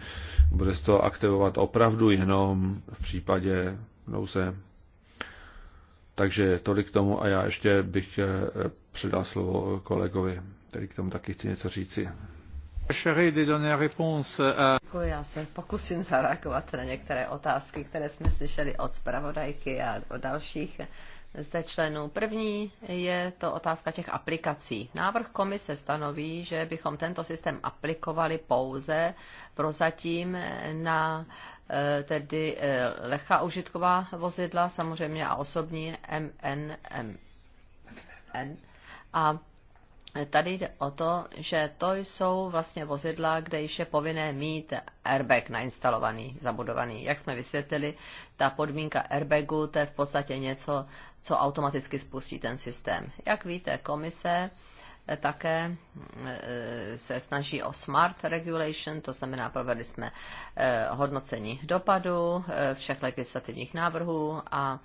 Speaker 2: bude se to aktivovat opravdu jenom v případě nouze. Takže tolik k tomu a já ještě bych předal slovo kolegovi. Tady k tomu taky chci něco říci.
Speaker 1: já se pokusím zareagovat na některé otázky, které jsme slyšeli od zpravodajky a od dalších zde členů. První je to otázka těch aplikací. Návrh komise stanoví, že bychom tento systém aplikovali pouze prozatím na eh, tedy eh, lehká užitková vozidla, samozřejmě a osobní MNM. A Tady jde o to, že to jsou vlastně vozidla, kde již je povinné mít airbag nainstalovaný, zabudovaný. Jak jsme vysvětlili, ta podmínka airbagu, to je v podstatě něco, co automaticky spustí ten systém. Jak víte, komise eh, také eh, se snaží o smart regulation, to znamená, provedli jsme eh, hodnocení dopadu všech legislativních návrhů a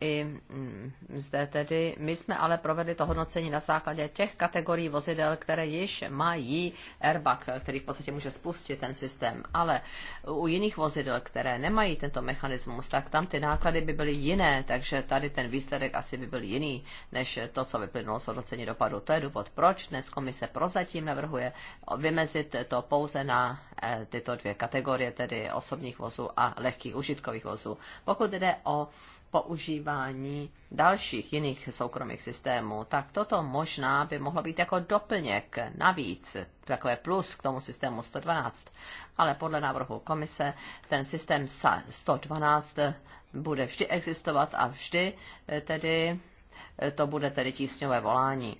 Speaker 1: i mm, zde tedy. My jsme ale provedli to hodnocení na základě těch kategorií vozidel, které již mají airbag, který v podstatě může spustit ten systém. Ale u jiných vozidel, které nemají tento mechanismus, tak tam ty náklady by byly jiné, takže tady ten výsledek asi by byl jiný, než to, co vyplynulo z hodnocení dopadu. To je důvod, proč dnes komise prozatím navrhuje vymezit to pouze na eh, tyto dvě kategorie, tedy osobních vozů a lehkých užitkových vozů. Pokud jde o používání dalších jiných soukromých systémů, tak toto možná by mohlo být jako doplněk navíc, takové plus k tomu systému 112. Ale podle návrhu komise ten systém 112 bude vždy existovat a vždy tedy to bude tedy tísňové volání.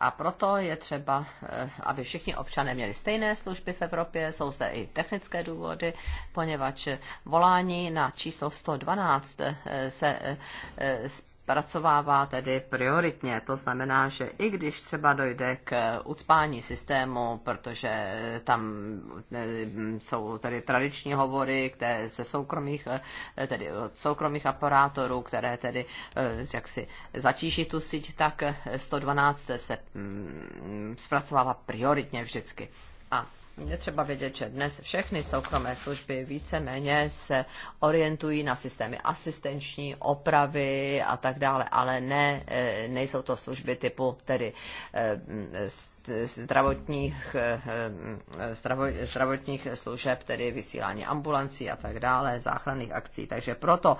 Speaker 1: A proto je třeba, eh, aby všichni občané měli stejné služby v Evropě. Jsou zde i technické důvody, poněvadž volání na číslo 112 eh, se eh, zpracovává tedy prioritně. To znamená, že i když třeba dojde k ucpání systému, protože tam e, jsou tedy tradiční hovory které ze soukromých, e, tedy od soukromých aparátorů, které tedy e, jaksi zatíží tu síť, tak 112 se mm, zpracovává prioritně vždycky. A je třeba vědět, že dnes všechny soukromé služby víceméně se orientují na systémy asistenční, opravy a tak dále, ale ne, eh, nejsou to služby typu tedy eh, zdravotních, eh, zdravotních služeb, tedy vysílání ambulancí a tak dále, záchranných akcí. Takže proto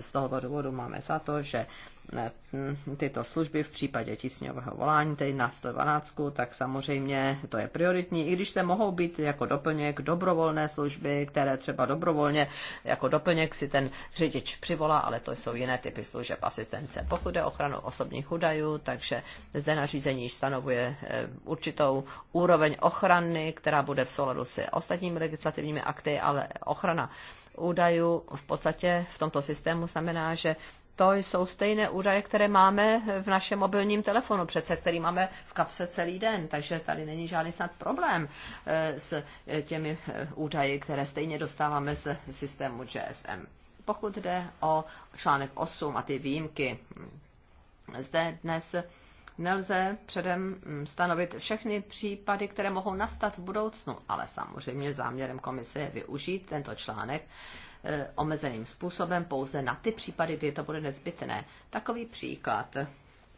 Speaker 1: z tohoto důvodu máme za to, že Hm, tyto služby v případě tisňového volání, tedy na 112, tak samozřejmě to je prioritní, i když to mohou být jako doplněk dobrovolné služby, které třeba dobrovolně jako doplněk si ten řidič přivolá, ale to jsou jiné typy služeb asistence. Pokud je ochranu osobních údajů, takže zde nařízení stanovuje eh, určitou úroveň ochrany, která bude v souladu s ostatními legislativními akty, ale ochrana údajů v podstatě v tomto systému znamená, že to jsou stejné údaje, které máme v našem mobilním telefonu, přece který máme v kapse celý den, takže tady není žádný snad problém eh, s eh, těmi eh, údaji, které stejně dostáváme z systému GSM. Pokud jde o článek 8 a ty výjimky, zde dnes nelze předem hm, stanovit všechny případy, které mohou nastat v budoucnu, ale samozřejmě záměrem komise je využít tento článek Eh, omezeným způsobem pouze na ty případy, kdy to bude nezbytné. Takový příklad.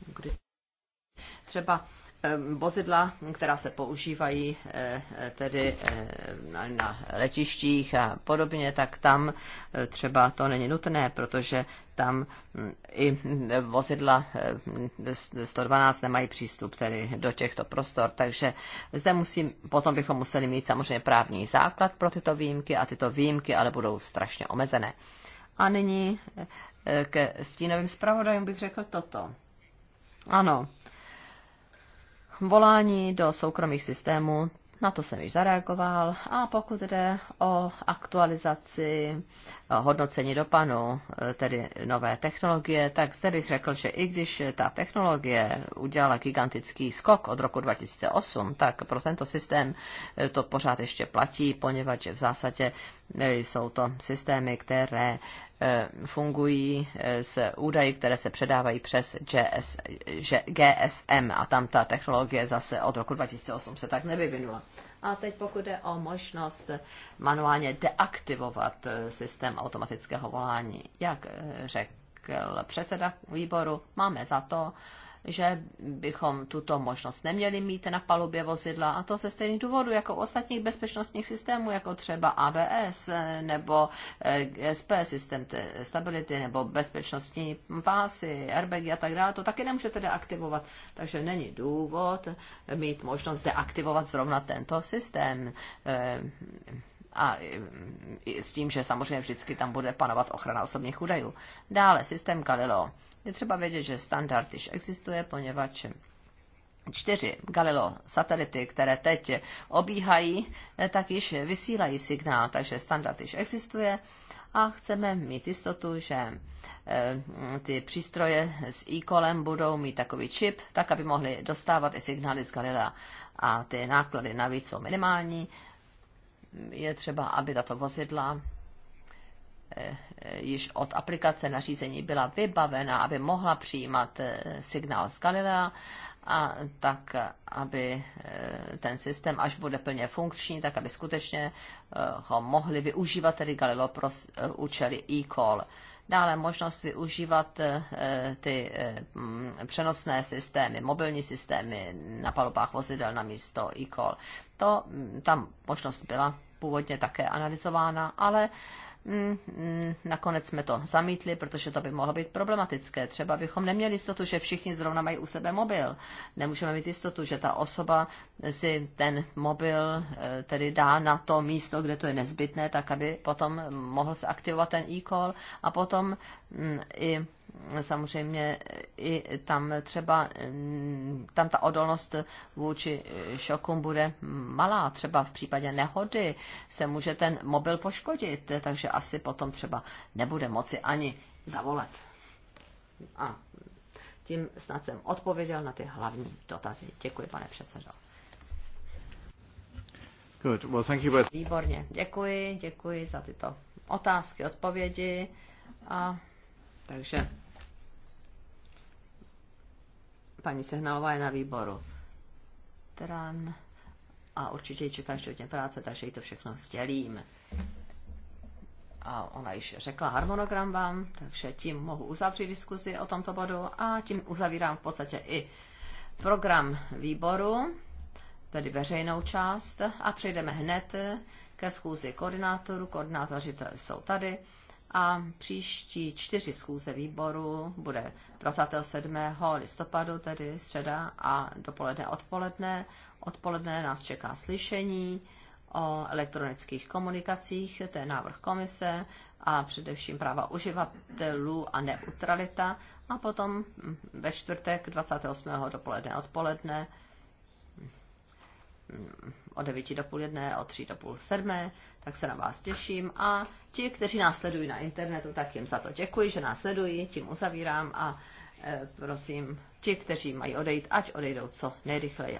Speaker 1: Kdy třeba vozidla, která se používají eh, tedy eh, na letištích a podobně, tak tam eh, třeba to není nutné, protože tam hm, i hm, vozidla 112 nemají přístup tedy do těchto prostor, takže zde musím, potom bychom museli mít samozřejmě právní základ pro tyto výjimky a tyto výjimky ale budou strašně omezené. A nyní ke stínovým zpravodajům bych řekl toto. Ano, volání do soukromých systémů, na to jsem již zareagoval. A pokud jde o aktualizaci o eh, hodnocení dopadu, eh, tedy nové technologie, tak zde bych řekl, že i když ta technologie udělala gigantický skok od roku 2008, tak pro tento systém eh, to pořád ještě platí, poněvadž v zásadě jsou to systémy, které Eh, fungují eh, s údaji, které se předávají přes GS, GSM a tam ta technologie zase od roku 2008 se tak nevyvinula. A teď pokud jde o možnost manuálně deaktivovat eh, systém automatického volání, jak řekl předseda výboru, máme za to, že bychom tuto možnost neměli mít na palubě vozidla a to ze stejných důvodů jako u ostatních bezpečnostních systémů, jako třeba ABS nebo eh, SP systém stability nebo bezpečnostní pásy, airbagy a tak dále. To taky nemůžete deaktivovat, takže není důvod mít možnost deaktivovat zrovna tento systém eh, a eh, s tím, že samozřejmě vždycky tam bude panovat ochrana osobních údajů. Dále systém Galileo. Je třeba vědět, že standard již existuje, poněvadž čtyři Galileo satelity, které teď obíhají, eh, tak již vysílají signál, takže standard již existuje a chceme mít jistotu, že eh, ty přístroje s e-kolem budou mít takový čip, tak aby mohli dostávat i signály z Galilea a ty náklady navíc jsou minimální. Je třeba, aby tato vozidla Eh, již od aplikace nařízení byla vybavena, aby mohla přijímat eh, signál z Galilea a tak, aby eh, ten systém, až bude plně funkční, tak aby skutečně ho mohli využívat tedy Galileo pro účely e-call. Dále možnost využívat ty mm, přenosné systémy, mobilní systémy na palubách vozidel na místo e-call. To, mm, tam možnost byla původně také analyzována, ale Mm-hmm. nakonec jsme to zamítli, protože to by mohlo být problematické. Třeba bychom neměli jistotu, že všichni zrovna mají u sebe mobil. Nemůžeme mít jistotu, že ta osoba si ten mobil eh, tedy dá na to místo, kde to je nezbytné, tak aby potom mohl se aktivovat ten e-call a potom mm, i samozřejmě i tam třeba, tam ta odolnost vůči šokům bude malá. Třeba v případě nehody se může ten mobil poškodit, takže asi potom třeba nebude moci ani zavolat. A tím snad jsem odpověděl na ty hlavní dotazy. Děkuji, pane předsedo. Good. Well, thank you both. Výborně. Děkuji, děkuji za tyto otázky, odpovědi. A takže paní Sehnalová je na výboru. Tran. A určitě ji čeká ještě hodně práce, takže jí to všechno sdělím. A ona již řekla harmonogram vám, takže tím mohu uzavřít diskuzi o tomto bodu a tím uzavírám v podstatě i program výboru, tedy veřejnou část a přejdeme hned ke schůzi koordinátorů. Koordinátoři jsou tady a příští čtyři schůze výboru bude 27. listopadu, tedy středa a dopoledne odpoledne. Odpoledne nás čeká slyšení o elektronických komunikacích, to je návrh komise a především práva uživatelů a neutralita. A potom mm, ve čtvrtek 28. dopoledne odpoledne o 9 do půl jedné, o 3 do půl sedmé, tak se na vás těším. A ti, kteří nás sledují na internetu, tak jim za to děkuji, že nás sledují, tím uzavírám a eh, prosím, ti, kteří mají odejít, ať odejdou co nejrychleji.